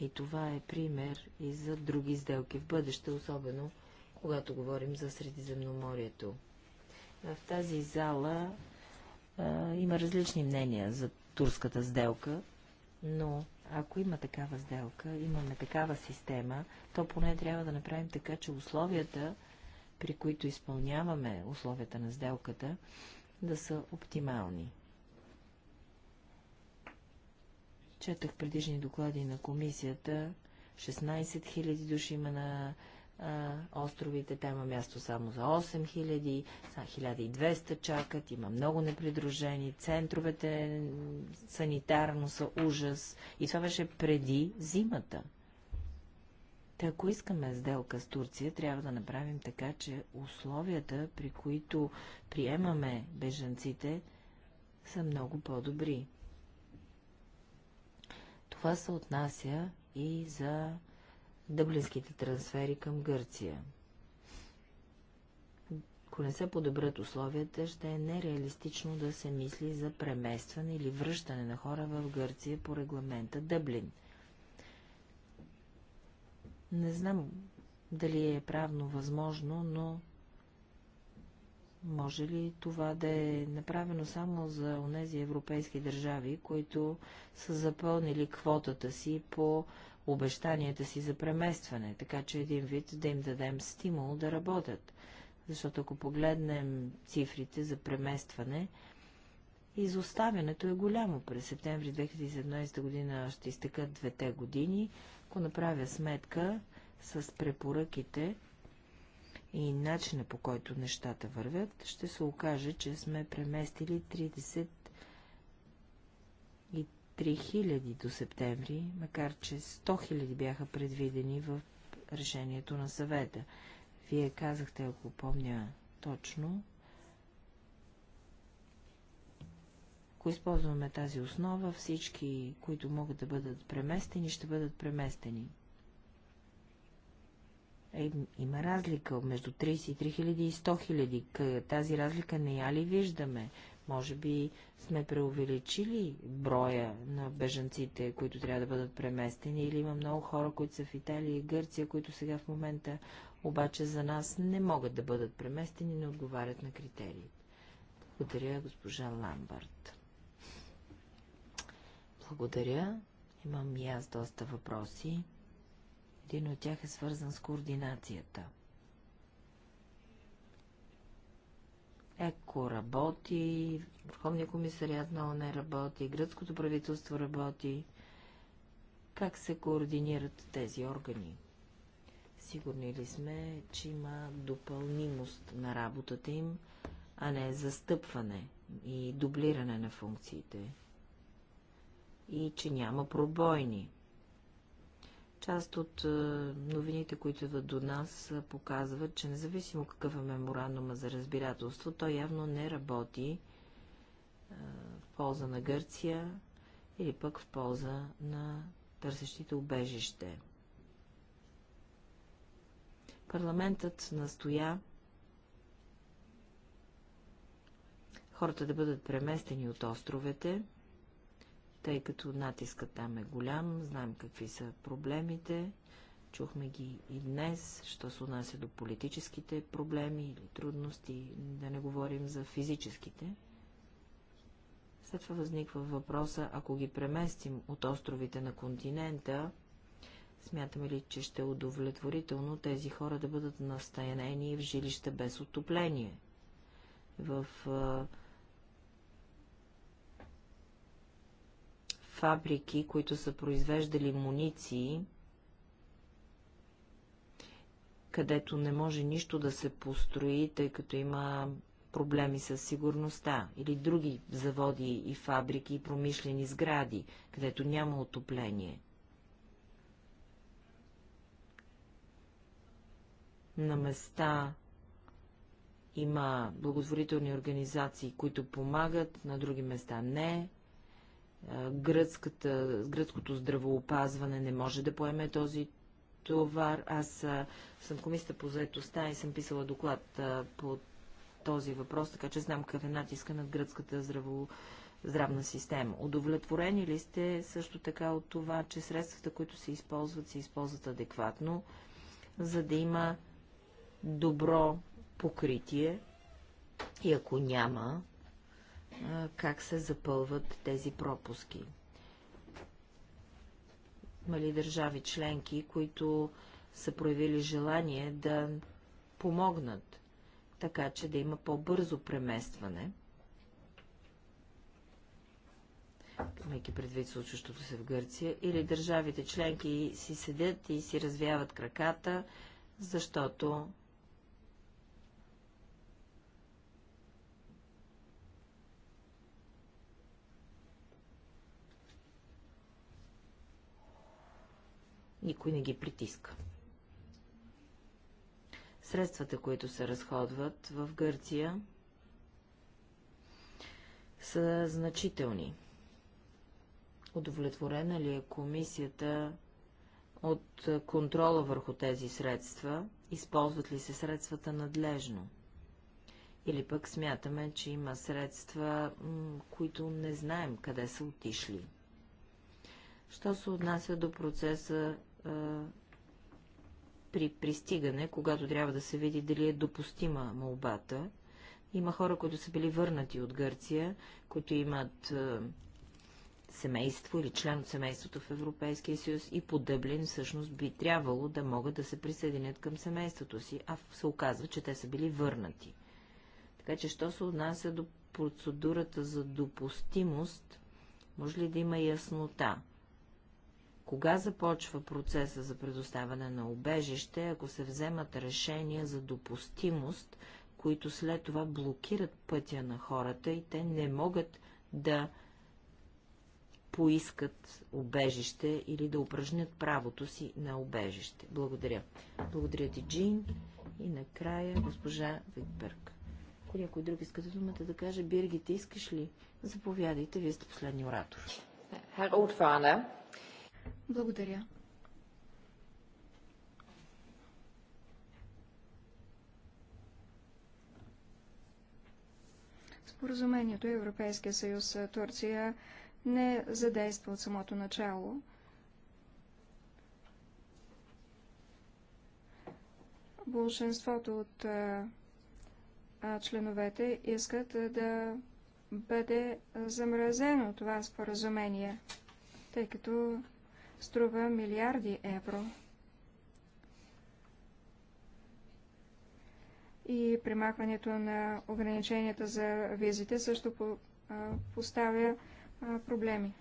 И това е пример и за други сделки в бъдеще, особено когато говорим за Средиземноморието. В тази зала а, има различни мнения за турската сделка, но ако има такава сделка, имаме такава система, то поне трябва да направим така, че условията, при които изпълняваме условията на сделката, да са оптимални. Четах предишни доклади на комисията. 16 000 души има на а, островите. Там има място само за 8 000. 1200 чакат. Има много непридружени. Центровете санитарно са ужас. И това беше преди зимата. Та ако искаме сделка с Турция, трябва да направим така, че условията, при които приемаме бежанците, са много по-добри. Това се отнася и за дъблинските трансфери към Гърция. Ако не се подобрят условията, ще е нереалистично да се мисли за преместване или връщане на хора в Гърция по регламента Дъблин. Не знам дали е правно възможно, но може ли това да е направено само за онези европейски държави, които са запълнили квотата си по обещанията си за преместване, така че един вид да им дадем стимул да работят? Защото ако погледнем цифрите за преместване, изоставянето е голямо. През септември 2017 година ще изтекат двете години. Ако направя сметка с препоръките, и начина по който нещата вървят, ще се окаже, че сме преместили 33 000 до септември, макар че 100 000 бяха предвидени в решението на съвета. Вие казахте, ако помня точно, ако използваме тази основа, всички, които могат да бъдат преместени, ще бъдат преместени е, има разлика между 33 000 и 100 000. Тази разлика не я ли виждаме? Може би сме преувеличили броя на бежанците, които трябва да бъдат преместени, или има много хора, които са в Италия и Гърция, които сега в момента обаче за нас не могат да бъдат преместени, не отговарят на критериите. Благодаря, госпожа Ламбард. Благодаря. Имам и аз доста въпроси. Един от тях е свързан с координацията. ЕКО работи, Върховния комисариат на ОНЕ работи, гръцкото правителство работи. Как се координират тези органи? Сигурни ли сме, че има допълнимост на работата им, а не застъпване и дублиране на функциите? И че няма пробойни. Част от е, новините, които идват до нас, е, показват, че независимо какъв е меморандума за разбирателство, той явно не работи е, в полза на Гърция или пък в полза на търсещите убежище. Парламентът настоя хората да бъдат преместени от островете – тъй като натискът там е голям, знаем какви са проблемите, чухме ги и днес, що се отнася до политическите проблеми или трудности, да не говорим за физическите. След това възниква въпроса, ако ги преместим от островите на континента, смятаме ли, че ще е удовлетворително тези хора да бъдат настаянени в жилища без отопление? В а, фабрики, които са произвеждали муниции, където не може нищо да се построи, тъй като има проблеми с сигурността, или други заводи и фабрики и промишлени сгради, където няма отопление. На места има благотворителни организации, които помагат, на други места не гръцката, гръцкото здравоопазване не може да поеме този товар. Аз а, съм комиста по заедостта и съм писала доклад а, по този въпрос, така че знам какъв е натиска над гръцката здраво, здравна система. Удовлетворени ли сте също така от това, че средствата, които се използват, се използват адекватно, за да има добро покритие и ако няма, как се запълват тези пропуски. Има ли държави членки, които са проявили желание да помогнат, така че да има по-бързо преместване? имайки предвид случващото се в Гърция, или държавите членки си седят и си развяват краката, защото никой не ги притиска. Средствата, които се разходват в Гърция, са значителни. Удовлетворена ли е комисията от контрола върху тези средства? Използват ли се средствата надлежно? Или пък смятаме, че има средства, които не знаем къде са отишли. Що се отнася до процеса при пристигане, когато трябва да се види дали е допустима молбата. Има хора, които са били върнати от Гърция, които имат семейство или член от семейството в Европейския съюз и по Дъблин всъщност би трябвало да могат да се присъединят към семейството си, а се оказва, че те са били върнати. Така че, що се отнася до процедурата за допустимост, може ли да има яснота? Кога започва процеса за предоставяне на обежище, ако се вземат решения за допустимост, които след това блокират пътя на хората и те не могат да поискат обежище или да упражнят правото си на обежище. Благодаря. Благодаря ти, Джин. И накрая госпожа Витберг. Ако някой друг иска да думата да каже, Биргите, искаш ли? Заповядайте, вие сте последни оратор. Herr Фана. Благодаря. Споразумението Европейския съюз е, Турция не задейства от самото начало. Болшинството от е, а, членовете искат е, да бъде замразено това споразумение, тъй като струва милиарди евро. И примахването на ограниченията за визите също поставя проблеми.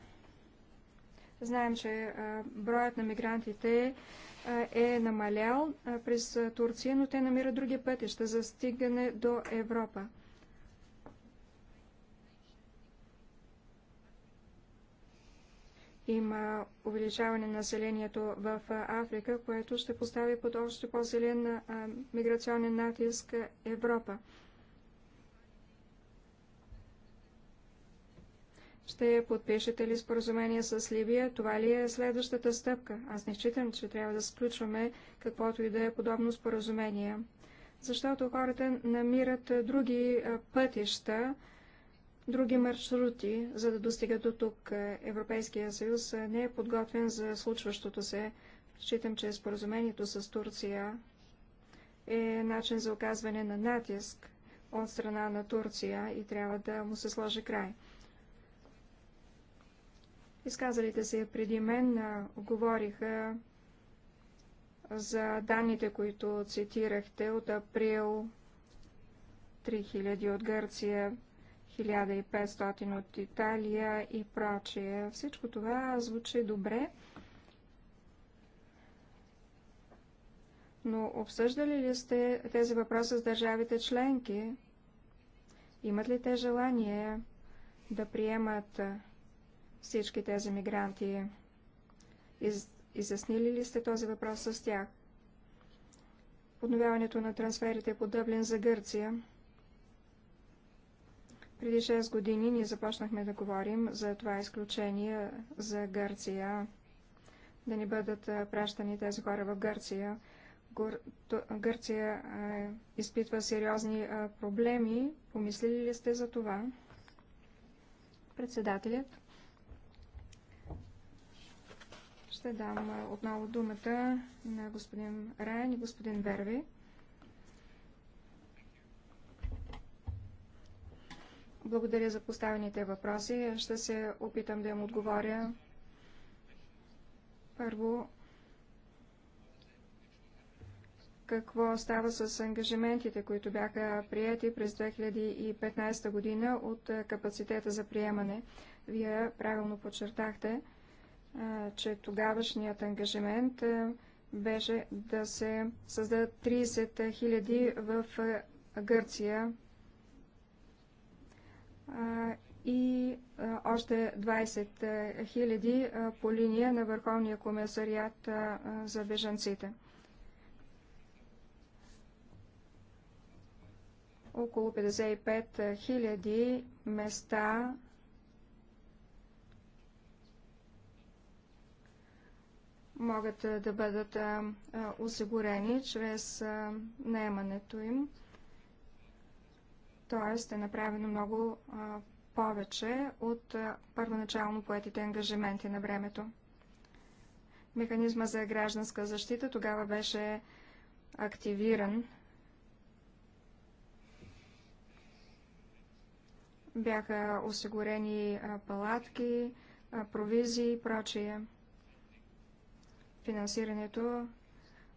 Знаем, че броят на мигрантите е намалял през Турция, но те намират други пътища за стигане до Европа. има увеличаване на населението в Африка, което ще постави под още по-зелен миграционен натиск Европа. Ще подпишете ли споразумение с Либия? Това ли е следващата стъпка? Аз не считам, че трябва да сключваме каквото и да е подобно споразумение, защото хората намират други пътища, други маршрути, за да достигат до тук. Е, Европейския съюз е, не е подготвен за случващото се. Считам, че споразумението с Турция е начин за оказване на натиск от страна на Турция и трябва да му се сложи край. Изказалите се преди мен е, говориха за данните, които цитирахте от април 3000 от Гърция, 1500 от Италия и прочие. Всичко това звучи добре, но обсъждали ли сте тези въпроси с държавите членки? Имат ли те желание да приемат всички тези мигранти? Из... Изяснили ли сте този въпрос с тях? Подновяването на трансферите по Дъблин за Гърция – преди 6 години ние започнахме да говорим за това изключение за Гърция, да не бъдат пращани тези хора в Гърция. Гърция изпитва сериозни проблеми. Помислили ли сте за това? Председателят. Ще дам отново думата на господин Райан и господин Верви. Благодаря за поставените въпроси. Ще се опитам да им отговоря. Първо, какво става с ангажиментите, които бяха прияти през 2015 година от капацитета за приемане. Вие правилно подчертахте, че тогавашният ангажимент беше да се създадат 30 000 в Гърция и още 20 хиляди по линия на Върховния комисариат за бежанците. Около 55 хиляди места могат да бъдат осигурени чрез наемането им. Тоест е направено много а, повече от а, първоначално поетите ангажименти на времето. Механизма за гражданска защита тогава беше активиран. Бяха осигурени а, палатки, провизии и прочие. Финансирането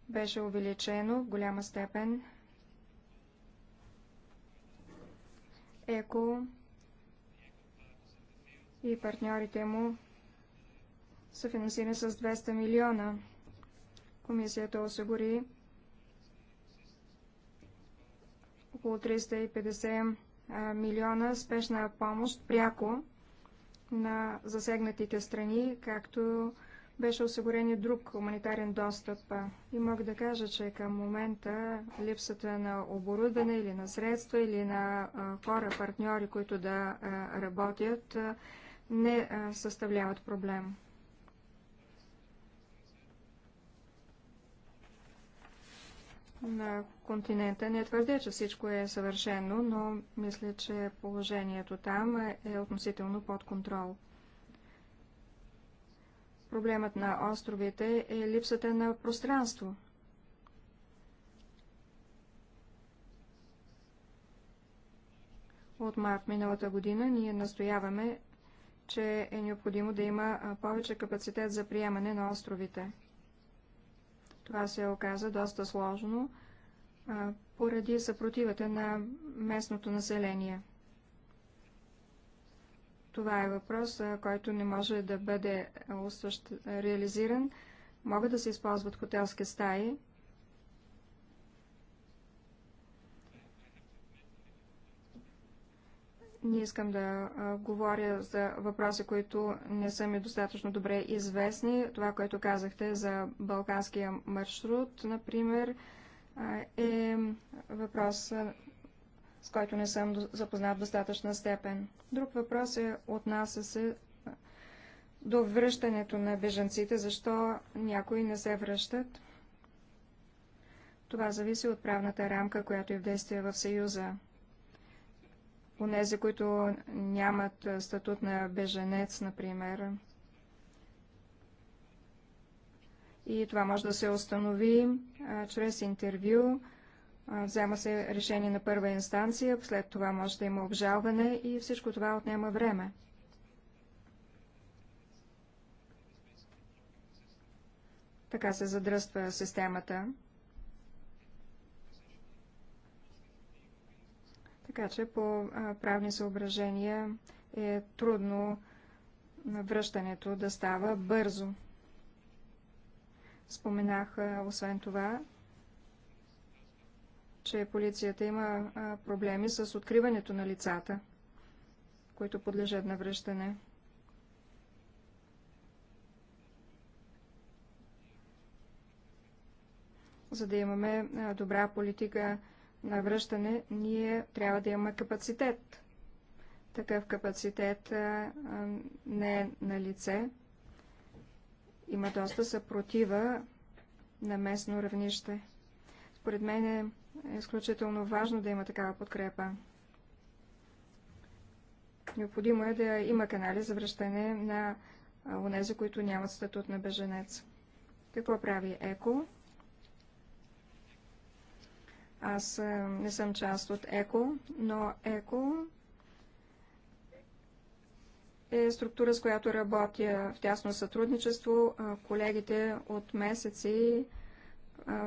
беше увеличено в голяма степен ЕКО и партньорите му са финансирани с 200 милиона. Комисията осигури около 350 милиона спешна помощ пряко на засегнатите страни, както и беше осигурен и друг хуманитарен достъп. И мога да кажа, че към момента липсата на оборудване или на средства или на хора, партньори, които да работят, не съставляват проблем. На континента не твърдя, че всичко е съвършено, но мисля, че положението там е относително под контрол. Проблемът на островите е липсата на пространство. От март миналата година ние настояваме, че е необходимо да има повече капацитет за приемане на островите. Това се оказа доста сложно поради съпротивата на местното население. Това е въпрос, който не може да бъде реализиран. Могат да се използват хотелски стаи. Не искам да говоря за въпроси, които не са ми достатъчно добре известни. Това, което казахте за балканския маршрут, например, е въпрос, с който не съм запознат в достатъчна степен. Друг въпрос е отнася се до връщането на бежанците, защо някои не се връщат. Това зависи от правната рамка, която е в действие в Съюза. Онези, които нямат статут на беженец, например. И това може да се установи а, чрез интервю, взема се решение на първа инстанция, след това може да има обжалване и всичко това отнема време. Така се задръства системата. Така че по правни съображения е трудно връщането да става бързо. Споменах освен това, че полицията има проблеми с откриването на лицата, които подлежат на връщане. За да имаме добра политика на връщане, ние трябва да имаме капацитет. Такъв капацитет не е на лице. Има доста съпротива на местно равнище. Според мен е е изключително важно да има такава подкрепа. Необходимо е да има канали за връщане на онези, които нямат статут на беженец. Какво прави ЕКО? Аз не съм част от ЕКО, но ЕКО е структура, с която работя в тясно сътрудничество. Колегите от месеци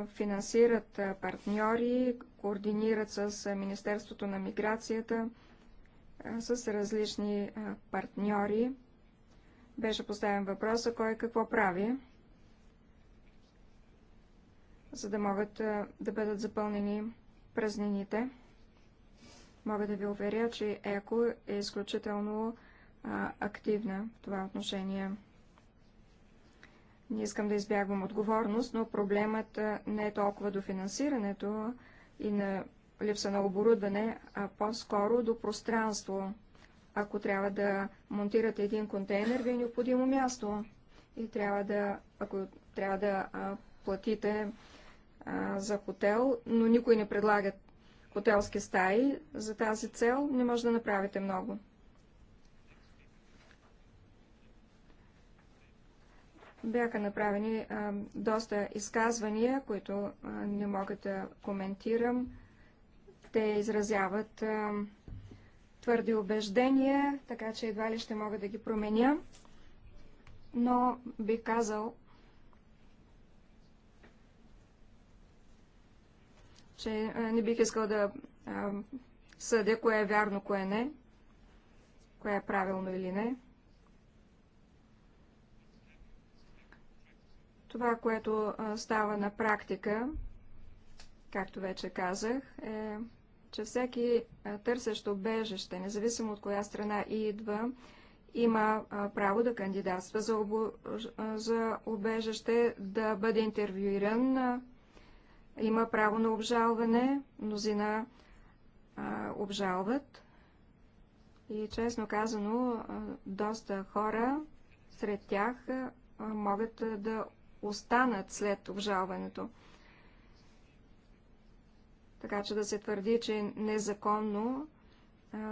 финансират партньори, координират с Министерството на миграцията, с различни партньори. Беше поставен въпроса кой какво прави, за да могат да бъдат запълнени празнините. Мога да ви уверя, че ЕКО е изключително активна в това отношение. Не искам да избягвам отговорност, но проблемът не е толкова до финансирането и на липса на оборудване, а по-скоро до пространство. Ако трябва да монтирате един контейнер, ви е необходимо място. И трябва да, ако трябва да а, платите а, за хотел, но никой не предлага хотелски стаи за тази цел, не може да направите много. Бяха направени а, доста изказвания, които а, не мога да коментирам. Те изразяват а, твърди убеждения, така че едва ли ще мога да ги променя. Но би казал, че не бих искал да а, съдя кое е вярно, кое не, кое е правилно или не. Това, което става на практика, както вече казах, е, че всеки търсещ обежище, независимо от коя страна идва, има право да кандидатства за, обо... за обежище, да бъде интервюиран, има право на обжалване, мнозина обжалват. И честно казано, доста хора сред тях могат да останат след обжалването. Така че да се твърди, че е незаконно,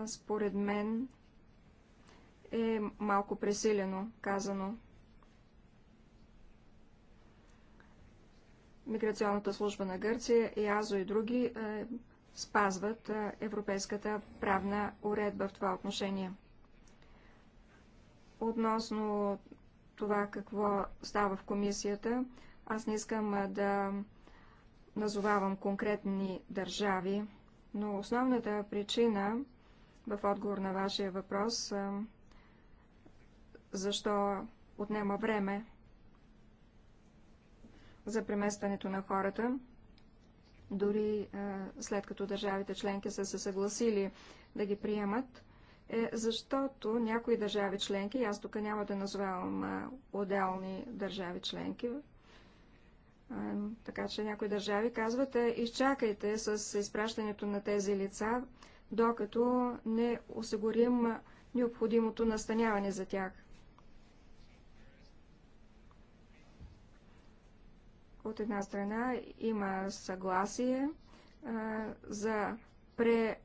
според мен, е малко пресилено казано. Миграционната служба на Гърция, ЕАЗО и други спазват европейската правна уредба в това отношение. Относно това какво става в комисията. Аз не искам да назовавам конкретни държави, но основната причина в отговор на вашия въпрос, защо отнема време за преместването на хората, дори след като държавите членки са се съгласили да ги приемат, е защото някои държави членки, аз тук няма да назвавам отделни държави членки, така че някои държави казват, изчакайте с изпращането на тези лица, докато не осигурим необходимото настаняване за тях. От една страна има съгласие за пре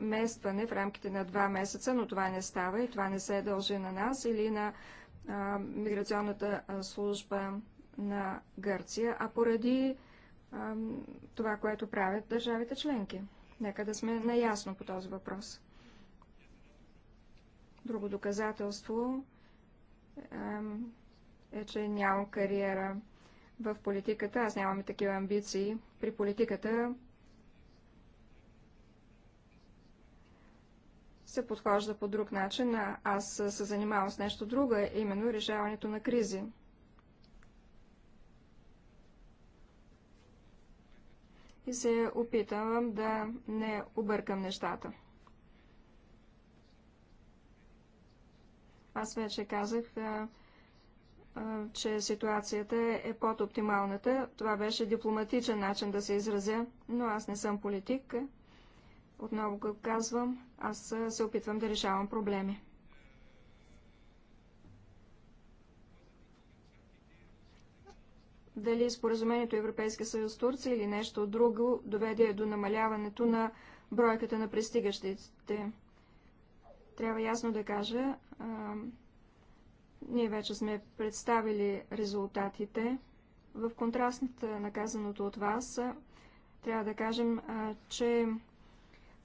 Местване в рамките на два месеца, но това не става и това не се дължи на нас или на а, миграционната служба на Гърция, а поради а, това, което правят държавите членки. Нека да сме наясно по този въпрос. Друго доказателство е, че нямам кариера в политиката. Аз нямам такива амбиции. При политиката се подхожда по друг начин, а аз се занимавам с нещо друго, е именно решаването на кризи. И се опитвам да не объркам нещата. Аз вече казах, че ситуацията е под оптималната. Това беше дипломатичен начин да се изразя, но аз не съм политик. Отново го казвам, аз се опитвам да решавам проблеми. Дали споразумението Европейския съюз Турция или нещо друго доведе до намаляването на бройката на пристигащите. Трябва ясно да кажа, а, ние вече сме представили резултатите. В контраст на казаното от вас, трябва да кажем, а, че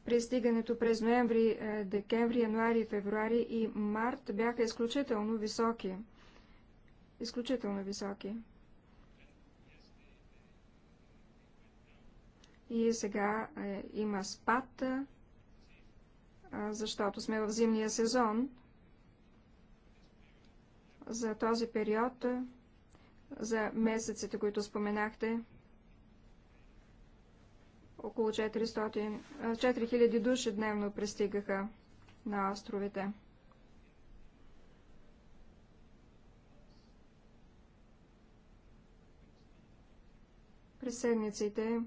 пристигането през ноември, е, декември, януари, февруари и март бяха изключително високи. Изключително високи. И сега е, има спад, а, е, защото сме в зимния сезон. За този период, е, за месеците, които споменахте, около 400, 4000 души дневно пристигаха на островите. През седмиците,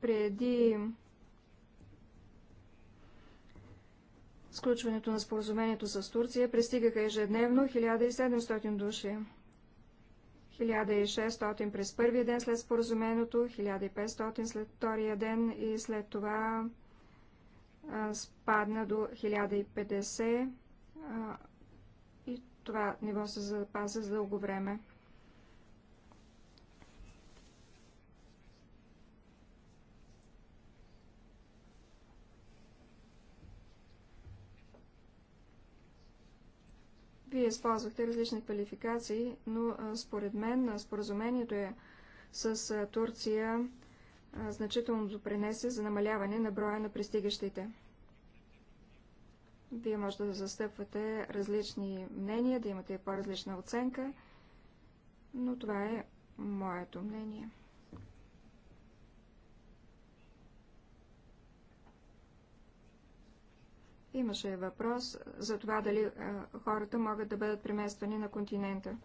преди сключването на споразумението с Турция, пристигаха ежедневно 1700 души. 1600 през първия ден след споразумението, 1500 след втория ден и след това а, спадна до 1050 а, и това ниво се запази за дълго време. Вие използвахте различни квалификации, но според мен споразумението е с Турция значително допринесе за намаляване на броя на пристигащите. Вие може да застъпвате различни мнения, да имате по-различна оценка, но това е моето мнение. Имаше въпрос за това дали хората могат да бъдат премествани на континента.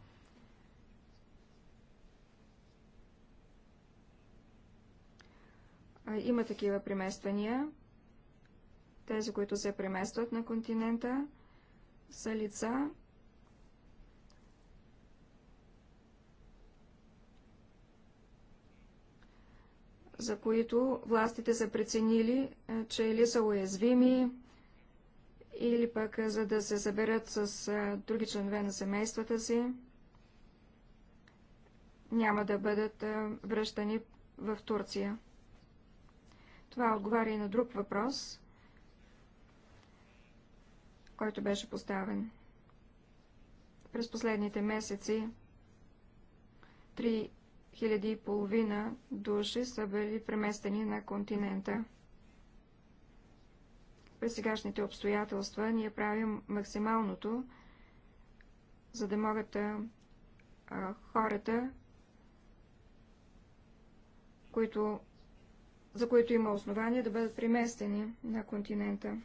Има такива премествания. Тези, които се преместват на континента, са лица, за които властите са преценили, че или са уязвими, или пък за да се съберат с други членове на семействата си, няма да бъдат връщани в Турция. Това отговаря и на друг въпрос, който беше поставен. През последните месеци 3 хиляди и половина души са били преместени на континента. При сегашните обстоятелства ние правим максималното, за да могат а, хората, които, за които има основания да бъдат приместени на континента.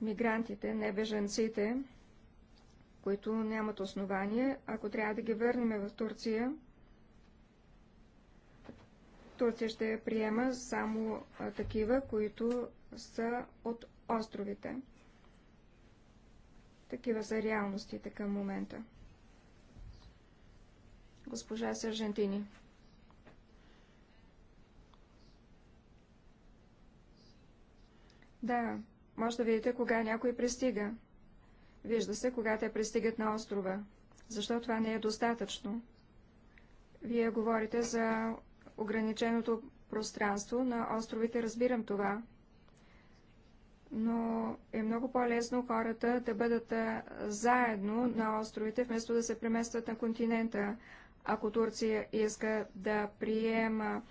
Мигрантите, не беженците, които нямат основание, ако трябва да ги върнем в Турция, Турция ще приема само такива, които са от островите. Такива са реалностите към момента. Госпожа Сержантини. Да, може да видите кога някой пристига. Вижда се, кога те пристигат на острова. Защо това не е достатъчно? Вие говорите за ограниченото пространство на островите, разбирам това. Но е много по-лесно хората да бъдат заедно на островите, вместо да се преместват на континента. Ако Турция иска да приема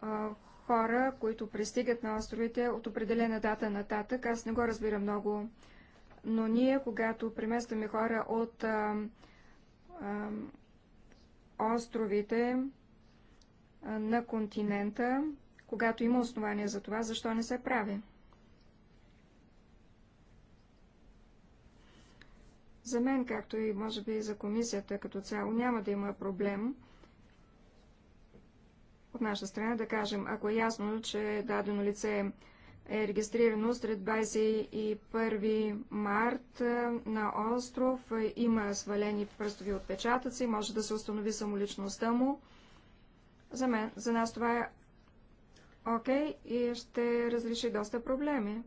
а, хора, които пристигат на островите от определена дата нататък, аз не го разбирам много но ние, когато преместваме хора от а, а, островите а, на континента, когато има основания за това, защо не се прави? За мен, както и може би за комисията като цяло, няма да има проблем от наша страна да кажем, ако е ясно, че дадено лице е е регистрирано след 21 март на остров. Има свалени пръстови отпечатъци, може да се установи самоличността му. За, мен, за нас това е окей okay и ще разреши доста проблеми.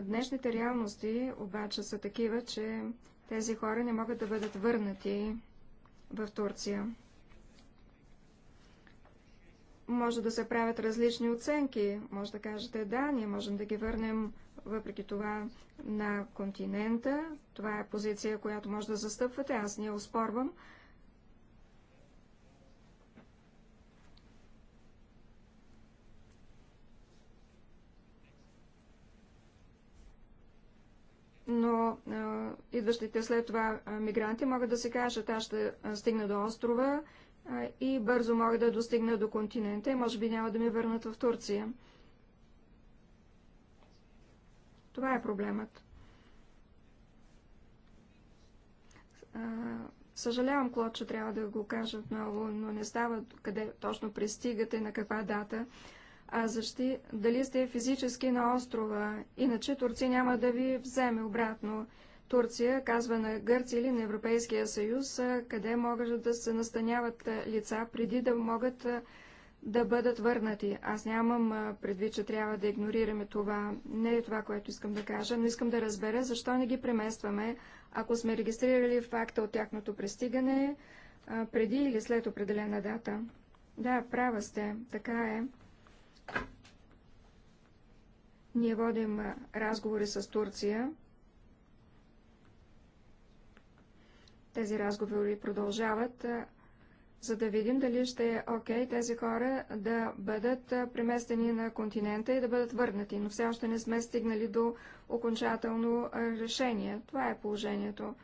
Днешните реалности обаче са такива, че тези хора не могат да бъдат върнати в Турция. Може да се правят различни оценки. Може да кажете, да, ние можем да ги върнем въпреки това на континента. Това е позиция, която може да застъпвате. Аз не я оспорвам. но а, идващите след това а, мигранти могат да се кажат, аз ще стигна до острова и бързо мога да достигна до континента и може би няма да ми върнат в Турция. Това е проблемът. Съжалявам, Клод, че трябва да го кажа отново, но не става къде точно пристигате, на каква дата, а защи, дали сте физически на острова, иначе Турция няма да ви вземе обратно. Турция казва на Гърция или на Европейския съюз къде могат да се настаняват лица преди да могат да бъдат върнати. Аз нямам предвид, че трябва да игнорираме това. Не е това, което искам да кажа, но искам да разбера защо не ги преместваме, ако сме регистрирали факта от тяхното пристигане преди или след определена дата. Да, права сте, така е. Ние водим разговори с Турция Тези разговори продължават, за да видим дали ще е окей okay тези хора да бъдат преместени на континента и да бъдат върнати, но все още не сме стигнали до окончателно решение. Това е положението.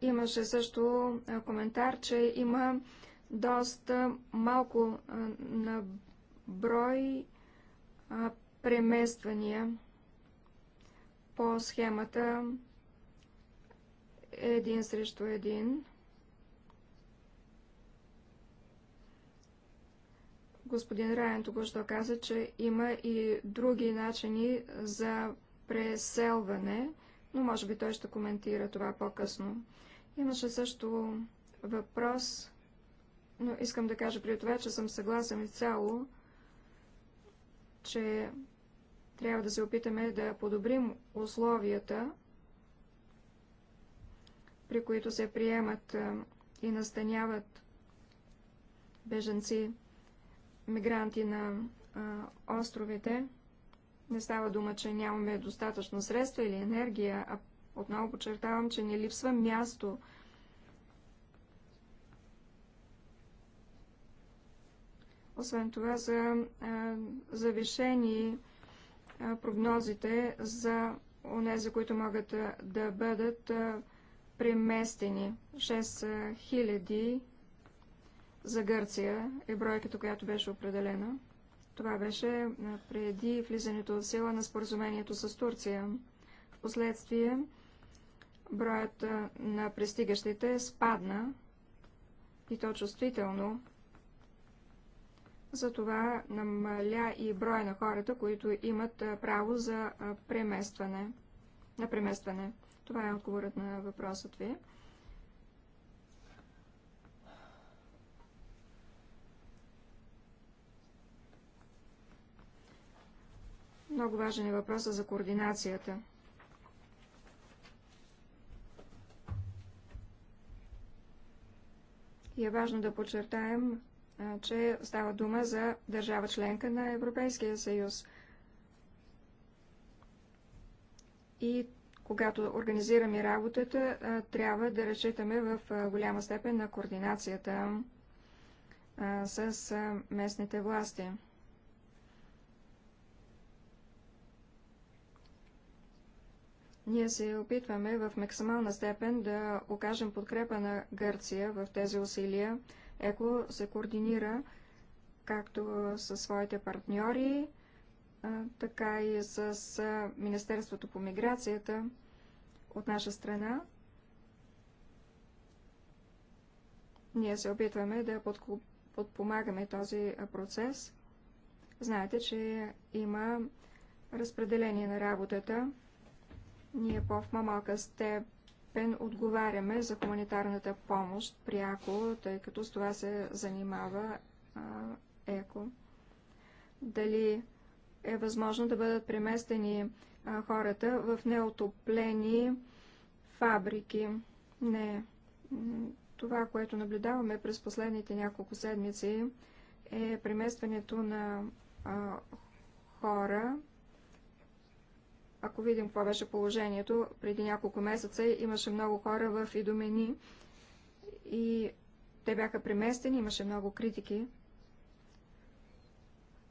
Имаше също коментар, че има доста малко на брой премествания по схемата един срещу един. Господин Райан току-що каза, че има и други начини за преселване, но може би той ще коментира това по-късно. Имаше също въпрос, но искам да кажа при това, че съм съгласен изцяло цяло че трябва да се опитаме да подобрим условията, при които се приемат и настаняват беженци, мигранти на островите. Не става дума, че нямаме достатъчно средства или енергия, а отново подчертавам, че не липсва място – Освен това за завишени прогнозите за онези, които могат да бъдат преместени. 6000 за Гърция е бройката, която беше определена. Това беше преди влизането в сила на споразумението с Турция. Впоследствие броят на пристигащите спадна и то чувствително. За това намаля и броя на хората, които имат право за преместване, на преместване. Това е отговорът на въпросът ви. Много важен е въпросът за координацията. И е важно да подчертаем, че става дума за държава членка на Европейския съюз. И когато организираме работата, трябва да разчитаме в голяма степен на координацията с местните власти. Ние се опитваме в максимална степен да окажем подкрепа на Гърция в тези усилия, ЕКО се координира както със своите партньори, така и с Министерството по миграцията от наша страна. Ние се опитваме да подпомагаме този процес. Знаете, че има разпределение на работата. Ние по-в малка степ степен отговаряме за хуманитарната помощ пряко, тъй като с това се занимава а, ЕКО. Дали е възможно да бъдат преместени а, хората в неотоплени фабрики? Не. Това, което наблюдаваме през последните няколко седмици, е преместването на а, хора ако видим какво беше положението, преди няколко месеца имаше много хора в Идомени и те бяха преместени, имаше много критики.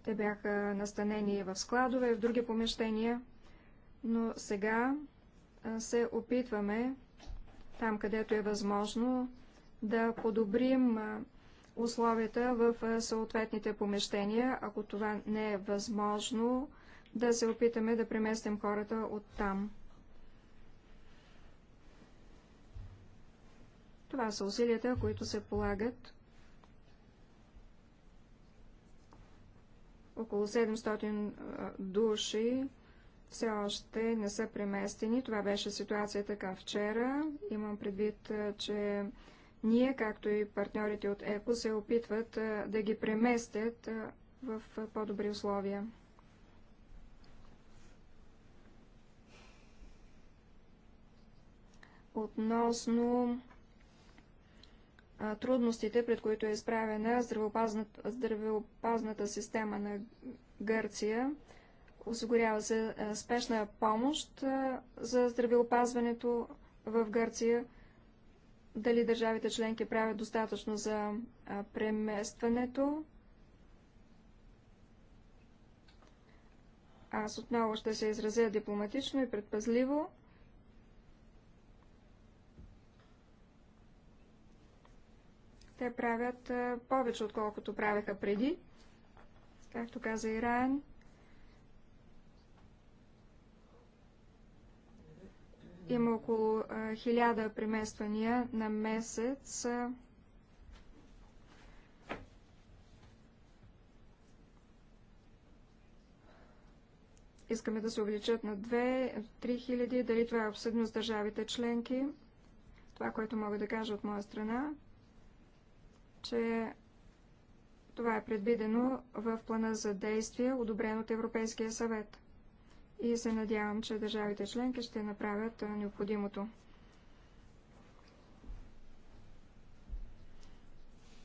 Те бяха настанени в складове, в други помещения, но сега се опитваме там, където е възможно, да подобрим условията в съответните помещения. Ако това не е възможно, да се опитаме да преместим хората от там. Това са усилията, които се полагат. Около 700 души все още не са преместени. Това беше ситуацията към вчера. Имам предвид, че ние, както и партньорите от ЕКО, се опитват да ги преместят в по-добри условия. относно трудностите, пред които е изправена здравеопазната, здравеопазната система на Гърция. Осигурява се спешна помощ за здравеопазването в Гърция. Дали държавите членки правят достатъчно за преместването? Аз отново ще се изразя дипломатично и предпазливо. Те правят повече, отколкото правеха преди. Както каза и Райан, има около хиляда премествания на месец. Искаме да се увеличат на 2-3 хиляди. Дали това е обсъдно с държавите членки? Това, което мога да кажа от моя страна, че това е предвидено в плана за действие, одобрен от Европейския съвет. И се надявам, че държавите членки ще направят необходимото.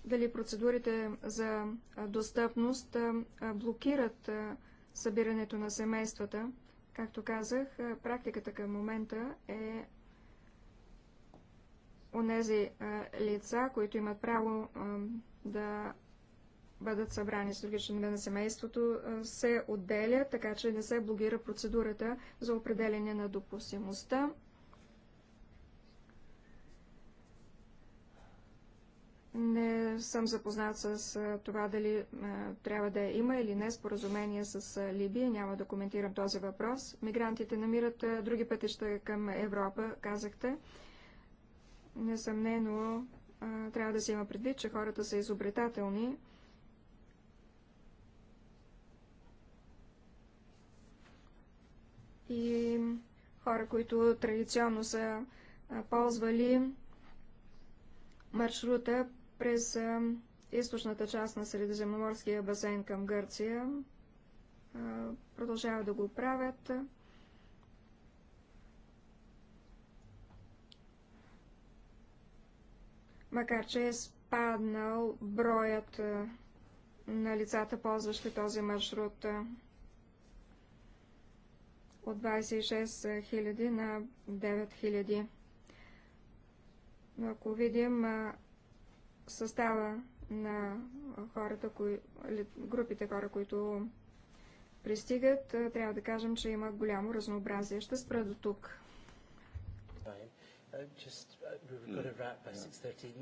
Дали процедурите за достъпност блокират събирането на семействата? Както казах, практиката към момента е онези лица, които имат право да бъдат събрани с личните на семейството, се отделя, така че не се блогира процедурата за определение на допустимостта. Не съм запознат с това дали трябва да има или не споразумение с Либия. Няма да коментирам този въпрос. Мигрантите намират други пътища към Европа, казахте. Несъмнено трябва да се има предвид, че хората са изобретателни. И хора, които традиционно са ползвали маршрута през източната част на Средиземноморския басейн към Гърция, продължават да го правят. макар че е спаднал броят е, на лицата, ползващи този маршрут е, от 26 000 на 9 000. Но ако видим е, състава на хората, кои, групите хора, които пристигат, трябва да кажем, че има голямо разнообразие. Ще спра до тук just, uh, we were to hmm. wrap by yeah. 6.13.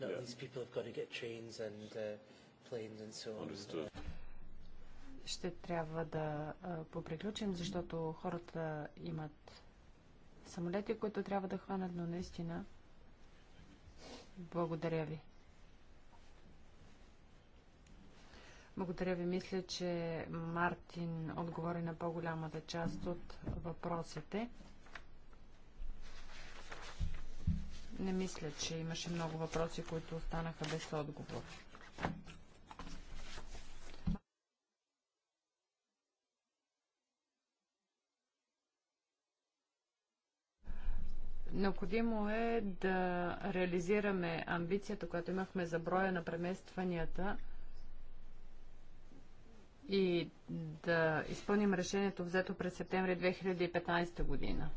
Not yeah. these people have got to get trains and uh, planes and so on. Understood. Ще трябва да uh, поприключим, защото хората имат самолети, които трябва да хванат, но наистина благодаря ви. Благодаря ви. Мисля, че Мартин отговори на по-голямата част от въпросите. Не мисля, че имаше много въпроси, които останаха без отговор. Необходимо е да реализираме амбицията, която имахме за броя на преместванията и да изпълним решението взето през септември 2015 година.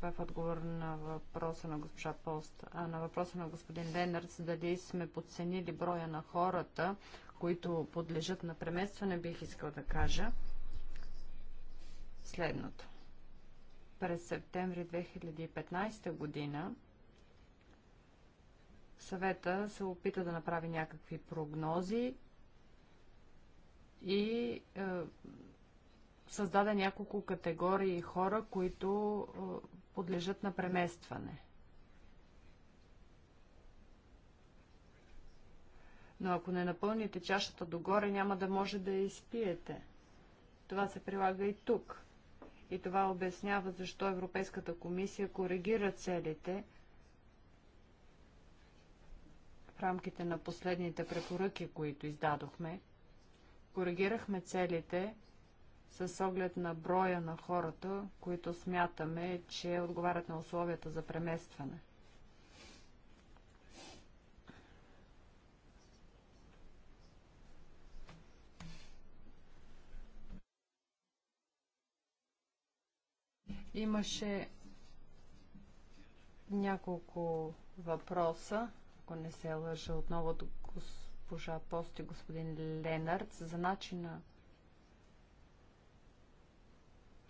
Това е в отговор на въпроса на госпожа Пост. А на въпроса на господин Ленърс, дали сме подценили броя на хората, които подлежат на преместване, бих искал да кажа следното. През септември 2015 година съвета се опита да направи някакви прогнози и е, създаде няколко категории хора, които е, подлежат на преместване. Но ако не напълните чашата догоре, няма да може да я изпиете. Това се прилага и тук. И това обяснява защо Европейската комисия коригира целите в рамките на последните препоръки, които издадохме. Коригирахме целите с оглед на броя на хората, които смятаме, че отговарят на условията за преместване. Имаше няколко въпроса, ако не се лъжа отново от госпожа Пост и господин Ленард, за начина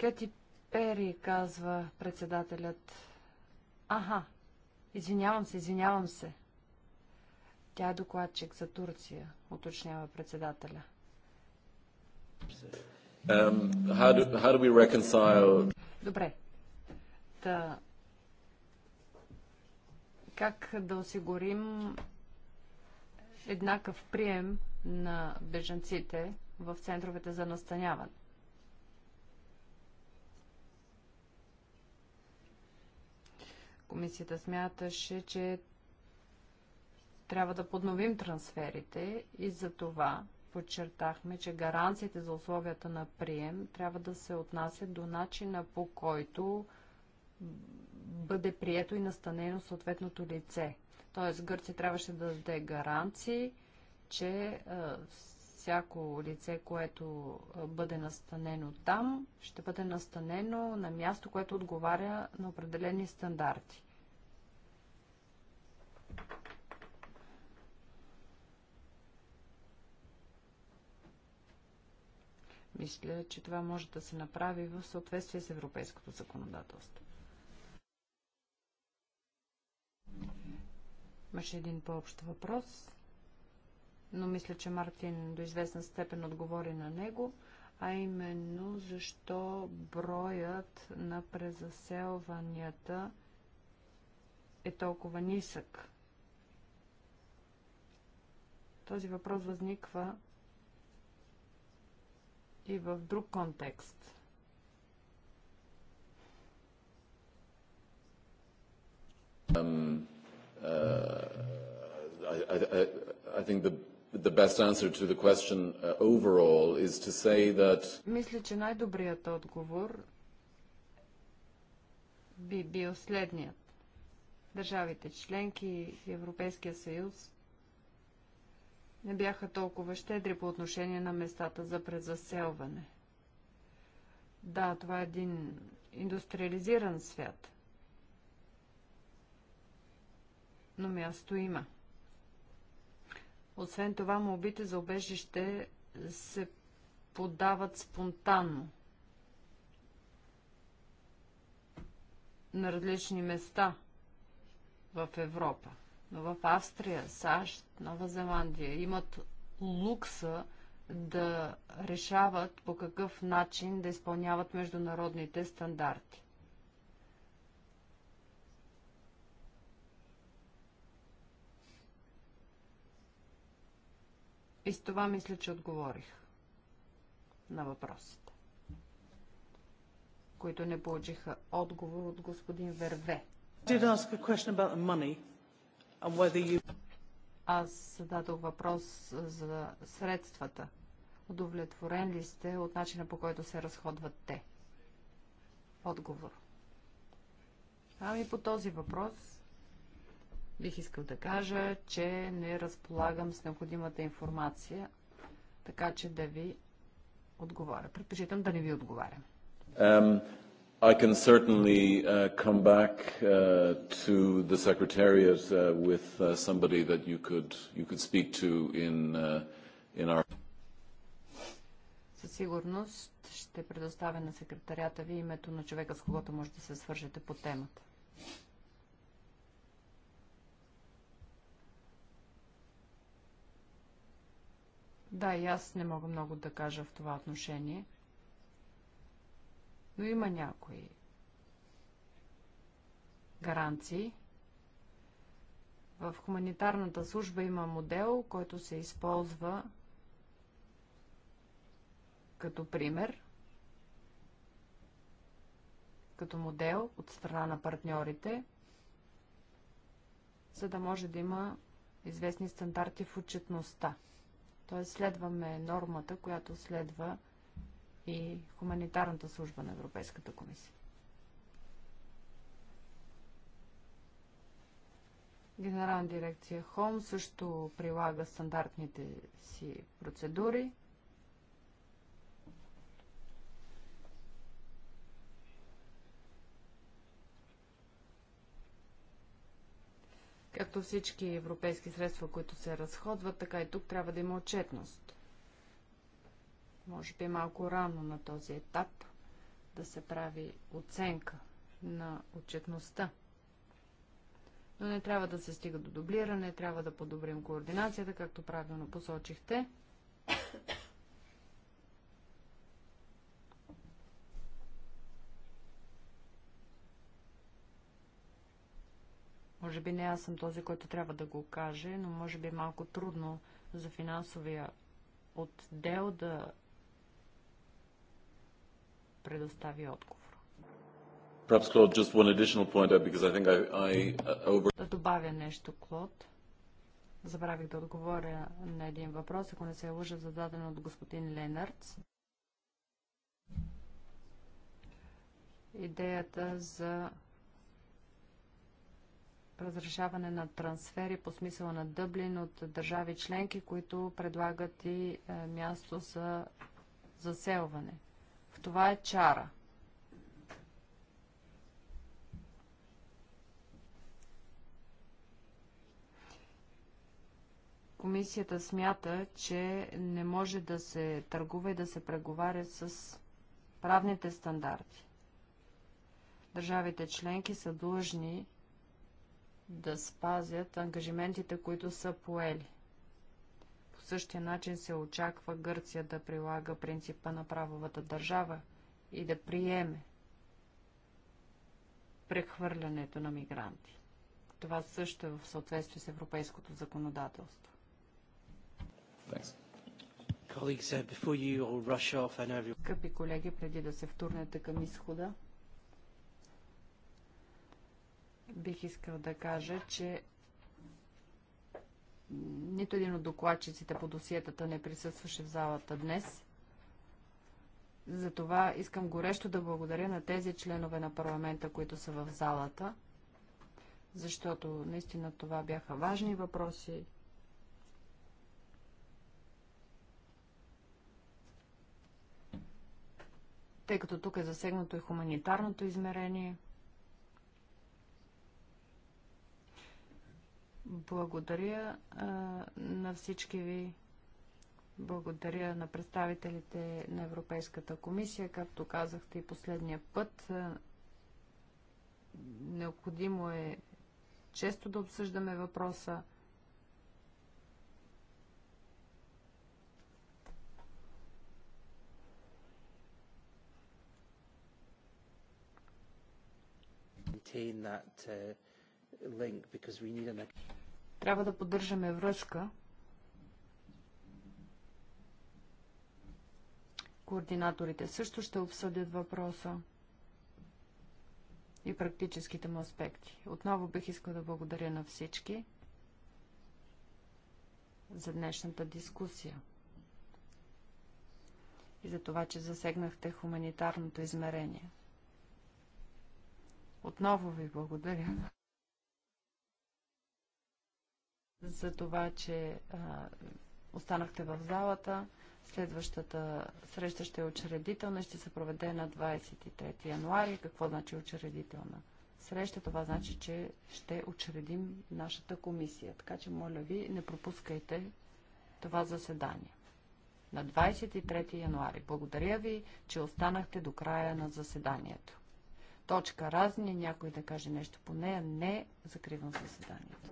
Кети Пери, казва председателят. Аха, извинявам се, извинявам се. Тя е докладчик за Турция, уточнява председателя. Um, how do, how do we reconcile... Добре. Та... Как да осигурим еднакъв прием на бежанците в центровете за настаняване? Комисията смяташе, че трябва да подновим трансферите и за това подчертахме, че гаранциите за условията на прием трябва да се отнасят до начина по който бъде прието и настанено съответното лице. Тоест Гърция трябваше да даде гаранции, че всяко лице, което бъде настанено там, ще бъде настанено на място, което отговаря на определени стандарти. Мисля, че това може да се направи в съответствие с европейското законодателство. Имаше един по-общ въпрос но мисля, че Мартин до известна степен отговори на него, а именно защо броят на презаселванията е толкова нисък. Този въпрос възниква и в друг контекст. Um, uh, I, I, I think the the best answer to the question uh, overall is to say that Мисля, че най-добрият отговор би бил следният. Държавите членки и Европейския съюз не бяха толкова щедри по отношение на местата за презаселване. Да, това е един индустриализиран свят. Но място има. Освен това, молбите за обежище се подават спонтанно на различни места в Европа. Но в Австрия, САЩ, Нова Зеландия имат лукса да решават по какъв начин да изпълняват международните стандарти. И с това мисля, че отговорих на въпросите, които не получиха отговор от господин Верве. Аз зададох въпрос за средствата. Удовлетворен ли сте от начина по който се разходват те? Отговор. Ами по този въпрос Бих искал да кажа, че не разполагам с необходимата информация, така че да ви отговоря. Предпочитам да не ви отговарям. Um, I can certainly uh, come back uh, to the Secretariat uh, with uh, somebody that you could, you could speak to in, uh, in our... Със сигурност ще предоставя на секретарята ви името на човека, с когото може да се свържете по темата. Да, и аз не мога много да кажа в това отношение. Но има някои гаранции. В хуманитарната служба има модел, който се използва като пример, като модел от страна на партньорите, за да може да има известни стандарти в отчетността. Т.е. следваме нормата, която следва и хуманитарната служба на Европейската комисия. Генерална дирекция ХОМ също прилага стандартните си процедури. Както всички европейски средства, които се разходват, така и тук трябва да има отчетност. Може би малко рано на този етап да се прави оценка на отчетността. Но не трябва да се стига до дублиране, трябва да подобрим координацията, както правилно посочихте. Може би не аз съм този, който трябва да го каже, но може би е малко трудно за финансовия отдел да предостави отговор. Perhaps, Claude, just one additional point uh, because I think I, I uh, over... Да добавя нещо, Клод. Забравих да отговоря на един въпрос, ако не се лъжа, зададен от господин Ленардс. Идеята за разрешаване на трансфери по смисъла на Дъблин от държави членки, които предлагат и е, място за заселване. В това е чара. Комисията смята, че не може да се търгува и да се преговаря с правните стандарти. Държавите членки са длъжни да спазят ангажиментите, които са поели. По същия начин се очаква Гърция да прилага принципа на правовата държава и да приеме прехвърлянето на мигранти. Това също е в съответствие с европейското законодателство. Uh, Скъпи колеги, преди да се втурнете към изхода, бих искал да кажа, че нито един от докладчиците по досиетата не присъстваше в залата днес. Затова искам горещо да благодаря на тези членове на парламента, които са в залата, защото наистина това бяха важни въпроси. Тъй като тук е засегнато и хуманитарното измерение – Благодаря а, на всички ви. Благодаря на представителите на Европейската комисия. Както казахте и последния път, а, необходимо е често да обсъждаме въпроса. that uh, link because we need an трябва да поддържаме връзка. Координаторите също ще обсъдят въпроса и практическите му аспекти. Отново бих искал да благодаря на всички за днешната дискусия и за това, че засегнахте хуманитарното измерение. Отново ви благодаря за това, че а, останахте в залата. Следващата среща ще е учредителна, ще се проведе на 23 януари. Какво значи учредителна? Среща това значи, че ще учредим нашата комисия. Така че, моля ви, не пропускайте това заседание. На 23 януари. Благодаря ви, че останахте до края на заседанието. Точка разни, някой да каже нещо по нея. Не, закривам заседанието.